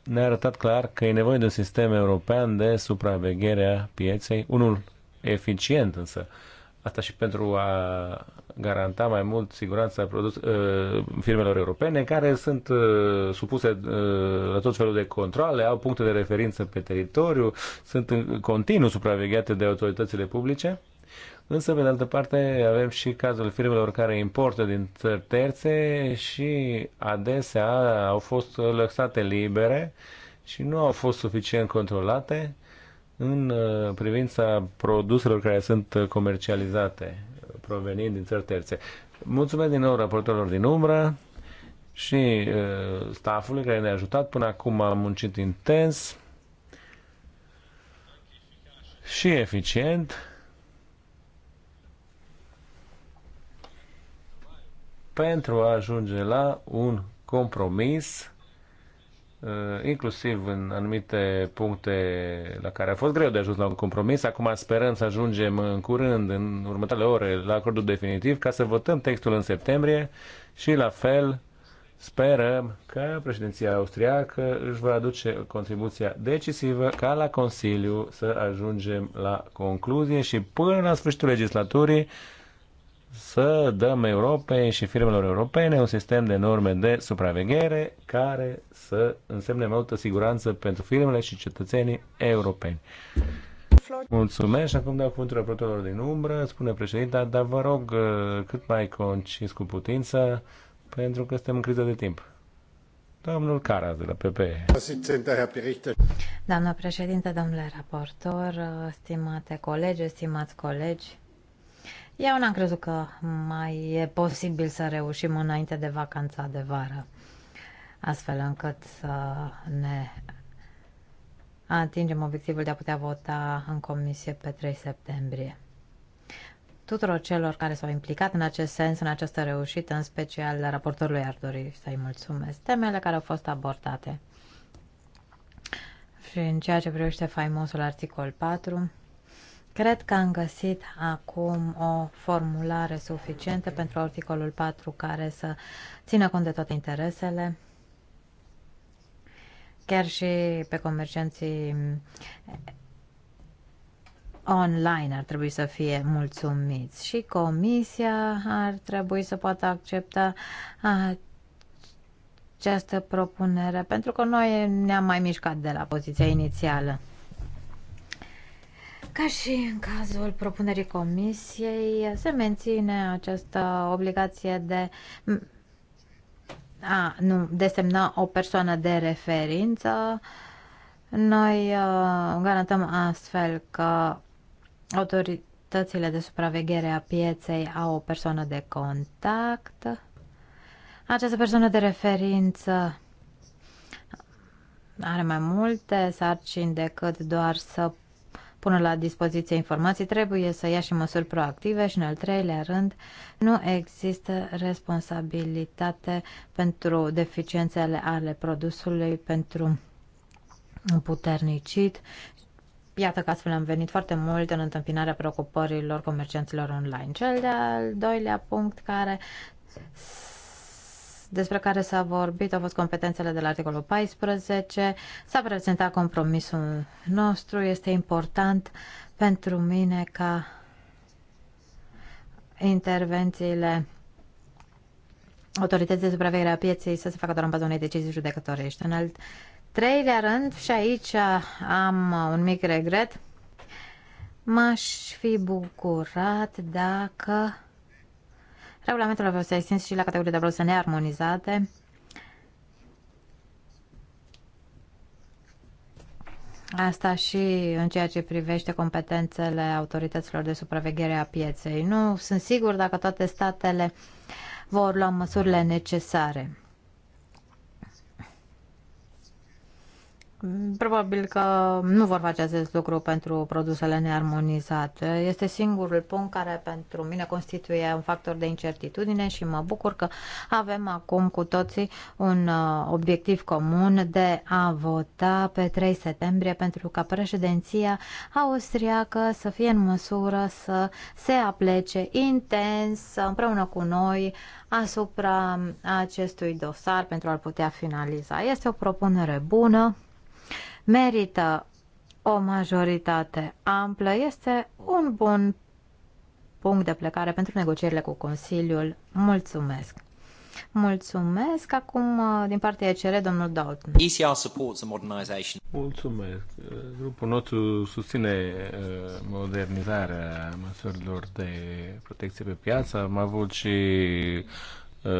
ne-a arătat clar că e nevoie de un sistem european de supraveghere a pieței, unul eficient însă. Asta și pentru a garanta mai mult siguranța produs, uh, firmelor europene care sunt uh, supuse uh, la tot felul de controle, au puncte de referință pe teritoriu, sunt în continuu supravegheate de autoritățile publice Însă, pe de altă parte, avem și cazul firmelor care importă din țări terțe și adesea au fost lăsate libere și nu au fost suficient controlate în uh, privința produselor care sunt comercializate provenind din țări terțe. Mulțumesc din nou raportorilor din umbră și uh, staffului care ne-a ajutat. Până acum am muncit intens și eficient pentru a ajunge la un compromis, uh, inclusiv în anumite puncte la care a fost greu de ajuns la un compromis. Acum sperăm să ajungem în curând, în următoarele ore, la acordul definitiv, ca să votăm textul în septembrie și la fel sperăm că președinția austriacă își va aduce contribuția decisivă ca la Consiliu să ajungem la concluzie și până la sfârșitul legislaturii să dăm Europei și firmelor europene un sistem de norme de supraveghere care să însemne mai multă siguranță pentru firmele și cetățenii europeni. Mulțumesc și acum dau cuvântul raportorilor din umbră, spune președinta, dar vă rog uh, cât mai concis cu putință, pentru că suntem în criză de timp. Domnul Caras de la PP. Doamna președinte, domnule raportor, stimate colegi, stimați colegi, eu n-am crezut că mai e posibil să reușim înainte de vacanța de vară, astfel încât să ne atingem obiectivul de a putea vota în comisie pe 3 septembrie. Tuturor celor care s-au implicat în acest sens, în această reușită, în special raportorului ar dori să-i mulțumesc. Temele care au fost abordate. Și în ceea ce privește faimosul articol 4, Cred că am găsit acum o formulare suficientă pentru articolul 4 care să țină cont de toate interesele, chiar și pe comercianții online ar trebui să fie mulțumiți și comisia ar trebui să poată accepta această propunere, pentru că noi ne-am mai mișcat de la poziția inițială. Ca și în cazul propunerii comisiei, se menține această obligație de a nu desemna o persoană de referință. Noi uh, garantăm astfel că autoritățile de supraveghere a pieței au o persoană de contact. Această persoană de referință are mai multe sarcini decât doar să pună la dispoziție informații, trebuie să ia și măsuri proactive și, în al treilea rând, nu există responsabilitate pentru deficiențele ale produsului, pentru puternicit. Iată că astfel am venit foarte mult în întâmpinarea preocupărilor comercianților online. Cel de-al doilea punct care despre care s-a vorbit au fost competențele de la articolul 14. S-a prezentat compromisul nostru. Este important pentru mine ca intervențiile autorității de supraveghere a pieței să se facă doar în baza unei decizii judecătorești. În al treilea rând, și aici am un mic regret, m-aș fi bucurat dacă Regulamentul a fost, extins și la categorii de produse nearmonizate. Asta și în ceea ce privește competențele autorităților de supraveghere a pieței. Nu sunt sigur dacă toate statele vor lua măsurile necesare. Probabil că nu vor face acest lucru pentru produsele nearmonizate. Este singurul punct care pentru mine constituie un factor de incertitudine și mă bucur că avem acum cu toții un uh, obiectiv comun de a vota pe 3 septembrie pentru ca președinția austriacă să fie în măsură să se aplece intens împreună cu noi asupra acestui dosar pentru a-l putea finaliza. Este o propunere bună merită o majoritate amplă, este un bun punct de plecare pentru negocierile cu Consiliul. Mulțumesc! Mulțumesc. Acum, uh, din partea ECR, domnul Dalton. ECR supports the modernization. Mulțumesc. Grupul nostru susține uh, modernizarea măsurilor de protecție pe piață. Am avut și Uh,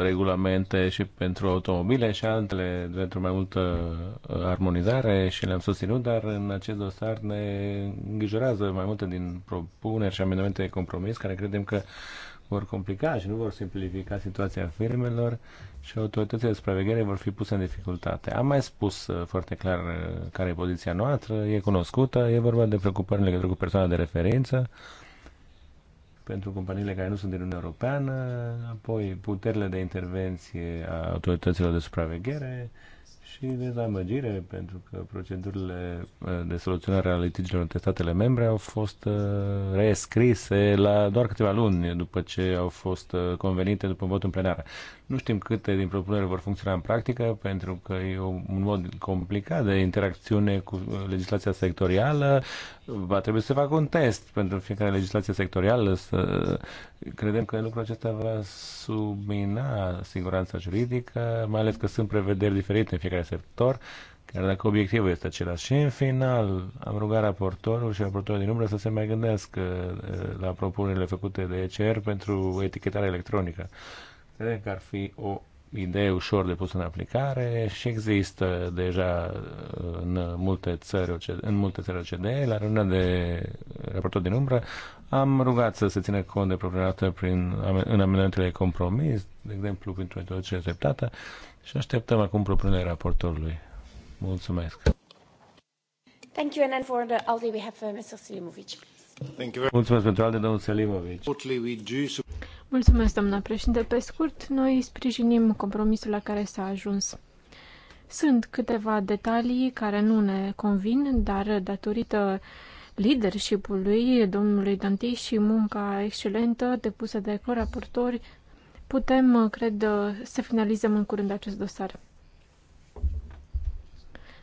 regulamente și pentru automobile și altele pentru mai multă uh, armonizare și le-am susținut, dar în acest dosar ne îngrijorează mai multe din propuneri și amendamente de compromis care credem că vor complica și nu vor simplifica situația firmelor și autoritățile de supraveghere vor fi puse în dificultate. Am mai spus uh, foarte clar care e poziția noastră, e cunoscută, e vorba de preocupări în legătură cu persoana de referință, pentru companiile care nu sunt din Uniunea Europeană, apoi puterile de intervenție a autorităților de supraveghere și dezamăgire, pentru că procedurile uh, de soluționare a litigiilor între statele membre au fost uh, rescrise la doar câteva luni după ce au fost uh, convenite după votul în plenară. Nu știm câte din propuneri vor funcționa în practică, pentru că e un mod complicat de interacțiune cu uh, legislația sectorială. Va trebui să fac un test pentru fiecare legislație sectorială. Să... Credem că lucrul acesta va submina siguranța juridică, mai ales că sunt prevederi diferite în fiecare sector chiar dacă obiectivul este același. Și în final am rugat raportorul și raportorul din umbră să se mai gândească uh, la propunerile făcute de ECR pentru etichetarea electronică. Credem că ar fi o idee ușor de pus în aplicare și există deja în multe țări, OCD, în multe țări OCDE. La rândul de raportor din umbră am rugat să se țină cont de problemată prin, în amendamentele de compromis, de exemplu, printr-o introducere treptată și așteptăm acum propunerea raportorului. Mulțumesc! Thank you, and then for the Aldi we have uh, Mr. Silimovic. Mulțumesc pentru alte, domnul Selimovic. Mulțumesc, doamna președinte. Pe scurt, noi sprijinim compromisul la care s-a ajuns. Sunt câteva detalii care nu ne convin, dar datorită leadership-ului domnului Danti și munca excelentă depusă de coraportori, putem, cred, să finalizăm în curând acest dosar.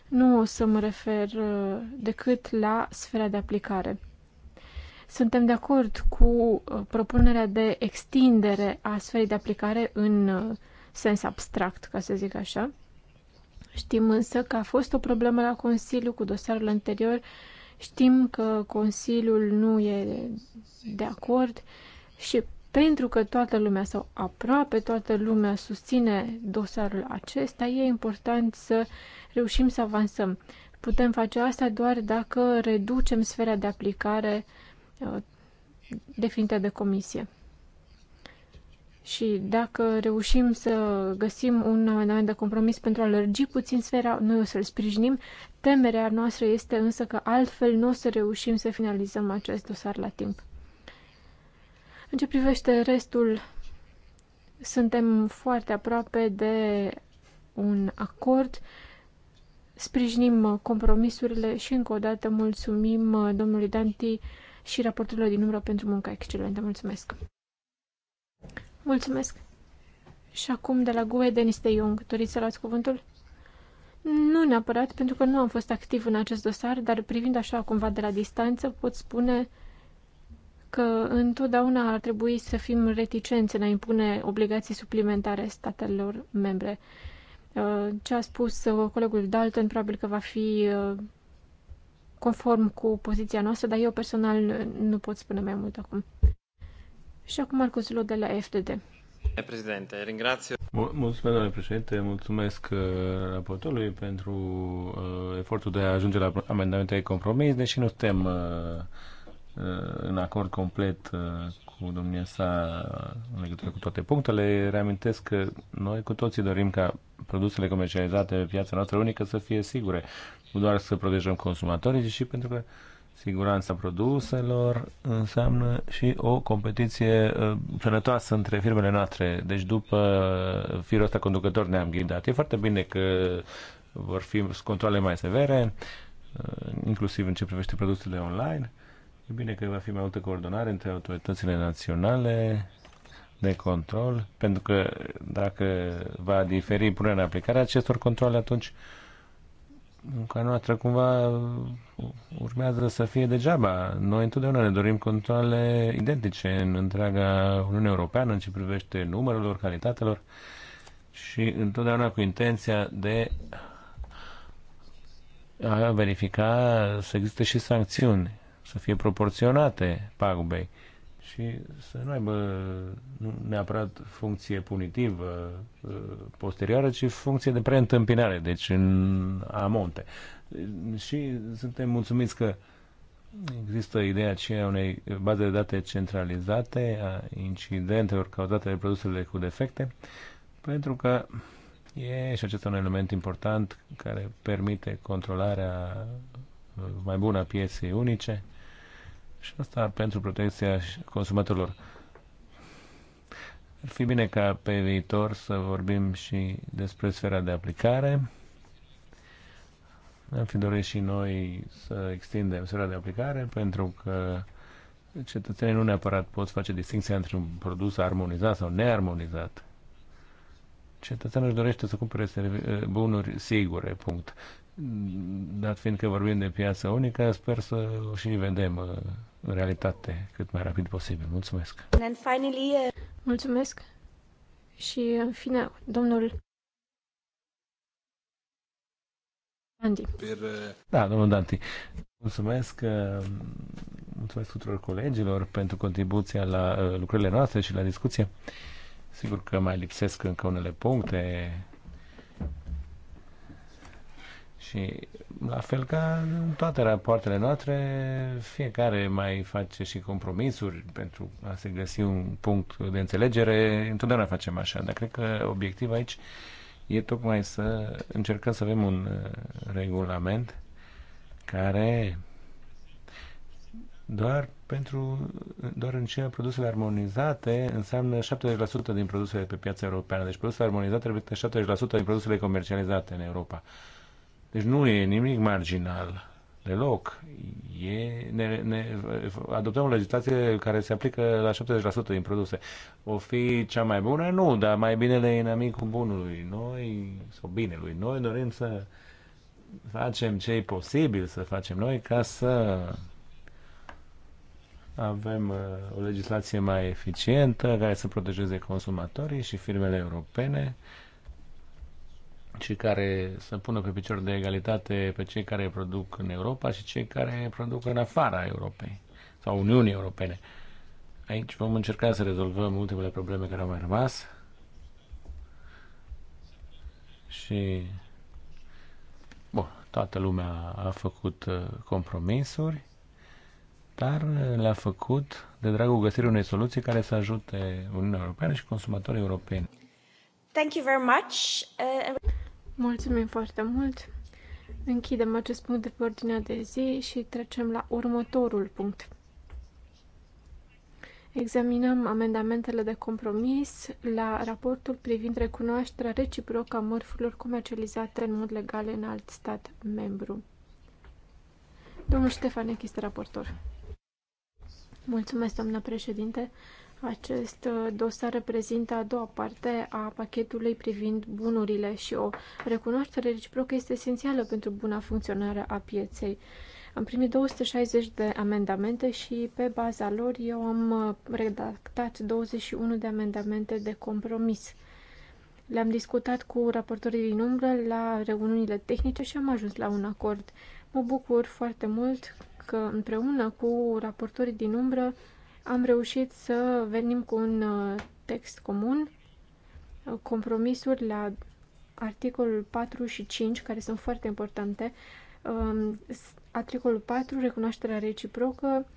Nu o să mă refer uh, decât la sfera de aplicare. Suntem de acord cu uh, propunerea de extindere a sferei de aplicare în uh, sens abstract, ca să zic așa. Știm însă că a fost o problemă la Consiliu cu dosarul anterior. Știm că Consiliul nu e de acord și pentru că toată lumea sau aproape toată lumea susține dosarul acesta, e important să reușim să avansăm. Putem face asta doar dacă reducem sfera de aplicare uh, definite de comisie. Și dacă reușim să găsim un amendament de compromis pentru a lărgi puțin sfera, noi o să-l sprijinim. Temerea noastră este însă că altfel nu o să reușim să finalizăm acest dosar la timp. În ce privește restul, suntem foarte aproape de un acord. Sprijinim compromisurile și încă o dată mulțumim domnului Danti și raporturile din număr pentru munca excelentă. Mulțumesc! Mulțumesc! Și acum de la GUE, Denis de Jung. doriți să luați cuvântul? Nu neapărat, pentru că nu am fost activ în acest dosar, dar privind așa cumva de la distanță, pot spune că întotdeauna ar trebui să fim reticenți în a impune obligații suplimentare statelor membre. Uh, ce a spus uh, colegul Dalton probabil că va fi uh, conform cu poziția noastră, dar eu personal nu pot spune mai mult acum. Și acum Marcus Lu de la FDD. Președinte, ringrazio. Mulțumesc, domnule președinte, mulțumesc uh, raportorului pentru uh, efortul de a ajunge la amendamente de compromis, deși nu suntem uh, uh în acord complet uh, cu domnia sa în legătură cu toate punctele. Reamintesc că noi cu toții dorim ca produsele comercializate pe piața noastră unică să fie sigure nu doar să protejăm consumatorii, ci și pentru că siguranța produselor înseamnă și o competiție uh, sănătoasă între firmele noastre. Deci după uh, firul ăsta conducător ne-am ghidat. E foarte bine că vor fi controle mai severe, uh, inclusiv în ce privește produsele online. E bine că va fi mai multă coordonare între autoritățile naționale de control, pentru că dacă va diferi punerea în aplicare acestor controle, atunci uh, munca noastră cumva urmează să fie degeaba. Noi întotdeauna ne dorim controle identice în întreaga Uniune Europeană în ce privește numărul calitatelor și întotdeauna cu intenția de a verifica să existe și sancțiuni, să fie proporționate pagubei și să nu aibă nu neapărat funcție punitivă uh, posterioară, ci funcție de preîntâmpinare, deci în amonte. Și suntem mulțumiți că există ideea aceea unei baze de date centralizate a incidentelor cauzate de produsele cu defecte, pentru că e și acesta un element important care permite controlarea mai bună a pieței unice, și asta pentru protecția consumatorilor. Ar fi bine ca pe viitor să vorbim și despre sfera de aplicare. Am fi dorit și noi să extindem sfera de aplicare pentru că cetățenii nu neapărat pot face distinția între un produs armonizat sau nearmonizat. Cetățenul își dorește să cumpere bunuri sigure, punct. Dar fiindcă vorbim de piață unică, sper să o și vedem uh, în realitate cât mai rapid posibil. Mulțumesc! And finally, uh, Mulțumesc! Și, în fine, domnul Andy. Da, domnul Danti. Mulțumesc, uh, mulțumesc tuturor colegilor pentru contribuția la uh, lucrurile noastre și la discuție. Sigur că mai lipsesc încă unele puncte și la fel ca în toate rapoartele noastre, fiecare mai face și compromisuri pentru a se găsi un punct de înțelegere. Întotdeauna facem așa, dar cred că obiectivul aici e tocmai să încercăm să avem un uh, regulament care doar pentru doar în ceea produsele armonizate înseamnă 70% din produsele pe piața europeană. Deci produsele armonizate reprezintă 70% din produsele comercializate în Europa. Deci nu e nimic marginal deloc. E, ne, ne, adoptăm o legislație care se aplică la 70% din produse. O fi cea mai bună? Nu, dar mai bine le e cu bunului. Noi, sau binelui, noi dorim să facem ce e posibil să facem noi ca să avem uh, o legislație mai eficientă care să protejeze consumatorii și firmele europene cei care să pună pe picior de egalitate pe cei care produc în Europa și cei care produc în afara Europei sau Uniunii Europene. Aici vom încerca să rezolvăm ultimele probleme care au mai rămas și bun, toată lumea a făcut uh, compromisuri, dar le-a făcut de dragul găsirii unei soluții care să ajute Uniunea Europeană și consumatorii europeni. Thank you very much. Uh... Mulțumim foarte mult! Închidem acest punct de pe ordinea de zi și trecem la următorul punct. Examinăm amendamentele de compromis la raportul privind recunoașterea reciprocă a mărfurilor comercializate în mod legal în alt stat membru. Domnul Ștefan este raportor. Mulțumesc, doamnă președinte. Acest uh, dosar reprezintă a doua parte a pachetului privind bunurile și o recunoaștere reciprocă este esențială pentru buna funcționare a pieței. Am primit 260 de amendamente și pe baza lor eu am uh, redactat 21 de amendamente de compromis. Le-am discutat cu raportorii din umbră la reuniunile tehnice și am ajuns la un acord. Mă bucur foarte mult că împreună cu raportorii din umbră am reușit să venim cu un uh, text comun, uh, compromisuri la articolul 4 și 5, care sunt foarte importante. Um, articolul 4, recunoașterea reciprocă,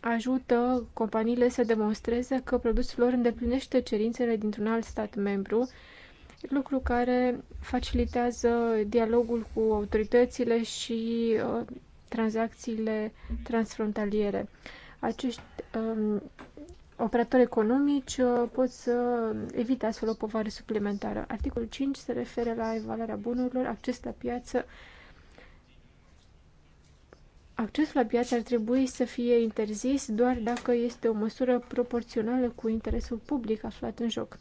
ajută companiile să demonstreze că produsul lor îndeplinește cerințele dintr-un alt stat membru, lucru care facilitează dialogul cu autoritățile și uh, tranzacțiile transfrontaliere. Acești um, operatori economici uh, pot să evite astfel o povară suplimentară. Articolul 5 se referă la evaluarea bunurilor, acces la piață. Accesul la piață ar trebui să fie interzis doar dacă este o măsură proporțională cu interesul public aflat în joc.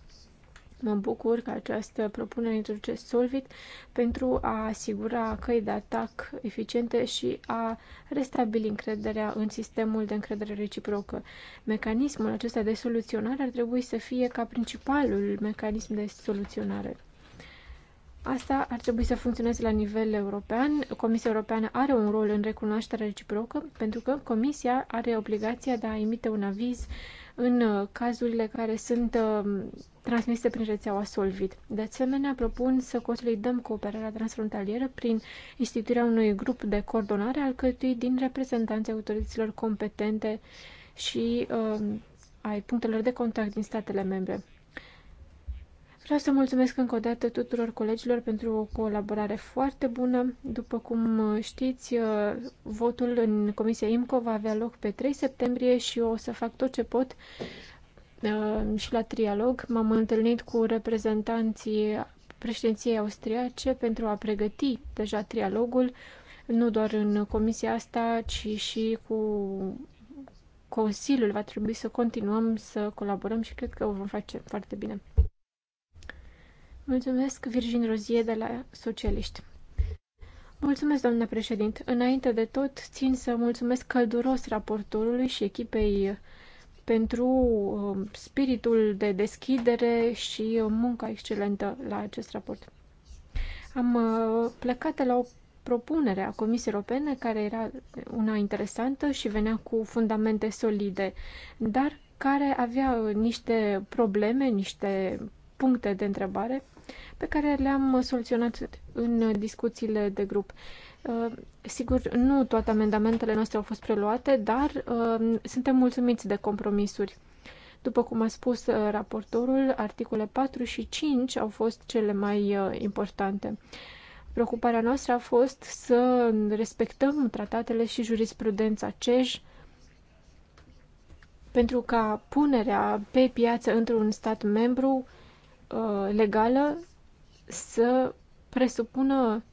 Mă bucur că această propunere introduce Solvit pentru a asigura căi de atac eficiente și a restabili încrederea în sistemul de încredere reciprocă. Mecanismul acesta de soluționare ar trebui să fie ca principalul mecanism de soluționare. Asta ar trebui să funcționeze la nivel european. Comisia Europeană are un rol în recunoașterea reciprocă pentru că Comisia are obligația de a emite un aviz în uh, cazurile care sunt uh, transmise prin rețeaua Solvit. De asemenea, propun să consolidăm cooperarea transfrontalieră prin instituirea unui grup de coordonare al cătui din reprezentanții autorităților competente și uh, ai punctelor de contact din statele membre. Vreau să mulțumesc încă o dată tuturor colegilor pentru o colaborare foarte bună. După cum știți, uh, votul în Comisia IMCO va avea loc pe 3 septembrie și eu o să fac tot ce pot uh, și la trialog. M-am întâlnit cu reprezentanții președinției austriace pentru a pregăti deja trialogul, nu doar în comisia asta, ci și cu Consiliul. Va trebui să continuăm să colaborăm și cred că o vom face foarte bine. Mulțumesc, Virgin Rozie de la Socialiști. Mulțumesc, doamnă președinte. Înainte de tot, țin să mulțumesc călduros raportorului și echipei uh, pentru um, spiritul de deschidere și uh, munca excelentă la acest raport. Am uh, plecat la o propunere a Comisiei Europene care era una interesantă și venea cu fundamente solide, dar care avea niște probleme, niște puncte de întrebare pe care le-am soluționat în discuțiile de grup. Uh, sigur, nu toate amendamentele noastre au fost preluate, dar uh, suntem mulțumiți de compromisuri. După cum a spus uh, raportorul, articole 4 și 5 au fost cele mai importante. Preocuparea noastră a fost să respectăm tratatele și jurisprudența CEJ pentru ca punerea pe piață într-un stat membru legală să presupună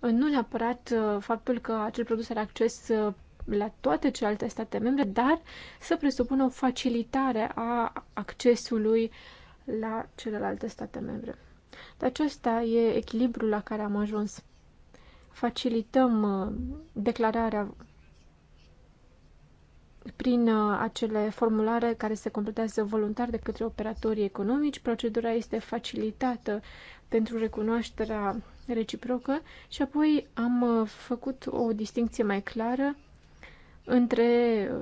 uh, nu neapărat uh, faptul că acel produs are acces uh, la toate celelalte state membre, dar să presupună o facilitare a accesului la celelalte state membre. De deci acesta e echilibrul la care am ajuns. Facilităm declararea prin uh, acele formulare care se completează voluntar de către operatorii economici. Procedura este facilitată pentru recunoașterea reciprocă și apoi am uh, făcut o distinție mai clară între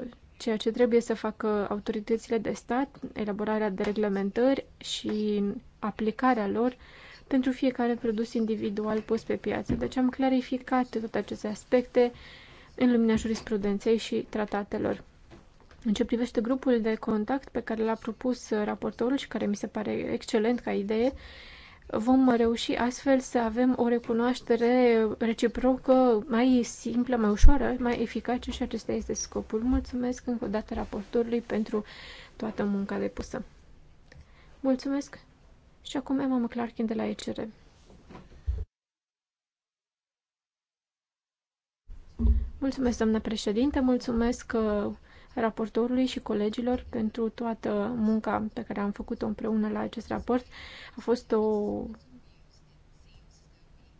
uh, ceea ce trebuie să facă autoritățile de stat, elaborarea de reglementări și aplicarea lor pentru fiecare produs individual pus pe piață. Deci am clarificat toate aceste aspecte în lumina jurisprudenței și tratatelor. În ce privește grupul de contact pe care l-a propus raportorul și care mi se pare excelent ca idee, vom reuși astfel să avem o recunoaștere reciprocă mai simplă, mai ușoară, mai eficace și acesta este scopul. Mulțumesc încă o dată raportorului pentru toată munca depusă. Mulțumesc și acum Emma McClarkin de la ECR. Mulțumesc, doamnă președinte, mulțumesc că uh, raportorului și colegilor pentru toată munca pe care am făcut-o împreună la acest raport. A fost o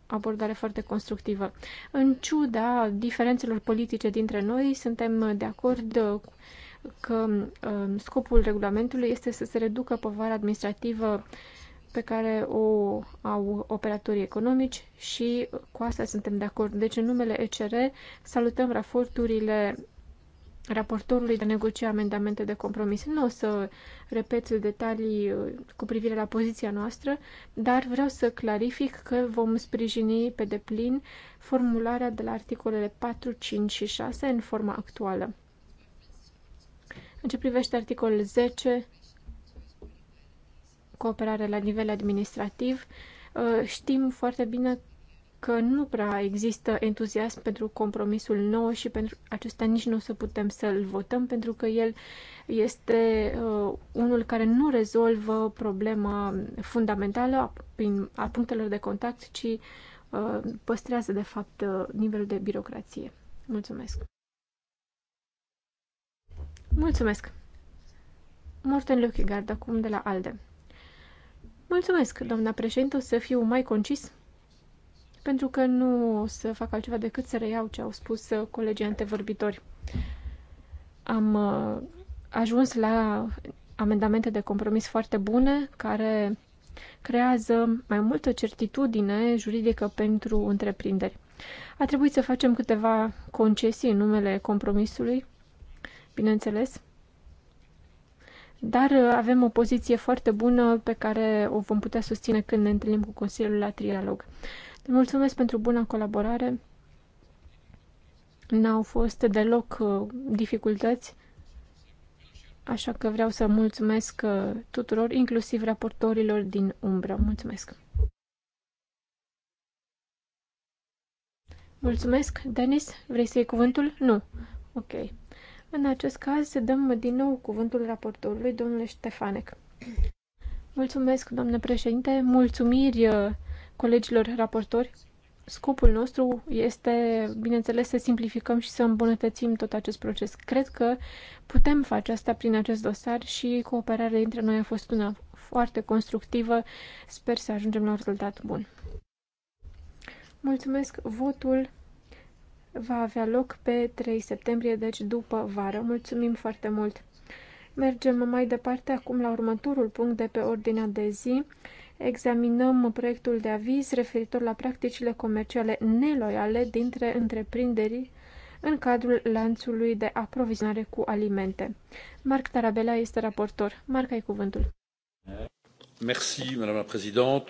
abordare foarte constructivă. În ciuda diferențelor politice dintre noi, suntem de acord că um, scopul regulamentului este să se reducă povara administrativă pe care o au operatorii economici și cu asta suntem de acord. Deci, în numele ECR, salutăm raporturile raportorului de a negocia amendamente de compromis. Nu o să repet detalii uh, cu privire la poziția noastră, dar vreau să clarific că vom sprijini pe deplin formularea de la articolele 4, 5 și 6 în forma actuală. În ce privește articolul 10, cooperare la nivel administrativ, uh, știm foarte bine că nu prea există entuziasm pentru compromisul nou și pentru acesta nici nu o să putem să-l votăm pentru că el este uh, unul care nu rezolvă problema fundamentală a, prin, a punctelor de contact, ci uh, păstrează de fapt uh, nivelul de birocrație. Mulțumesc! Mulțumesc! Morten Luchigard, acum de la ALDE. Mulțumesc, doamna președinte, o să fiu mai concis pentru că nu o să fac altceva decât să reiau ce au spus uh, colegii antevorbitori. Am uh, ajuns la amendamente de compromis foarte bune, care creează mai multă certitudine juridică pentru întreprinderi. A trebuit să facem câteva concesii în numele compromisului, bineînțeles, dar uh, avem o poziție foarte bună pe care o vom putea susține când ne întâlnim cu Consiliul la trialog. Te mulțumesc pentru buna colaborare. N-au fost deloc uh, dificultăți, așa că vreau să mulțumesc uh, tuturor, inclusiv raportorilor din umbră. Mulțumesc! Mulțumesc, Denis. Vrei să iei cuvântul? Nu. Ok. În acest caz, să dăm din nou cuvântul raportorului, domnule Ștefanec. Mulțumesc, doamnă președinte. Mulțumiri uh, colegilor raportori. Scopul nostru este, bineînțeles, să simplificăm și să îmbunătățim tot acest proces. Cred că putem face asta prin acest dosar și cooperarea dintre noi a fost una foarte constructivă. Sper să ajungem la un rezultat bun. Mulțumesc! Votul va avea loc pe 3 septembrie, deci după vară. Mulțumim foarte mult! Mergem mai departe acum la următorul punct de pe ordinea de zi examinăm proiectul de aviz referitor la practicile comerciale neloiale dintre întreprinderi în cadrul lanțului de aprovizionare cu alimente. Marc Tarabella este raportor. Marc, ai cuvântul. Merci, Madame la Présidente.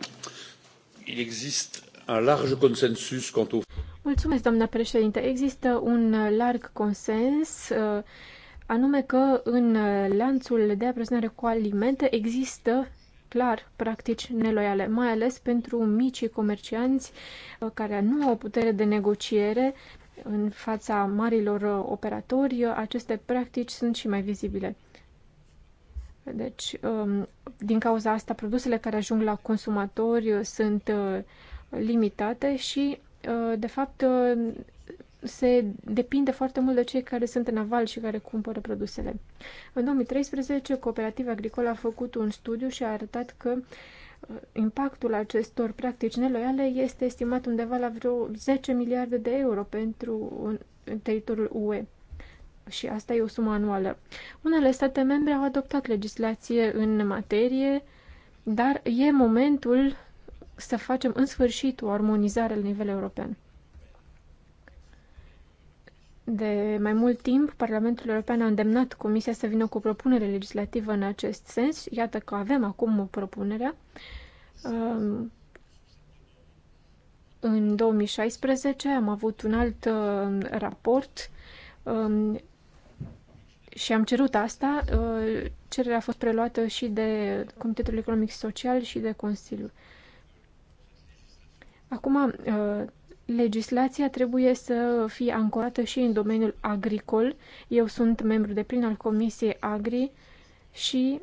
Il existe un large consensus quant au... Mulțumesc, doamna președinte. Există un larg consens uh, anume că în lanțul de aprovizionare cu alimente există clar practici neloiale, mai ales pentru micii comercianți uh, care nu au putere de negociere în fața marilor uh, operatori, uh, aceste practici sunt și mai vizibile. Deci, um, din cauza asta, produsele care ajung la consumatori sunt limitate și, de fapt, se depinde foarte mult de cei care sunt în aval și care cumpără produsele. În 2013, Cooperativa Agricolă a făcut un studiu și a arătat că uh, impactul acestor practici neloiale este estimat undeva la vreo 10 miliarde de euro pentru teritoriul UE. Și asta e o sumă anuală. Unele state membre au adoptat legislație în materie, dar e momentul să facem în sfârșit o armonizare la nivel european. De mai mult timp, Parlamentul European a îndemnat Comisia să vină cu o propunere legislativă în acest sens. Iată că avem acum o propunere. Um, în 2016 am avut un alt um, raport um, și am cerut asta. Uh, cererea a fost preluată și de Comitetul Economic Social și de Consiliu. Acum, uh, Legislația trebuie să fie ancorată și în domeniul agricol. Eu sunt membru de plin al Comisiei Agri și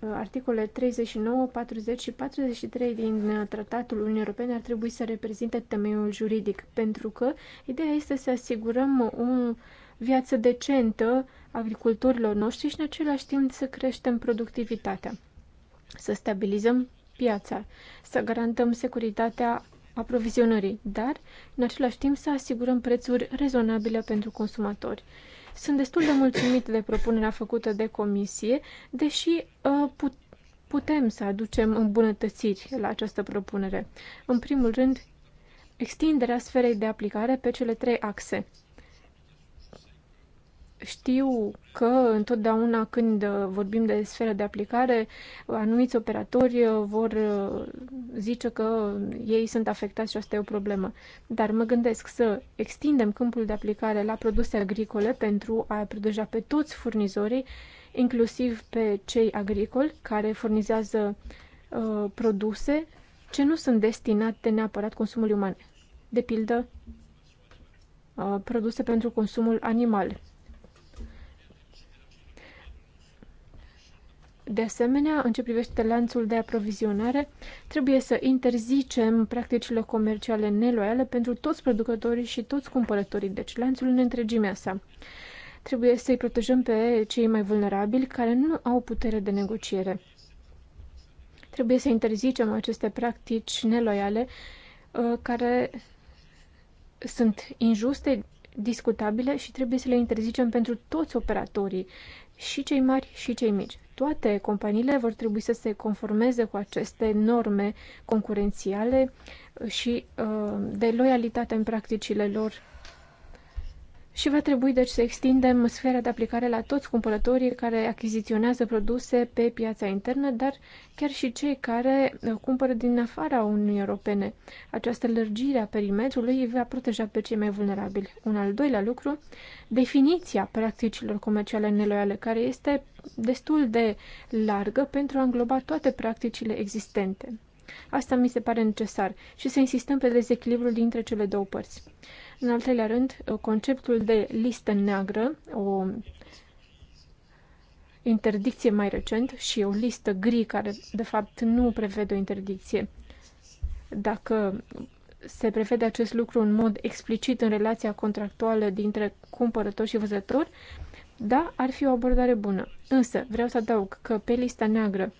uh, articolele 39, 40 și 43 din uh, Tratatul Uniunii Europene ar trebui să reprezinte temeiul juridic, pentru că ideea este să asigurăm o viață decentă agricultorilor noștri și în același timp să creștem productivitatea, să stabilizăm piața, să garantăm securitatea aprovizionării, dar în același timp să asigurăm prețuri rezonabile pentru consumatori. Sunt destul de mulțumit de propunerea făcută de comisie, deși uh, putem să aducem îmbunătățiri la această propunere. În primul rând, extinderea sferei de aplicare pe cele trei axe știu că întotdeauna când vorbim de sferă de aplicare, anumiți operatori uh, vor uh, zice că ei sunt afectați și asta e o problemă. Dar mă gândesc să extindem câmpul de aplicare la produse agricole pentru a proteja pe toți furnizorii, inclusiv pe cei agricoli care furnizează uh, produse ce nu sunt destinate neapărat consumului uman. De pildă, uh, produse pentru consumul animal. De asemenea, în ce privește lanțul de aprovizionare, trebuie să interzicem practicile comerciale neloiale pentru toți producătorii și toți cumpărătorii, deci lanțul în întregimea sa. Trebuie să-i protejăm pe cei mai vulnerabili care nu au putere de negociere. Trebuie să interzicem aceste practici neloiale uh, care sunt injuste, discutabile și trebuie să le interzicem pentru toți operatorii, și cei mari și cei mici toate companiile vor trebui să se conformeze cu aceste norme concurențiale și uh, de loialitate în practicile lor și va trebui deci să extindem sfera de aplicare la toți cumpărătorii care achiziționează produse pe piața internă, dar chiar și cei care cumpără din afara Uniunii Europene. Această lărgire a perimetrului îi va proteja pe cei mai vulnerabili. Un al doilea lucru, definiția practicilor comerciale neloiale, care este destul de largă pentru a îngloba toate practicile existente. Asta mi se pare necesar și să insistăm pe dezechilibrul dintre cele două părți. În al treilea rând, conceptul de listă neagră, o interdicție mai recent și o listă gri care de fapt nu prevede o interdicție. Dacă se prevede acest lucru în mod explicit în relația contractuală dintre cumpărător și văzător, da, ar fi o abordare bună. Însă, vreau să adaug că pe lista neagră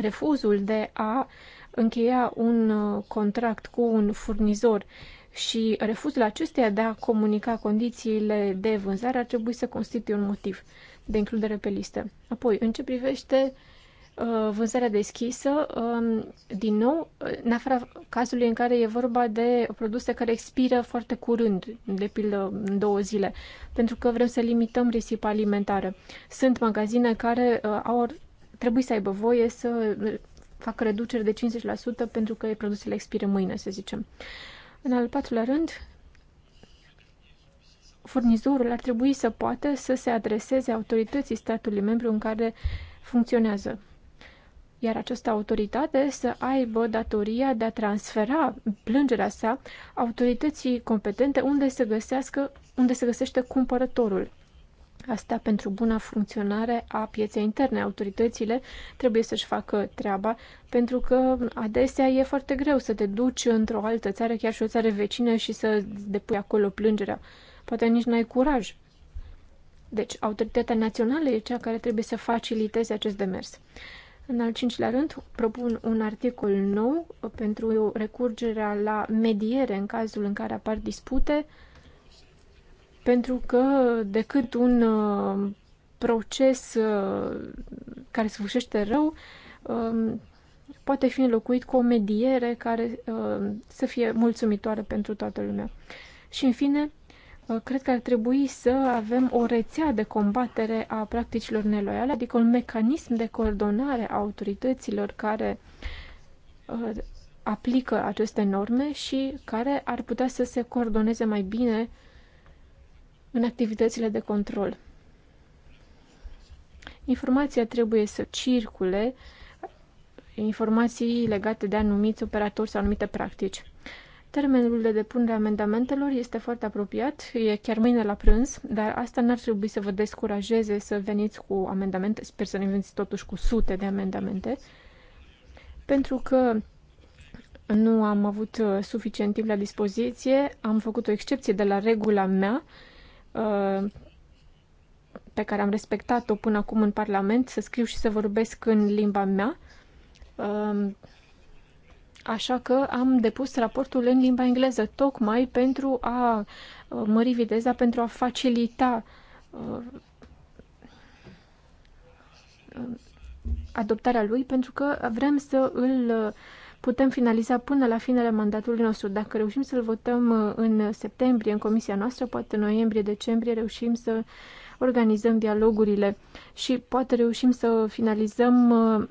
refuzul de a încheia un uh, contract cu un furnizor și refuzul acesteia de a comunica condițiile de vânzare ar trebui să constituie un motiv de includere pe listă. Apoi, în ce privește uh, vânzarea deschisă, um, din nou, în afara cazului în care e vorba de produse care expiră foarte curând, de pildă în două zile, pentru că vrem să limităm risipa alimentară. Sunt magazine care uh, au, trebuie să aibă voie să fac reduceri de 50% pentru că produsele expiră mâine, să zicem. În al patrulea rând, furnizorul ar trebui să poată să se adreseze autorității statului membru în care funcționează. Iar această autoritate să aibă datoria de a transfera plângerea sa autorității competente unde se, găsească, unde se găsește cumpărătorul. Asta pentru buna funcționare a pieței interne. Autoritățile trebuie să-și facă treaba, pentru că adesea e foarte greu să te duci într-o altă țară, chiar și o țară vecină, și să depui acolo plângerea. Poate nici n-ai curaj. Deci, autoritatea națională e cea care trebuie să faciliteze acest demers. În al cincilea rând, propun un articol nou uh, pentru recurgerea la mediere în cazul în care apar dispute, pentru că decât un uh, proces uh, care se sfârșește rău, um, poate fi înlocuit cu o mediere care uh, să fie mulțumitoare pentru toată lumea. Și, în fine, cred că ar trebui să avem o rețea de combatere a practicilor neloiale, adică un mecanism de coordonare a autorităților care aplică aceste norme și care ar putea să se coordoneze mai bine în activitățile de control. Informația trebuie să circule, informații legate de anumiți operatori sau anumite practici. Termenul de depunere a amendamentelor este foarte apropiat, e chiar mâine la prânz, dar asta n-ar trebui să vă descurajeze să veniți cu amendamente, sper să ne veniți totuși cu sute de amendamente, pentru că nu am avut uh, suficient timp la dispoziție, am făcut o excepție de la regula mea Uh, pe care am respectat-o până acum în Parlament, să scriu și să vorbesc în limba mea. Um, așa că am depus raportul în limba engleză, tocmai pentru a uh, mări viteza, pentru a facilita uh, adoptarea lui, pentru că vrem să îl putem finaliza până la finele mandatului nostru. Dacă reușim să-l votăm uh, în septembrie, în comisia noastră, poate noiembrie, decembrie, reușim să organizăm dialogurile și poate reușim să finalizăm uh,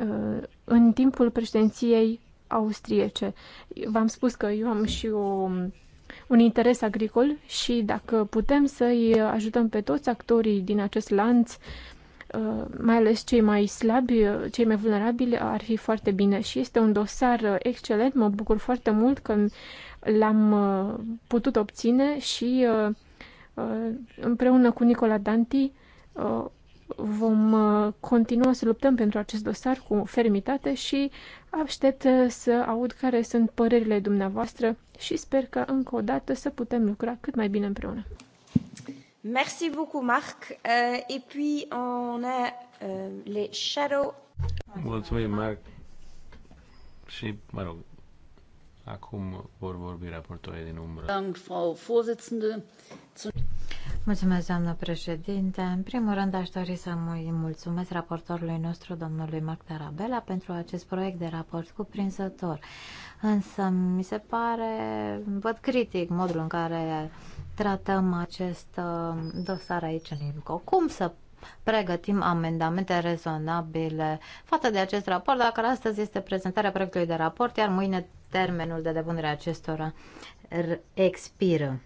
uh, în timpul președinției austriece. V-am spus că eu am și o un interes agricol și dacă putem să-i ajutăm pe toți actorii din acest lanț Uh, mai ales cei mai slabi, uh, cei mai vulnerabili, ar fi foarte bine. Și este un dosar uh, excelent, mă bucur foarte mult că l-am putut obține și împreună cu Nicola Danti vom continua să luptăm pentru acest dosar cu fermitate și aștept să aud care sunt părerile dumneavoastră și sper că încă o dată să putem lucra cât mai bine împreună. Merci beaucoup, Marc. Uh, et puis, on a uh, les shadow... Mulțumim, Marc. Și, mă rog, acum vor vorbi raportorii din umbră. Mulțumesc, doamnă președinte. În primul rând, aș dori să îi mulțumesc raportorului nostru, domnului Marc Tarabella, pentru acest proiect de raport cuprinzător. Însă, mi se pare, văd critic modul în care tratăm acest uh, dosar aici în IMCO. Cum să pregătim amendamente rezonabile față de acest raport, dacă astăzi este prezentarea proiectului de raport, iar mâine termenul de depunere a acestora expiră.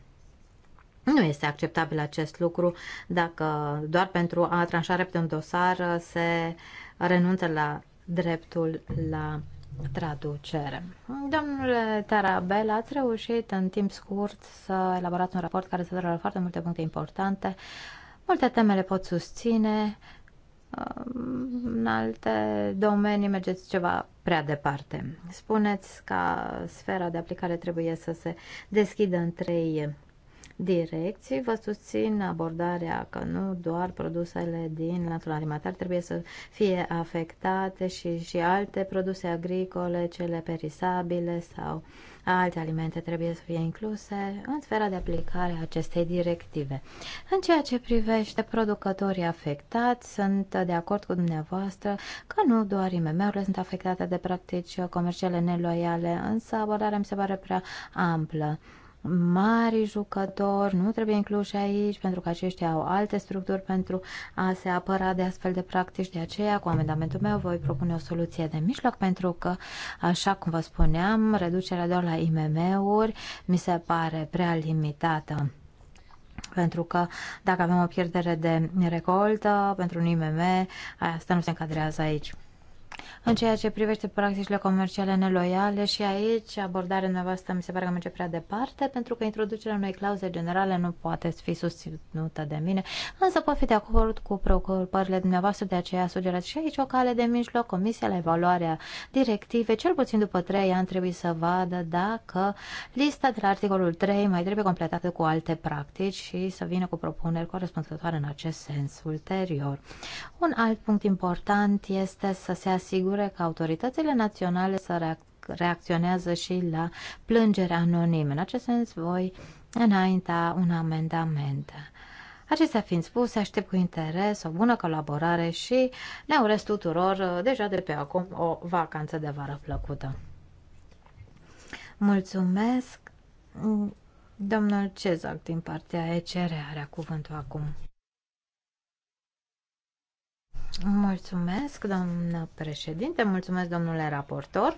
Nu este acceptabil acest lucru dacă doar pentru a tranșa repede un dosar se renunță la dreptul la traducere. Domnule Tarabel, ați reușit în timp scurt să elaborați un raport care să dă foarte multe puncte importante. Multe teme le pot susține, în alte domenii mergeți ceva prea departe. Spuneți că sfera de aplicare trebuie să se deschidă în trei direcții. Vă susțin abordarea că nu doar produsele din lanțul alimentar trebuie să fie afectate și, și alte produse agricole, cele perisabile sau alte alimente trebuie să fie incluse în sfera de aplicare a acestei directive. În ceea ce privește producătorii afectați, sunt de acord cu dumneavoastră că nu doar IMM-urile sunt afectate de practici comerciale neloiale, însă abordarea mi se pare prea amplă mari jucători nu trebuie incluși aici pentru că aceștia au alte structuri pentru a se apăra de astfel de practici. De aceea, cu amendamentul meu, voi propune o soluție de mijloc pentru că, așa cum vă spuneam, reducerea doar la IMM-uri mi se pare prea limitată. Pentru că dacă avem o pierdere de recoltă pentru un IMM, asta nu se încadrează aici. În ceea ce privește practicile comerciale neloiale și aici abordarea noastră mi se pare că merge prea departe pentru că introducerea unei clauze generale nu poate fi susținută de mine, însă pot fi de acord cu preocupările dumneavoastră, de aceea sugerați și aici o cale de mijloc. Comisia la evaluarea directive, cel puțin după 3 ani, trebuie să vadă dacă lista de la articolul 3 mai trebuie completată cu alte practici și să vină cu propuneri corespunzătoare în acest sens ulterior. Un alt punct important este să se asigure că autoritățile naționale să reacționează și la plângeri anonime. În acest sens voi înainta un amendament. Acestea fiind spuse, aștept cu interes o bună colaborare și ne urez tuturor uh, deja de pe acum o vacanță de vară plăcută. Mulțumesc! Mm, domnul Cezac din partea ECR are cuvântul acum. Mulțumesc, doamnă președinte, mulțumesc, domnule raportor.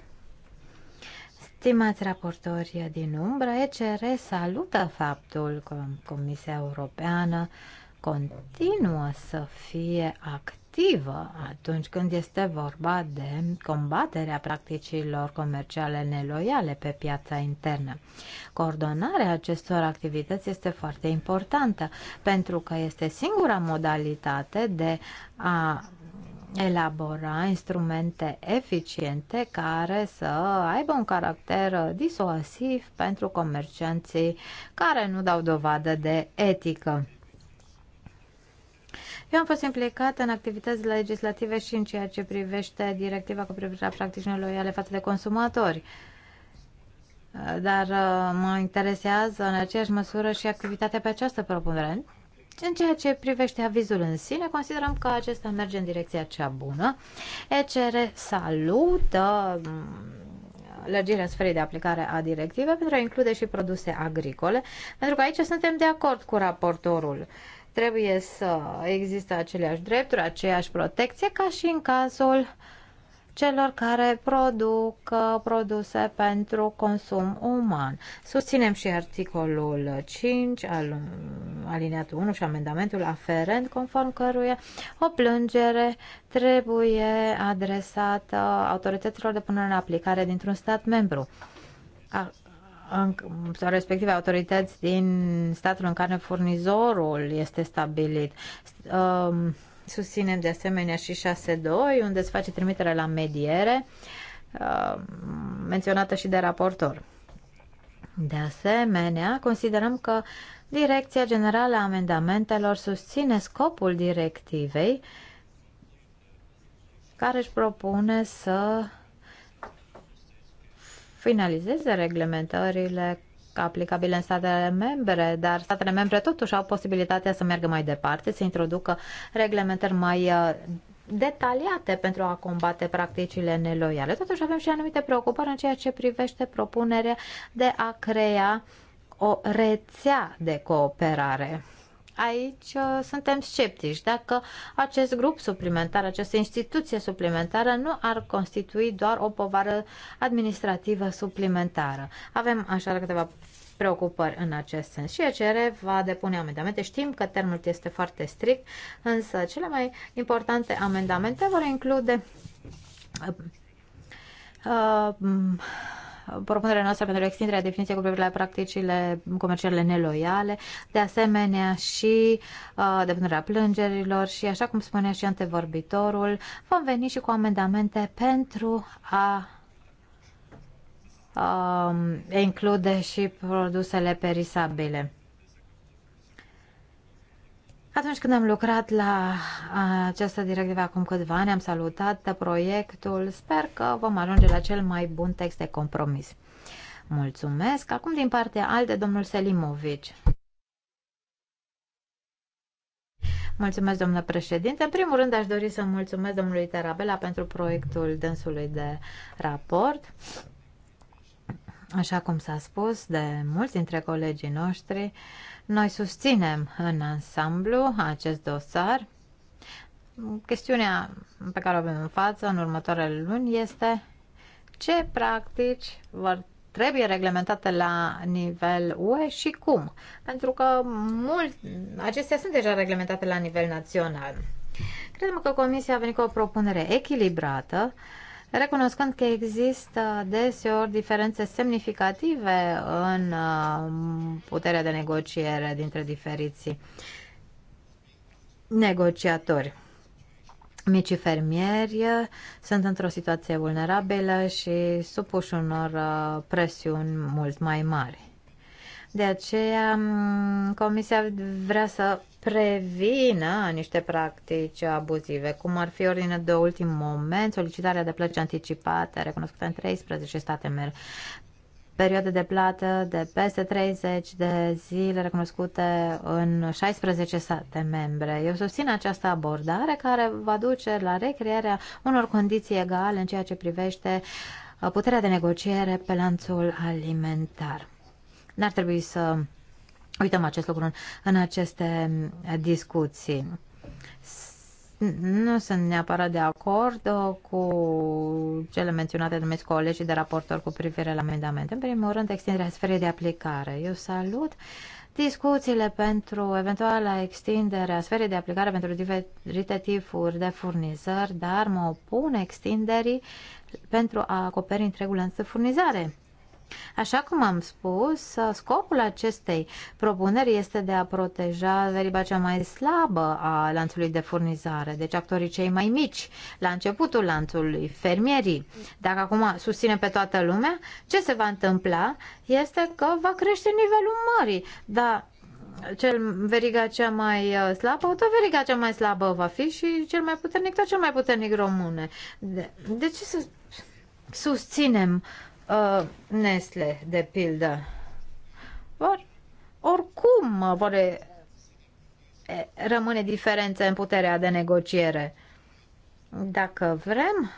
Stimați raportori din umbră, ECR salută faptul că Comisia Europeană continuă să fie activă activă atunci când este vorba de combaterea practicilor comerciale neloiale pe piața internă. Coordonarea acestor activități este foarte importantă pentru că este singura modalitate de a elabora instrumente eficiente care să aibă un caracter disuasiv pentru comercianții care nu dau dovadă de etică. Eu am fost implicată în activități legislative și în ceea ce privește directiva cu privire la practicile loiale față de consumatori. Dar uh, mă interesează în aceeași măsură și activitatea pe această propunere. În ceea ce privește avizul în sine, considerăm că acesta merge în direcția cea bună. ECR salută mm, lărgirea sferei de aplicare a directivei pentru a include și produse agricole, pentru că aici suntem de acord cu raportorul. Uh, trebuie să existe aceleași drepturi, aceeași protecție ca și în cazul celor care produc uh, produse pentru consum uman. Susținem și articolul 5, al, um, alineatul 1 și amendamentul aferent, conform căruia o plângere trebuie adresată autorităților de punere în aplicare dintr-un stat membru în, sau respective autorități din statul în care furnizorul este stabilit. Um, susținem de asemenea și 6.2, unde se face trimitere la mediere, um, menționată și de raportor. De asemenea, considerăm că Direcția Generală a Amendamentelor susține scopul directivei care își propune să finalizeze reglementările aplicabile în statele membre, dar statele membre totuși au posibilitatea să meargă mai departe, să introducă reglementări mai uh, detaliate pentru a combate practicile neloiale. Totuși avem și anumite preocupări în ceea ce privește propunerea de a crea o rețea de cooperare aici uh, suntem sceptici dacă acest grup suplimentar, această instituție suplimentară nu ar constitui doar o povară administrativă suplimentară. Avem așa câteva preocupări în acest sens. Și ECR va depune amendamente. Știm că termenul este foarte strict, însă cele mai importante amendamente vor include uh, uh, propunerea noastră pentru extinderea definiției cu privire la practicile comerciale neloiale, de asemenea și uh, depunerea plângerilor și, așa cum spunea și antevorbitorul, vom veni și cu amendamente pentru a uh, include și produsele perisabile. Atunci când am lucrat la această directivă acum câțiva ani, am salutat proiectul. Sper că vom ajunge la cel mai bun text de compromis. Mulțumesc. Acum din partea alte, domnul Selimovic. Mulțumesc, domnule președinte. În primul rând, aș dori să mulțumesc domnului Tarabela pentru proiectul dânsului de raport. Așa cum s-a spus de mulți dintre colegii noștri, uh, noi susținem în ansamblu acest dosar. Chestiunea pe care o avem în față în următoarele luni este ce practici vor trebuie reglementate la nivel UE și cum? Pentru că mult, acestea sunt deja reglementate la nivel național. Credem că Comisia a venit cu o propunere echilibrată recunoscând că există deseori diferențe semnificative în uh, puterea de negociere dintre diferiții negociatori. Micii fermieri sunt într-o situație vulnerabilă și supuși unor uh, presiuni mult mai mari. De aceea, Comisia vrea să prevină niște practici abuzive, cum ar fi ordine de ultim moment, solicitarea de plăci anticipate, recunoscută în 13 state membre, perioade de plată de peste 30 de zile recunoscute în 16 state membre. Eu susțin această abordare care va duce la recrearea unor condiții egale în ceea ce privește puterea de negociere pe lanțul alimentar. N-ar trebui să uităm acest lucru în, în aceste eh, discuții. Nu sunt neapărat de acord eh, cu cele menționate de numiți colegii de raportor cu privire la amendamente. În primul rând, extinderea sferei de aplicare. Eu salut discuțiile pentru eventuala extindere a sferei de aplicare pentru diferite tipuri de furnizări, dar mă opun extinderii pentru a acoperi întregul lanț de furnizare Așa cum am spus, scopul acestei propuneri este de a proteja veriba cea mai slabă a lanțului de furnizare, deci actorii cei mai mici, la începutul lanțului, fermierii. Dacă acum susține pe toată lumea, ce se va întâmpla este că va crește nivelul mării, dar cel veriga cea mai uh, slabă, tot veriga cea mai slabă va fi și cel mai puternic, tot cel mai puternic române. De, de ce să susținem uh, Nestle, de pildă. Vor, oricum uh, vor uh, rămâne diferențe în puterea de negociere. Dacă vrem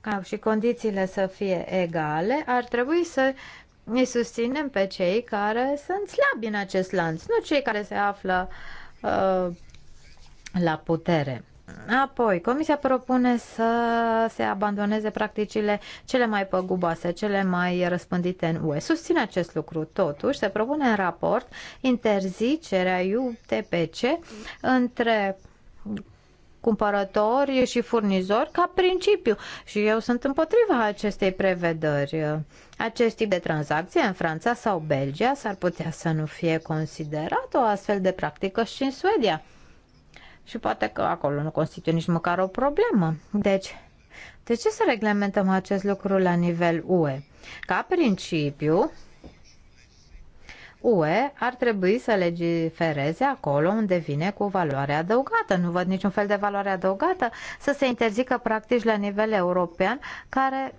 ca și condițiile să fie egale, ar trebui să ne susținem pe cei care sunt slabi în acest lanț, nu cei care se află uh, la putere. Apoi, Comisia propune să se abandoneze practicile cele mai păguboase, cele mai răspândite în UE. Susține acest lucru. Totuși, se propune în raport interzicerea UTPC între cumpărători și furnizori ca principiu și eu sunt împotriva acestei prevedări. Acest tip de tranzacție în Franța sau Belgia s-ar putea să nu fie considerat o astfel de practică și în Suedia și poate că acolo nu constituie nici măcar o problemă. Deci, de ce să reglementăm acest lucru la nivel UE? Ca principiu, UE ar trebui să legifereze acolo unde vine cu valoare adăugată. Nu văd niciun fel de valoare adăugată să se interzică practici la nivel european care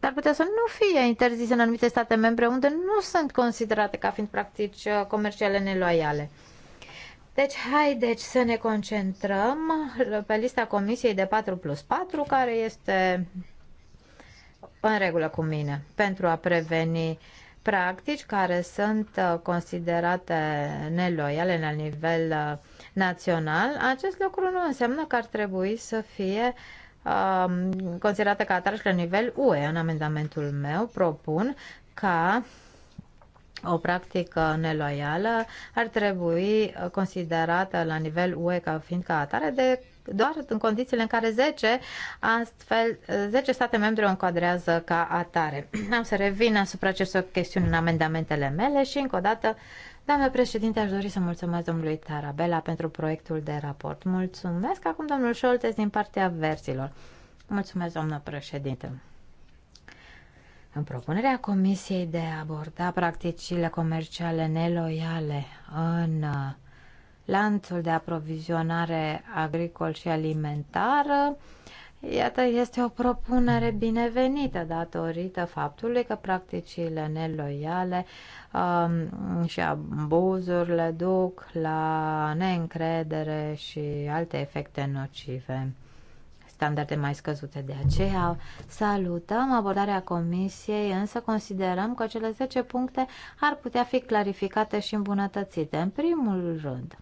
dar putea să nu fie interzise în anumite state membre unde nu sunt considerate ca fiind practici comerciale neloiale. Deci, haideți să ne concentrăm pe lista comisiei de 4 plus 4, care este în regulă cu mine, pentru a preveni practici care sunt uh, considerate neloiale la nivel uh, național. Acest lucru nu înseamnă că ar trebui să fie um, considerate ca atrași la nivel UE. În amendamentul meu propun ca o practică neloială ar trebui considerată la nivel UE ca fiind ca atare de doar în condițiile în care 10, astfel, 10 state membre o încadrează ca atare. Am să revin asupra acestor chestiuni în amendamentele mele și încă o dată Doamnă președinte, aș dori să mulțumesc domnului Tarabela pentru proiectul de raport. Mulțumesc acum domnul Șoltes din partea versilor. Mulțumesc, doamnă președinte. În propunerea Comisiei de a aborda practicile comerciale neloiale în uh, lanțul de aprovizionare agricol și alimentar, uh, iată, este o propunere binevenită datorită faptului că practicile neloiale um, și abuzurile duc la neîncredere și alte efecte nocive standarde mai scăzute. De aceea salutăm abordarea Comisiei, însă considerăm că cele 10 puncte ar putea fi clarificate și îmbunătățite. În primul rând,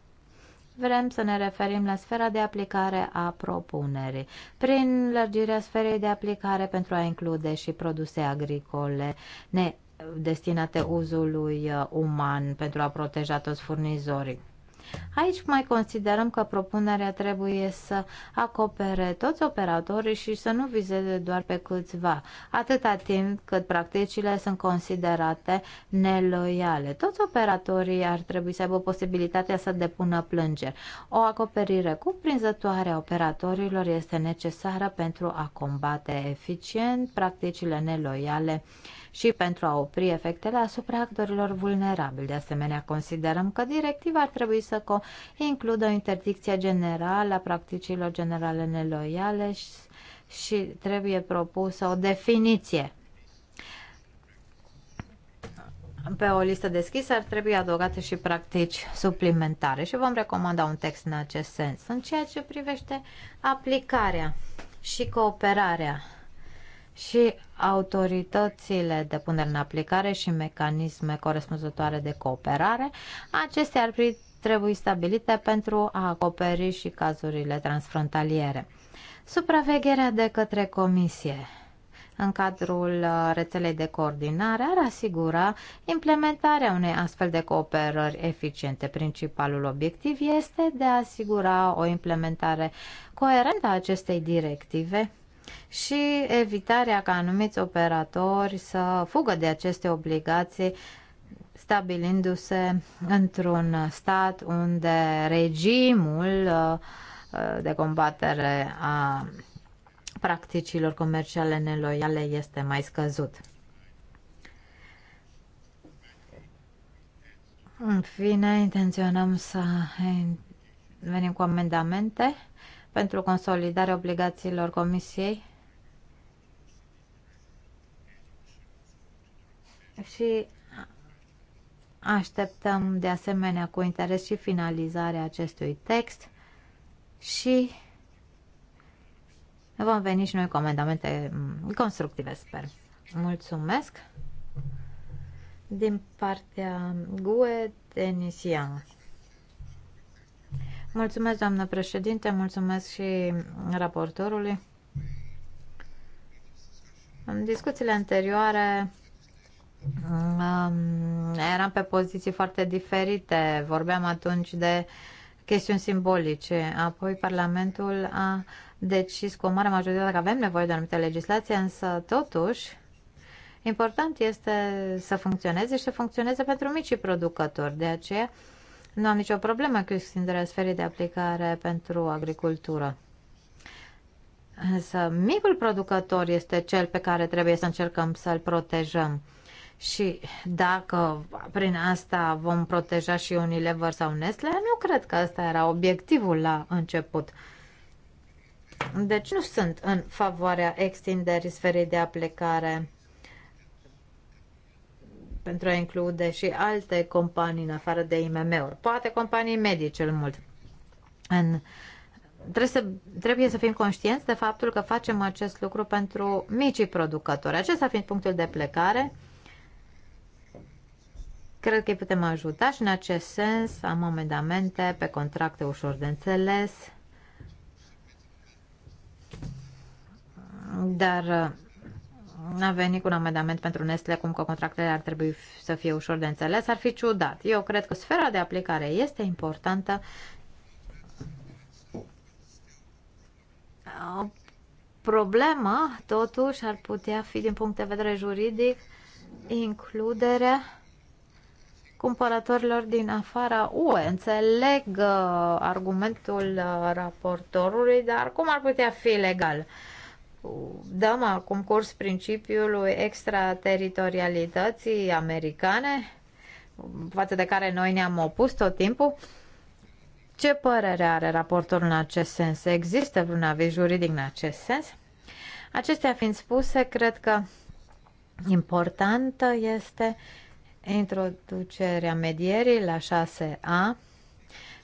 vrem să ne referim la sfera de aplicare a propunerii, prin lărgirea sferei de aplicare pentru a include și produse agricole ne destinate uzului uman pentru a proteja toți furnizorii. Aici mai considerăm că propunerea trebuie să acopere toți operatorii și să nu vizeze doar pe câțiva, atâta timp cât practicile sunt considerate neloiale. Toți operatorii ar trebui să aibă posibilitatea să depună plângeri. O acoperire cuprinzătoare a operatorilor este necesară pentru a combate eficient practicile neloiale și pentru a opri efectele asupra actorilor vulnerabili. De asemenea, considerăm că directiva ar trebui să includă o interdicție generală a practicilor generale neloiale și, și trebuie propusă o definiție pe o listă deschisă ar trebui adăugate și practici suplimentare și vom recomanda un text în acest sens. În ceea ce privește aplicarea și cooperarea și autoritățile de punere în aplicare și mecanisme corespunzătoare de cooperare. Acestea ar trebui stabilite pentru a acoperi și cazurile transfrontaliere. Supravegherea de către Comisie în cadrul uh, rețelei de coordinare ar asigura implementarea unei astfel de cooperări eficiente. Principalul obiectiv este de a asigura o implementare coerentă a acestei directive și evitarea ca anumiți operatori să fugă de aceste obligații stabilindu-se într-un stat unde regimul uh, uh, de combatere a practicilor comerciale neloiale este mai scăzut. În fine, intenționăm să venim cu amendamente pentru consolidarea obligațiilor Comisiei și așteptăm de asemenea cu interes și finalizarea acestui text și vom veni și noi cu amendamente constructive, sper. Mulțumesc! Din partea GUE, Denisian. Mulțumesc, doamnă președinte, mulțumesc și raportorului. În discuțiile anterioare um, eram pe poziții foarte diferite. Vorbeam atunci de chestiuni simbolice. Apoi Parlamentul a decis cu o mare majoritate că avem nevoie de anumite legislație, însă totuși important este să funcționeze și să funcționeze pentru micii producători. De aceea nu am nicio problemă cu extinderea sferei de aplicare pentru agricultură. Însă micul producător este cel pe care trebuie să încercăm să-l protejăm. Și dacă prin asta vom proteja și Unilever sau Nestle, nu cred că asta era obiectivul la început. Deci nu sunt în favoarea extinderii sferei de aplicare pentru a include și alte companii în afară de IMM-uri, poate companii medii cel mult. În, trebuie, să, trebuie să fim conștienți de faptul că facem acest lucru pentru micii producători. Acesta fiind punctul de plecare, cred că îi putem ajuta și în acest sens am amendamente pe contracte ușor de înțeles, dar a venit cu un amendament pentru Nestle cum că contractele ar trebui să fie ușor de înțeles, ar fi ciudat. Eu cred că sfera de aplicare este importantă. O problemă, totuși, ar putea fi, din punct de vedere juridic, includerea cumpărătorilor din afara UE. Înțeleg uh, argumentul uh, raportorului, dar cum ar putea fi legal? dăm acum curs principiului extrateritorialității americane, față de care noi ne-am opus tot timpul. Ce părere are raportorul în acest sens? Există vreun aviz juridic în acest sens? Acestea fiind spuse, cred că importantă este introducerea medierii la 6A.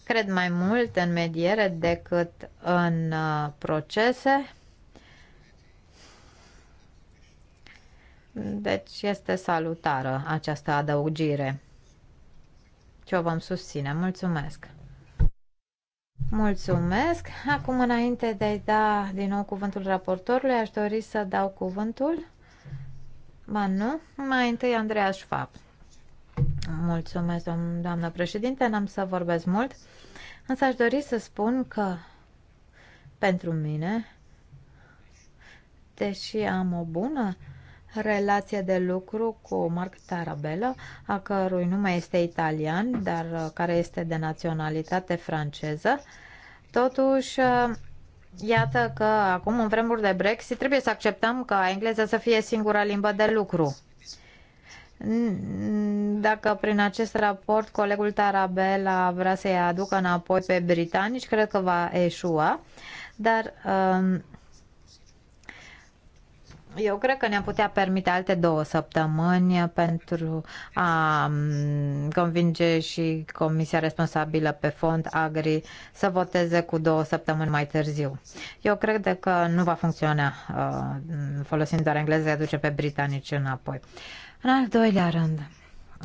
Cred mai mult în mediere decât în uh, procese. Deci este salutară această adăugire. Ce o vom susține. Mulțumesc! Mulțumesc! Acum, înainte de a-i da din nou cuvântul raportorului, aș dori să dau cuvântul. Ba nu, mai întâi Andreea Schwab. Mulțumesc, doamnă președinte, n-am să vorbesc mult, însă aș dori să spun că pentru mine, deși am o bună relație de lucru cu Mark Tarabella, a cărui nume este italian, dar uh, care este de naționalitate franceză. Totuși, uh, iată că acum, în vremuri de Brexit, trebuie să acceptăm ca engleza să fie singura limbă de lucru. Dacă prin acest raport colegul Tarabella vrea să-i aducă înapoi pe britanici, cred că va eșua, dar uh, eu cred că ne-am putea permite alte două săptămâni pentru a convinge și comisia responsabilă pe fond Agri să voteze cu două săptămâni mai târziu. Eu cred că nu va funcționa uh, folosind doar engleză, aduce pe britanici înapoi. În al doilea rând,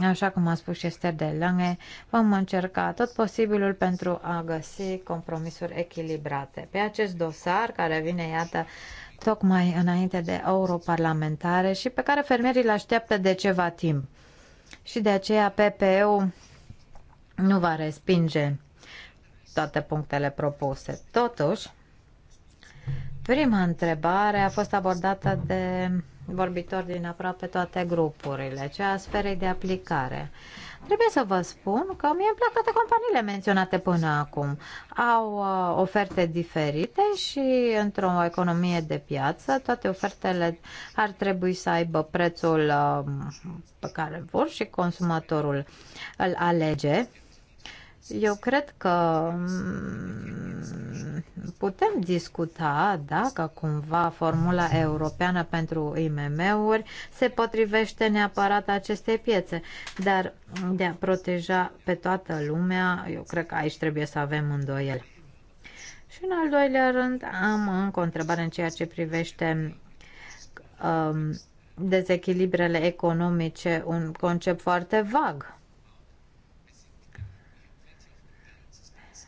așa cum a spus și Esther de Lange, vom încerca tot posibilul pentru a găsi compromisuri echilibrate. Pe acest dosar, care vine, iată, tocmai înainte de europarlamentare și pe care fermierii le așteaptă de ceva timp. Și de aceea PPU nu va respinge toate punctele propuse. Totuși, prima întrebare a fost abordată de vorbitori din aproape toate grupurile, cea a sferei de aplicare. Trebuie să vă spun că mie îmi plac toate companiile menționate până acum. Au uh, oferte diferite și într-o economie de piață toate ofertele ar trebui să aibă prețul uh, pe care vor și consumatorul îl alege. Eu cred că mm, putem discuta dacă cumva formula europeană pentru IMM-uri se potrivește neapărat acestei piețe, dar de a proteja pe toată lumea, eu cred că aici trebuie să avem îndoieli. Și în al doilea rând am încă o întrebare în ceea ce privește um, dezechilibrele economice, un concept foarte vag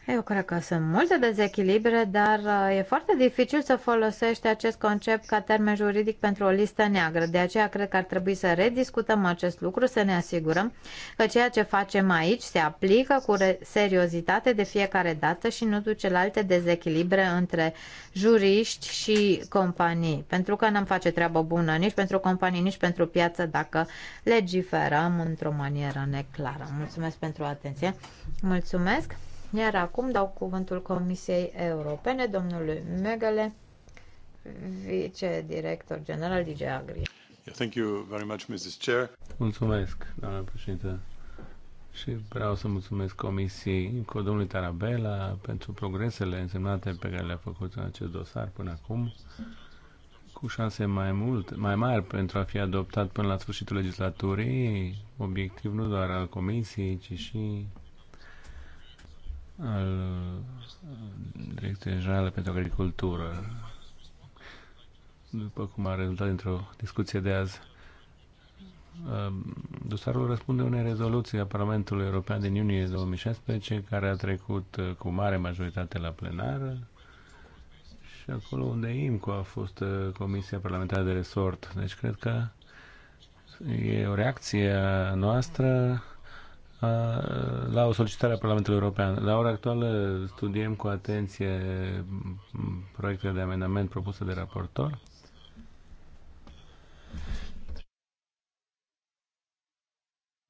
Eu cred că sunt multe dezechilibre, dar uh, e foarte dificil să folosești acest concept ca termen juridic pentru o listă neagră. De aceea cred că ar trebui să rediscutăm acest lucru, să ne asigurăm că ceea ce facem aici se aplică cu seriozitate de fiecare dată și nu duce la alte dezechilibre între juriști și companii. Pentru că n-am face treabă bună nici pentru companii, nici pentru piață dacă legiferăm într-o manieră neclară. Mulțumesc pentru atenție. Mulțumesc. Iar acum dau cuvântul Comisiei Europene, domnului Megale, vicedirector general DG Agri. Thank you very much, Mrs. Chair. Mulțumesc, doamna președintă. Și vreau să mulțumesc Comisiei cu domnului Tarabella pentru progresele însemnate pe care le-a făcut în acest dosar până acum, cu șanse mai mult, mai mari pentru a fi adoptat până la sfârșitul legislaturii, obiectiv nu doar al Comisiei, ci și al uh, Direcției Generale pentru Agricultură. După cum a rezultat dintr-o discuție de azi, um, dosarul răspunde unei rezoluții a Parlamentului European din iunie 2016, care a trecut uh, cu mare majoritate la plenară și acolo unde IMCO a fost uh, Comisia Parlamentară de Resort. Deci cred că e o reacție a noastră la o solicitare a Parlamentului European. La ora actuală studiem cu atenție proiectele de amendament propuse de raportor.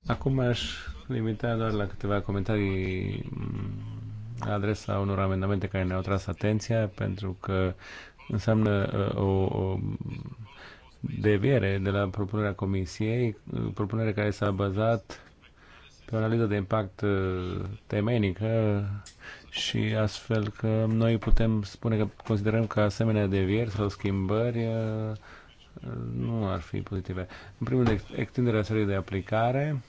Acum aș limita doar la câteva comentarii la adresa unor amendamente care ne-au tras atenția, pentru că înseamnă ă, o, o deviere de la propunerea Comisiei, propunere care s-a bazat pe o analiză de impact uh, temenică și astfel că noi putem spune că considerăm că asemenea devieri sau schimbări uh, nu ar fi pozitive. În primul rând, extinderea serii de aplicare.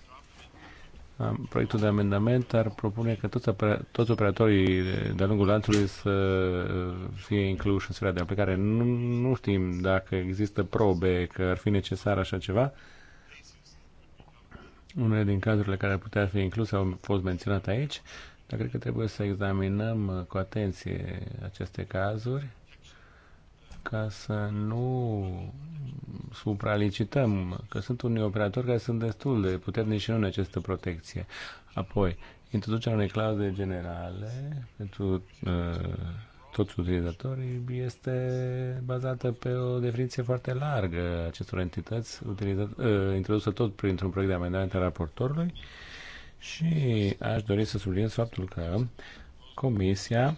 Proiectul de amendament ar propune că toți, opera, toți operatorii de-a lungul lanțului să uh, fie incluși în sfera de aplicare. Nu, nu știm dacă există probe că ar fi necesar așa ceva. Uh, unele din cazurile care ar putea fi incluse au fost menționate aici, dar cred că trebuie să examinăm cu atenție aceste cazuri ca să nu supralicităm, că sunt unii operatori care sunt destul de puternici și nu în această protecție. Apoi, introducerea unei clauze generale pentru uh, toți utilizatorii este bazată pe o definiție foarte largă acestor entități, ă, introdusă tot printr-un proiect de amendament al raportorului și aș dori să subliniez faptul că Comisia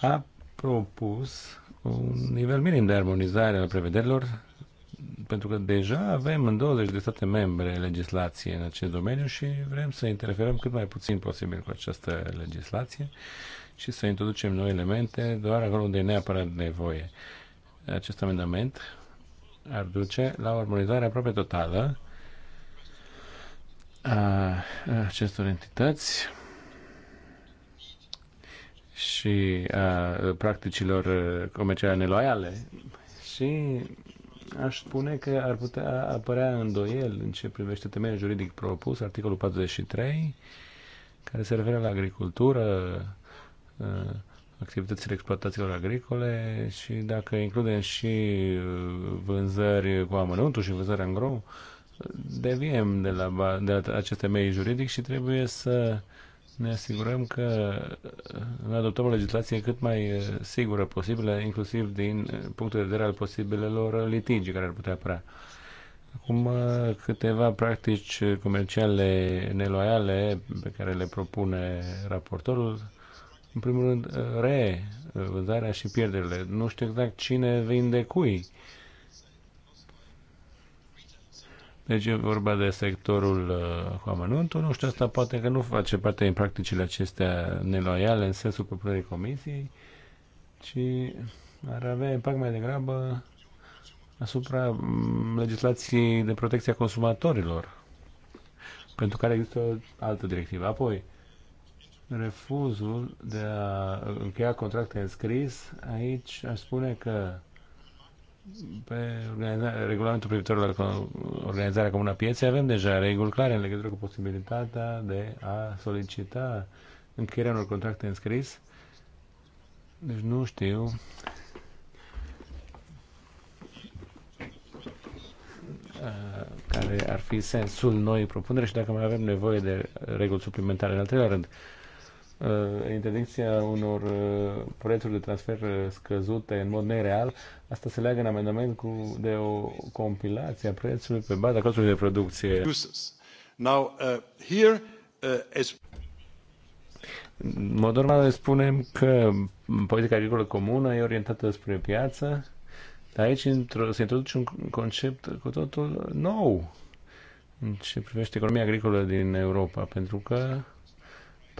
a propus un nivel minim de armonizare al prevederilor pentru că deja avem în 20 de state membre legislație în acest domeniu și vrem să interferăm cât mai puțin posibil cu această legislație. Uh, și să introducem noi elemente doar acolo unde e neapărat nevoie. Acest amendament ar duce la o armonizare aproape totală a acestor entități și a practicilor comerciale neloiale și aș spune că ar putea apărea îndoiel în ce privește temeiul juridic propus, articolul 43, care se referă la agricultură, Uh, activitățile exploatațiilor agricole și dacă includem și uh, vânzări cu amănuntul și vânzări grou, deviem de la, de la acest temei juridic și trebuie să ne asigurăm că ne uh, adoptăm o legislație cât mai sigură posibilă, inclusiv din punctul de vedere al posibilelor litigi care ar putea apărea. Acum câteva practici comerciale neloiale pe care le propune raportorul în primul rând, re, vânzarea și pierderile. Nu știu exact cine vinde cui. Deci e vorba de sectorul uh, cu amănuntul. Nu știu, asta poate că nu face parte din practicile acestea neloiale în sensul propriei comisiei, ci ar avea impact mai degrabă asupra mm, legislației de protecție a consumatorilor, pentru care există o altă directivă. Apoi, refuzul de a încheia contracte în scris, aici aș spune că pe regulamentul privitor la organizarea comună a pieței avem deja reguli clare în legătură cu posibilitatea de a solicita încheierea unor contracte în scris. Deci nu știu care ar fi sensul noi propunere și dacă mai avem nevoie de reguli suplimentare. În al treilea rând, Uh, interdicția unor uh, prețuri de transfer uh, scăzute în mod nereal, asta se leagă în amendament cu, de o compilație a prețului pe baza costului de producție. Now, uh, here, uh, as... În mod normal spunem că politica agricolă comună e orientată spre piață, dar aici se introduce un concept cu totul nou în ce privește economia agricolă din Europa, pentru că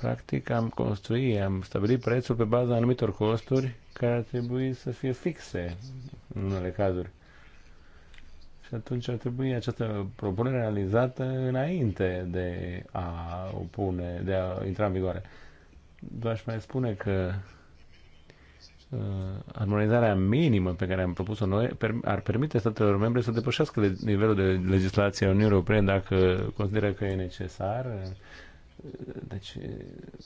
Practic am construit, am stabilit prețul pe baza anumitor costuri care ar trebui să fie fixe în unele cazuri. Și atunci ar trebui această propunere realizată înainte de a o pune, de a intra în vigoare. Doar aș mai spune că uh, armonizarea minimă pe care am propus-o noi per, ar permite statelor membre să depășească le, nivelul de legislație a Uniunii Europene dacă consideră că e necesar deci,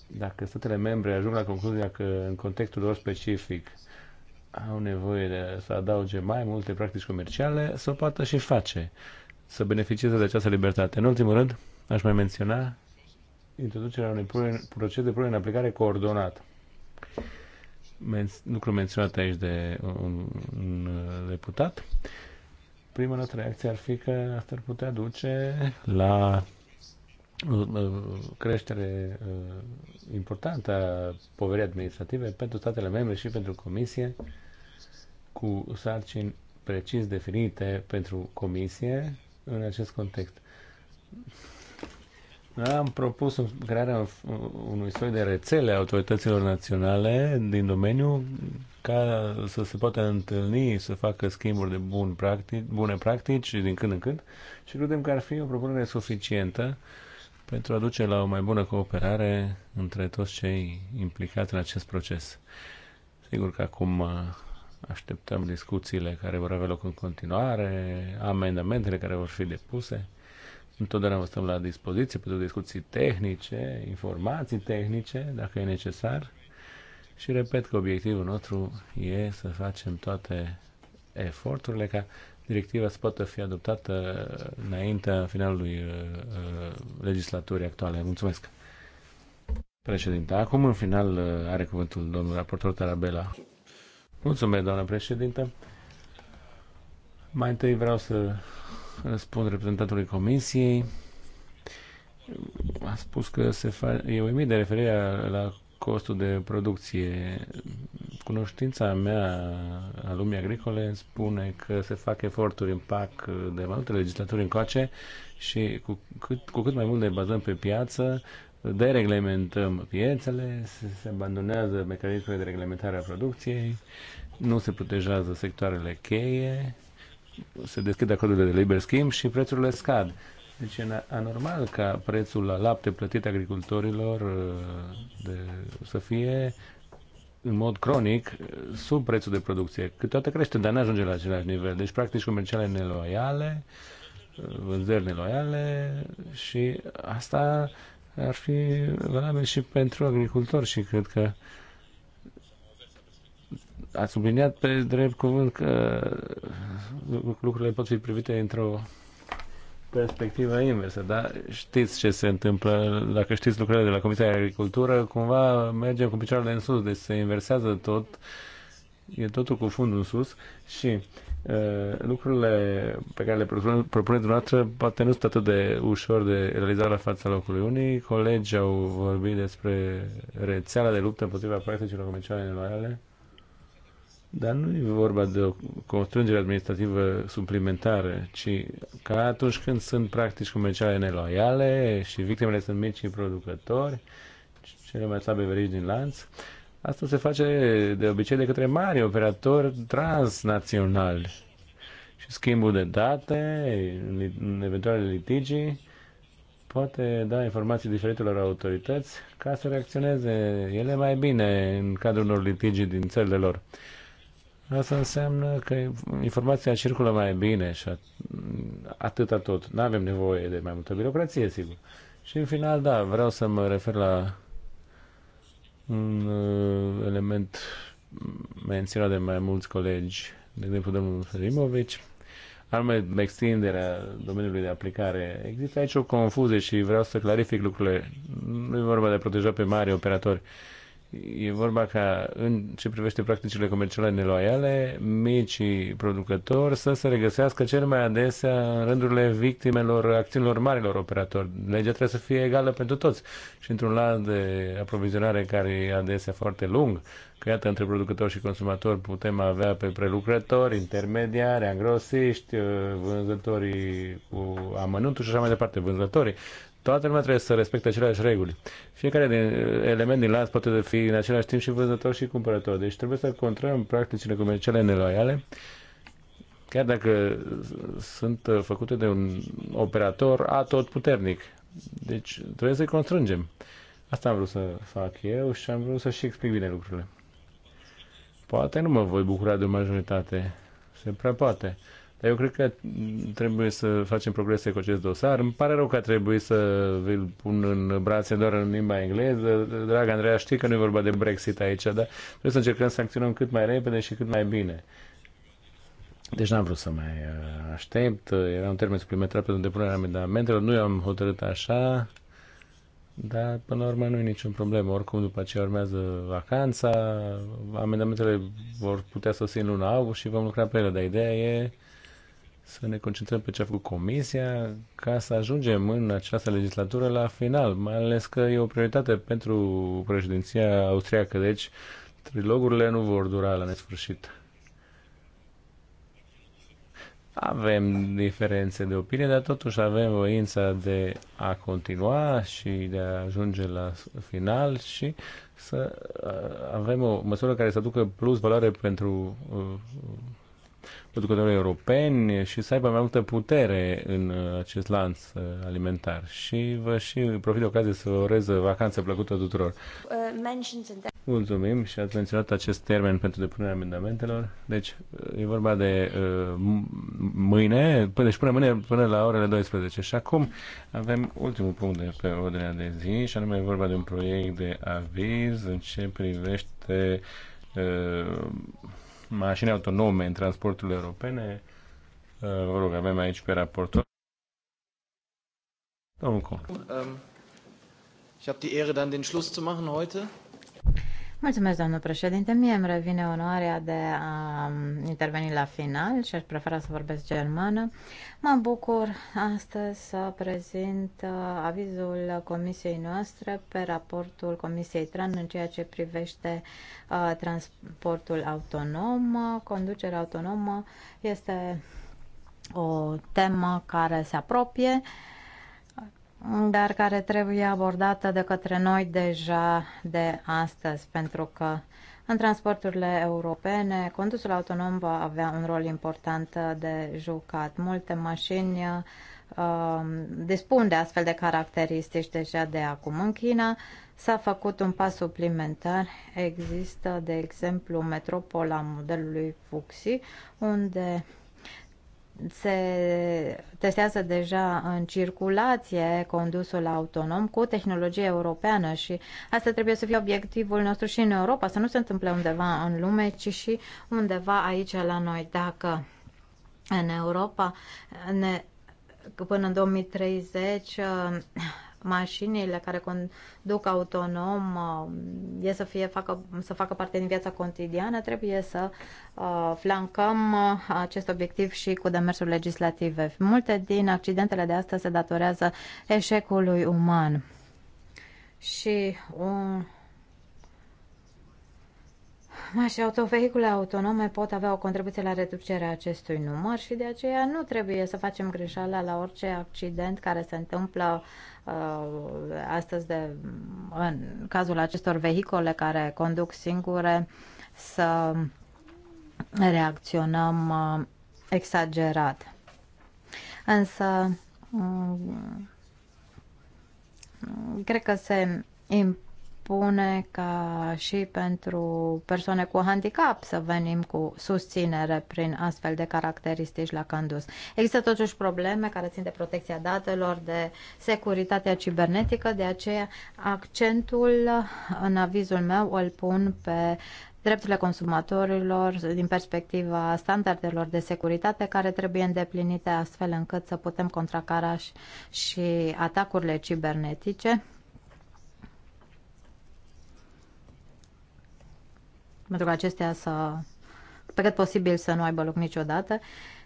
dacă statele membre ajung la concluzia că în contextul lor specific au nevoie de să adauge mai multe practici comerciale, să o poată și face, să beneficieze de această libertate. În ultimul rând, aș mai menționa introducerea unui proces de punere în aplicare coordonat. Men- lucru menționat aici de un, un deputat. Prima noastră reacție ar fi că asta ar putea duce la creștere uh, importantă a poverii administrative pentru statele membre și pentru Comisie, cu sarcini precis definite pentru Comisie în acest context. Am propus crearea unui soi de rețele autorităților naționale din domeniu ca să se poată întâlni, să facă schimburi de bun practic, bune practici din când în când și credem că ar fi o propunere suficientă uh, pentru a duce la o mai bună cooperare între toți cei implicați în acest proces. Sigur că acum uh, așteptăm discuțiile care vor avea loc în continuare, amendamentele care vor fi depuse. Întotdeauna vă stăm la dispoziție pentru discuții tehnice, informații tehnice, dacă e necesar. Și repet că obiectivul nostru e să facem toate eforturile ca directiva să poată fi adoptată în finalului uh, uh, legislaturii actuale. Mulțumesc! Președinte, acum în final uh, are cuvântul domnul raportor Tarabela. Mulțumesc, doamnă președinte. Mai întâi vreau să răspund reprezentantului comisiei. A spus că se fa- e uimit de referirea la costul de producție. Cunoștința mea a lumii agricole spune că se fac eforturi în PAC de mai multe legislaturi încoace și cu cât, cu cât mai mult ne bazăm pe piață, dereglementăm piețele, se, se abandonează mecanismele de reglementare a producției, nu se protejează sectoarele cheie, se deschid acordurile de liber schimb și prețurile scad. Deci e anormal ca prețul la lapte plătit agricultorilor uh, de, să fie în mod cronic uh, sub prețul de producție. Câteodată crește, dar nu ajunge la același nivel. Deci practici comerciale neloiale, uh, vânzări neloiale și asta ar fi valabil și pentru agricultori și cred că ați subliniat pe drept cuvânt că lucrurile pot fi privite într-o perspectiva inversă, da. știți ce se întâmplă, dacă știți lucrările de la Comisia de Agricultură, cumva mergem cu picioarele în sus, deci se inversează tot, e totul cu fundul în sus și uh, lucrurile pe care le propuneți dumneavoastră poate nu sunt atât de ușor de realizat la fața locului. Unii colegi au vorbit despre rețeala de luptă împotriva practicilor comerciale neloiale dar nu e vorba de o constrângere administrativă suplimentară, ci ca atunci când sunt practici comerciale neloiale și victimele sunt mici producători, cele mai slabe verici din lanț, asta se face de obicei de către mari operatori transnaționali. Și schimbul de date, în eventuale litigii, poate da informații diferitelor autorități ca să reacționeze ele mai bine în cadrul unor litigii din țările lor. Asta înseamnă că informația circulă mai bine și atâta tot. Nu avem nevoie de mai multă birocrație, sigur. Și în final, da, vreau să mă refer la un uh, element menționat de mai mulți colegi, de exemplu domnul Rimovici, anume extinderea domeniului de aplicare. Există aici o confuzie și vreau să clarific lucrurile. Nu e vorba de a proteja pe mari operatori. E vorba ca, în ce privește practicile comerciale neloiale, micii producători să se regăsească cel mai adesea în rândurile victimelor acțiunilor marilor operatori. Legea trebuie să fie egală pentru toți și într-un lanț de aprovizionare care e adesea foarte lung, că iată, între producători și consumatori putem avea pe prelucrători, intermediari, angrosiști, vânzătorii cu amănuntul și așa mai departe, vânzătorii toată lumea trebuie să respecte aceleași reguli. Fiecare din, element din lanț poate fi în același timp și vânzător și cumpărător. Deci trebuie să controlăm practicile comerciale neloiale, chiar dacă sunt făcute de un operator puternic. Deci trebuie să-i constrângem. Asta am vrut să fac eu și am vrut să și explic bine lucrurile. Poate nu mă voi bucura de o majoritate. Se prea poate. Dar eu cred că trebuie să facem progrese cu acest dosar. Îmi pare rău că trebuie să vi-l pun în brațe doar în limba engleză. Dragă Andreea, știi că nu e vorba de Brexit aici, dar trebuie să încercăm să acționăm cât mai repede și cât mai bine. Deci n-am vrut să mai uh, aștept. Era un termen suplimentar pentru depunerea amendamentelor. Nu i-am hotărât așa. Dar, până la urmă, nu e niciun problemă. Oricum, după ce urmează vacanța, amendamentele vor putea să în luna august și vom lucra pe ele. Dar ideea e să ne concentrăm pe ce a făcut Comisia ca să ajungem în această legislatură la final, mai ales că e o prioritate pentru președinția austriacă, deci trilogurile nu vor dura la nesfârșit. Avem diferențe de opinie, dar totuși avem voința de a continua și de a ajunge la final și să uh, avem o măsură care să aducă plus valoare pentru uh, producătorii europeni și să aibă mai multă putere în uh, acest lanț uh, alimentar. Și vă și profit de ocazie să vă urez uh, vacanță plăcută tuturor. Mulțumim și ați menționat acest termen pentru depunerea amendamentelor. Deci e vorba de mâine, deci până mâine până la orele 12. Și acum avem ultimul punct de pe ordinea de zi și anume e vorba de un proiect de aviz în ce privește mașini autonome în transportul europene. Uh, vă rog, avem aici pe raportor. Domnul Kuhn. Um, ich habe die Ehre, dann den Schluss zu machen heute. Mulțumesc, doamnă președinte. Mie îmi revine onoarea de a um, interveni la final și aș prefera să vorbesc germană. Mă bucur astăzi să prezint uh, avizul comisiei noastre pe raportul Comisiei TRAN în ceea ce privește uh, transportul autonom. Conducerea autonomă este o temă care se apropie dar care trebuie abordată de către noi deja de astăzi, pentru că în transporturile europene, condusul autonom va avea un rol important de jucat. Multe mașini uh, dispun de astfel de caracteristici deja de acum. În China s-a făcut un pas suplimentar. Există, de exemplu, metropola modelului Fuxi, unde se testează deja în circulație condusul autonom cu tehnologie europeană și asta trebuie să fie obiectivul nostru și în Europa, să nu se întâmple undeva în lume, ci și undeva aici la noi. Dacă în Europa ne, până în 2030 mașinile care conduc autonom uh, e să, fie, facă, să facă parte din viața cotidiană, trebuie să uh, flancăm uh, acest obiectiv și cu demersuri legislative. Multe din accidentele de astăzi se datorează eșecului uman. Și un, Mașini autovehicule autonome pot avea o contribuție la reducerea acestui număr și de aceea nu trebuie să facem greșeala la orice accident care se întâmplă uh, astăzi de, în cazul acestor vehicole care conduc singure să reacționăm uh, exagerat. Însă um, cred că se impune propune ca și pentru persoane cu handicap să venim cu susținere prin astfel de caracteristici la Candus. Există totuși probleme care țin de protecția datelor, de securitatea cibernetică, de aceea accentul în avizul meu îl pun pe drepturile consumatorilor din perspectiva standardelor de securitate care trebuie îndeplinite astfel încât să putem contracara și atacurile cibernetice pentru că acestea să pe cât posibil să nu aibă loc niciodată.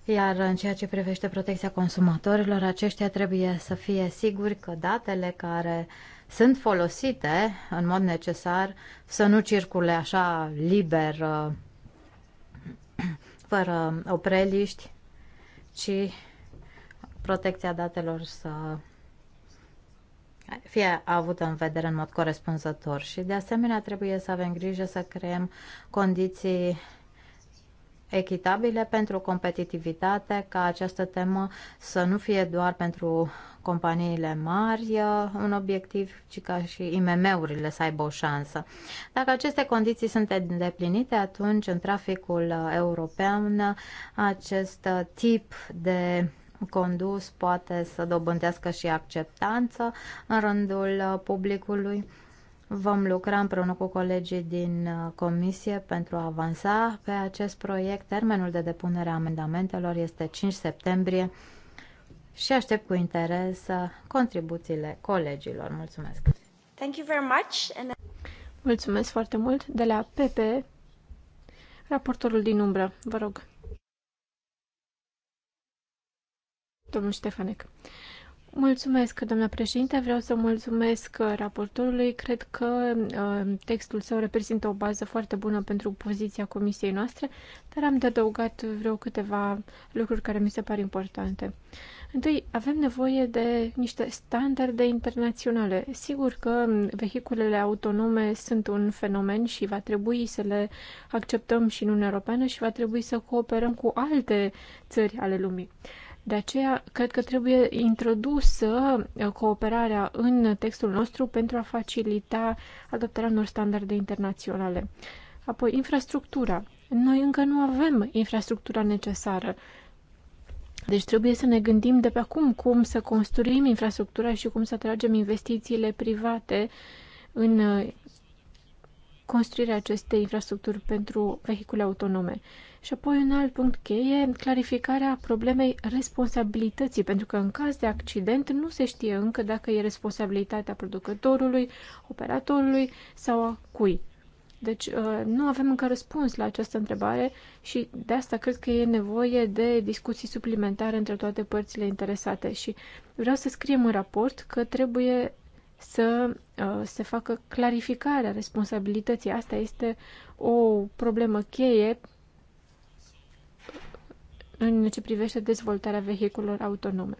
Iar în ceea ce privește protecția consumatorilor, aceștia trebuie să fie siguri că datele care sunt folosite în mod necesar să nu circule așa liber, uh, fără opreliști, ci protecția datelor să fie avut în vedere în mod corespunzător și de asemenea trebuie să avem grijă să creăm condiții echitabile pentru competitivitate, ca această temă să nu fie doar pentru companiile mari uh, un obiectiv, ci ca și IMM-urile să aibă o șansă. Dacă aceste condiții sunt îndeplinite, atunci în traficul uh, european acest uh, tip de condus poate să dobândească și acceptanță în rândul uh, publicului. Vom lucra împreună cu colegii din uh, comisie pentru a avansa pe acest proiect. Termenul de depunere a amendamentelor este 5 septembrie și aștept cu interes uh, contribuțiile colegilor. Mulțumesc! Thank you very much. And... Mulțumesc foarte mult de la PP, raportorul din umbră. Vă rog. domnul Ștefanec. Mulțumesc, doamna președinte. Vreau să mulțumesc uh, raportorului. Cred că uh, textul său reprezintă o bază foarte bună pentru poziția comisiei noastre, dar am de adăugat vreo câteva lucruri care mi se par importante. Întâi, avem nevoie de niște standarde internaționale. Sigur că vehiculele autonome sunt un fenomen și va trebui să le acceptăm și în Uniunea Europeană și va trebui să cooperăm cu alte țări ale lumii. De aceea, cred că trebuie introdusă uh, cooperarea în textul nostru pentru a facilita adoptarea unor standarde internaționale. Apoi, infrastructura. Noi încă nu avem infrastructura necesară. Deci trebuie să ne gândim de pe acum cum să construim infrastructura și cum să atragem investițiile private în uh, construirea acestei infrastructuri pentru vehicule autonome. Și apoi un alt punct cheie, clarificarea problemei responsabilității, pentru că în caz de accident nu se știe încă dacă e responsabilitatea producătorului, operatorului sau a cui. Deci uh, nu avem încă răspuns la această întrebare și de asta cred că e nevoie de discuții suplimentare între toate părțile interesate și vreau să scriem în raport că trebuie să uh, se facă clarificarea responsabilității. Asta este o problemă cheie în ce privește dezvoltarea vehiculelor autonome.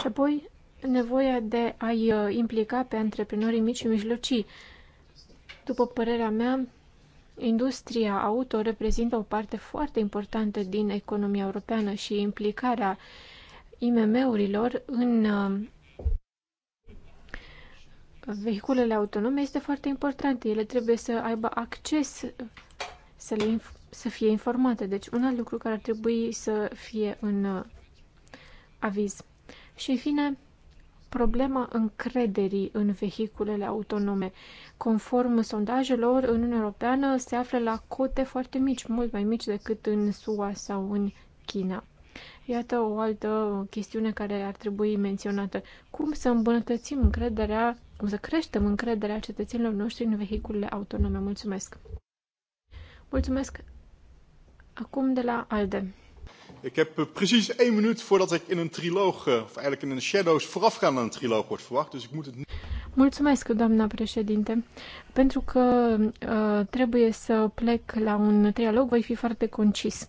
Și apoi, nevoia de a-i uh, implica pe antreprenorii mici și mijlocii. După părerea mea, industria auto reprezintă o parte foarte importantă din economia europeană și implicarea IMM-urilor în uh, vehiculele autonome este foarte importantă. Ele trebuie să aibă acces, să le să fie informate. Deci un alt lucru care ar trebui să fie în uh, aviz. Și în fine, problema încrederii în vehiculele autonome. Conform sondajelor, în Uniunea Europeană se află la cote foarte mici, mult mai mici decât în SUA sau în China. Iată o altă chestiune care ar trebui menționată. Cum să îmbunătățim încrederea, cum să creștem încrederea cetățenilor noștri în vehiculele autonome? Mulțumesc! Mulțumesc! Acum de la ALDE. Ik heb eh, precies één minuut voordat ik in een triloog, eh, of eigenlijk in een shadows, voorafgaand aan een triloog wordt verwacht. Dus ik moet het... Mulțumesc, doamna președinte. Pentru că uh, trebuie să plec la un trialog, voi fi foarte concis.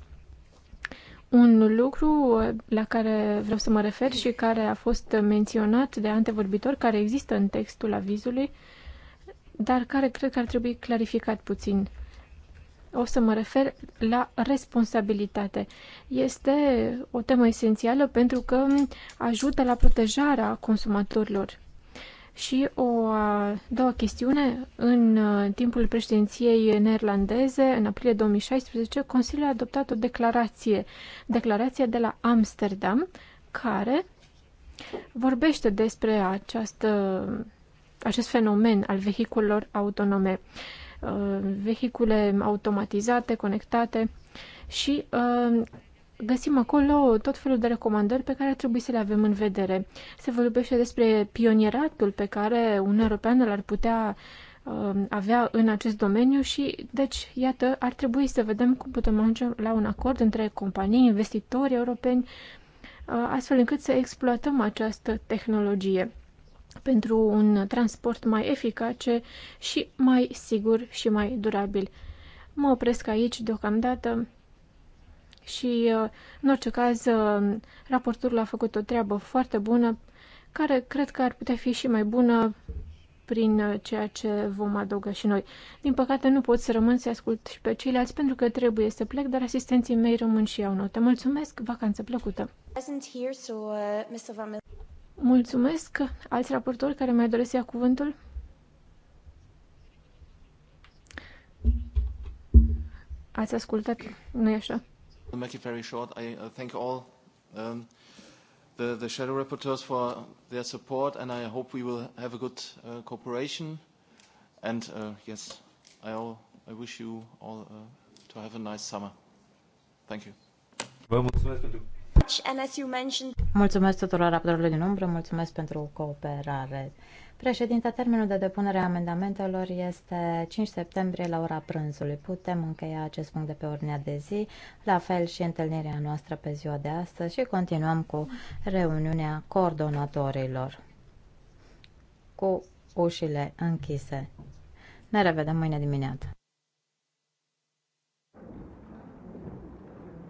Un lucru la care vreau să mă refer și care a fost menționat de antevorbitor, care există în textul avizului, dar care cred că ar trebui clarificat puțin. O să mă refer la responsabilitate. Este o temă esențială pentru că ajută la protejarea consumatorilor. Și o a doua chestiune, în uh, timpul președinției neerlandeze, în aprilie 2016, Consiliul a adoptat o declarație, declarația de la Amsterdam, care vorbește despre această, acest fenomen al vehiculelor autonome. Uh, Uh, vehicule automatizate, conectate și uh, găsim acolo tot felul de recomandări pe care ar trebui să le avem în vedere. Se vorbește despre pionieratul pe care un european l-ar putea uh, avea în acest domeniu și, deci, iată, ar trebui să vedem cum putem ajunge la un acord între companii, investitori europeni, astfel încât să exploatăm această tehnologie pentru un transport mai eficace și mai sigur și mai durabil. Mă opresc aici deocamdată și, uh, în orice caz, uh, raportul a făcut o treabă foarte bună, care cred că ar putea fi și mai bună prin uh, ceea ce vom adăuga și noi. Din păcate nu pot să rămân să ascult și pe ceilalți pentru că trebuie să plec, dar asistenții mei rămân și iau note. Mulțumesc, vacanță plăcută! Mulțumesc. Alți raportori care mai doresc ia cuvântul? Ați ascultat, nu e așa? I'll make it very short. I uh, thank all um, the, the shadow rapporteurs for their support and I hope we will have a good uh, cooperation. And uh, yes, I, all, I wish you all uh, to have a nice summer. Thank you. Well, mulțumesc And as you mentioned... Mulțumesc tuturor raportorilor din umbră, mulțumesc pentru cooperare. Președinta, termenul de depunere a amendamentelor este 5 septembrie la ora prânzului. Putem încheia acest punct de pe ordinea de zi, la fel și întâlnirea noastră pe ziua de astăzi și continuăm cu reuniunea coordonatorilor cu ușile închise. Ne revedem mâine dimineață.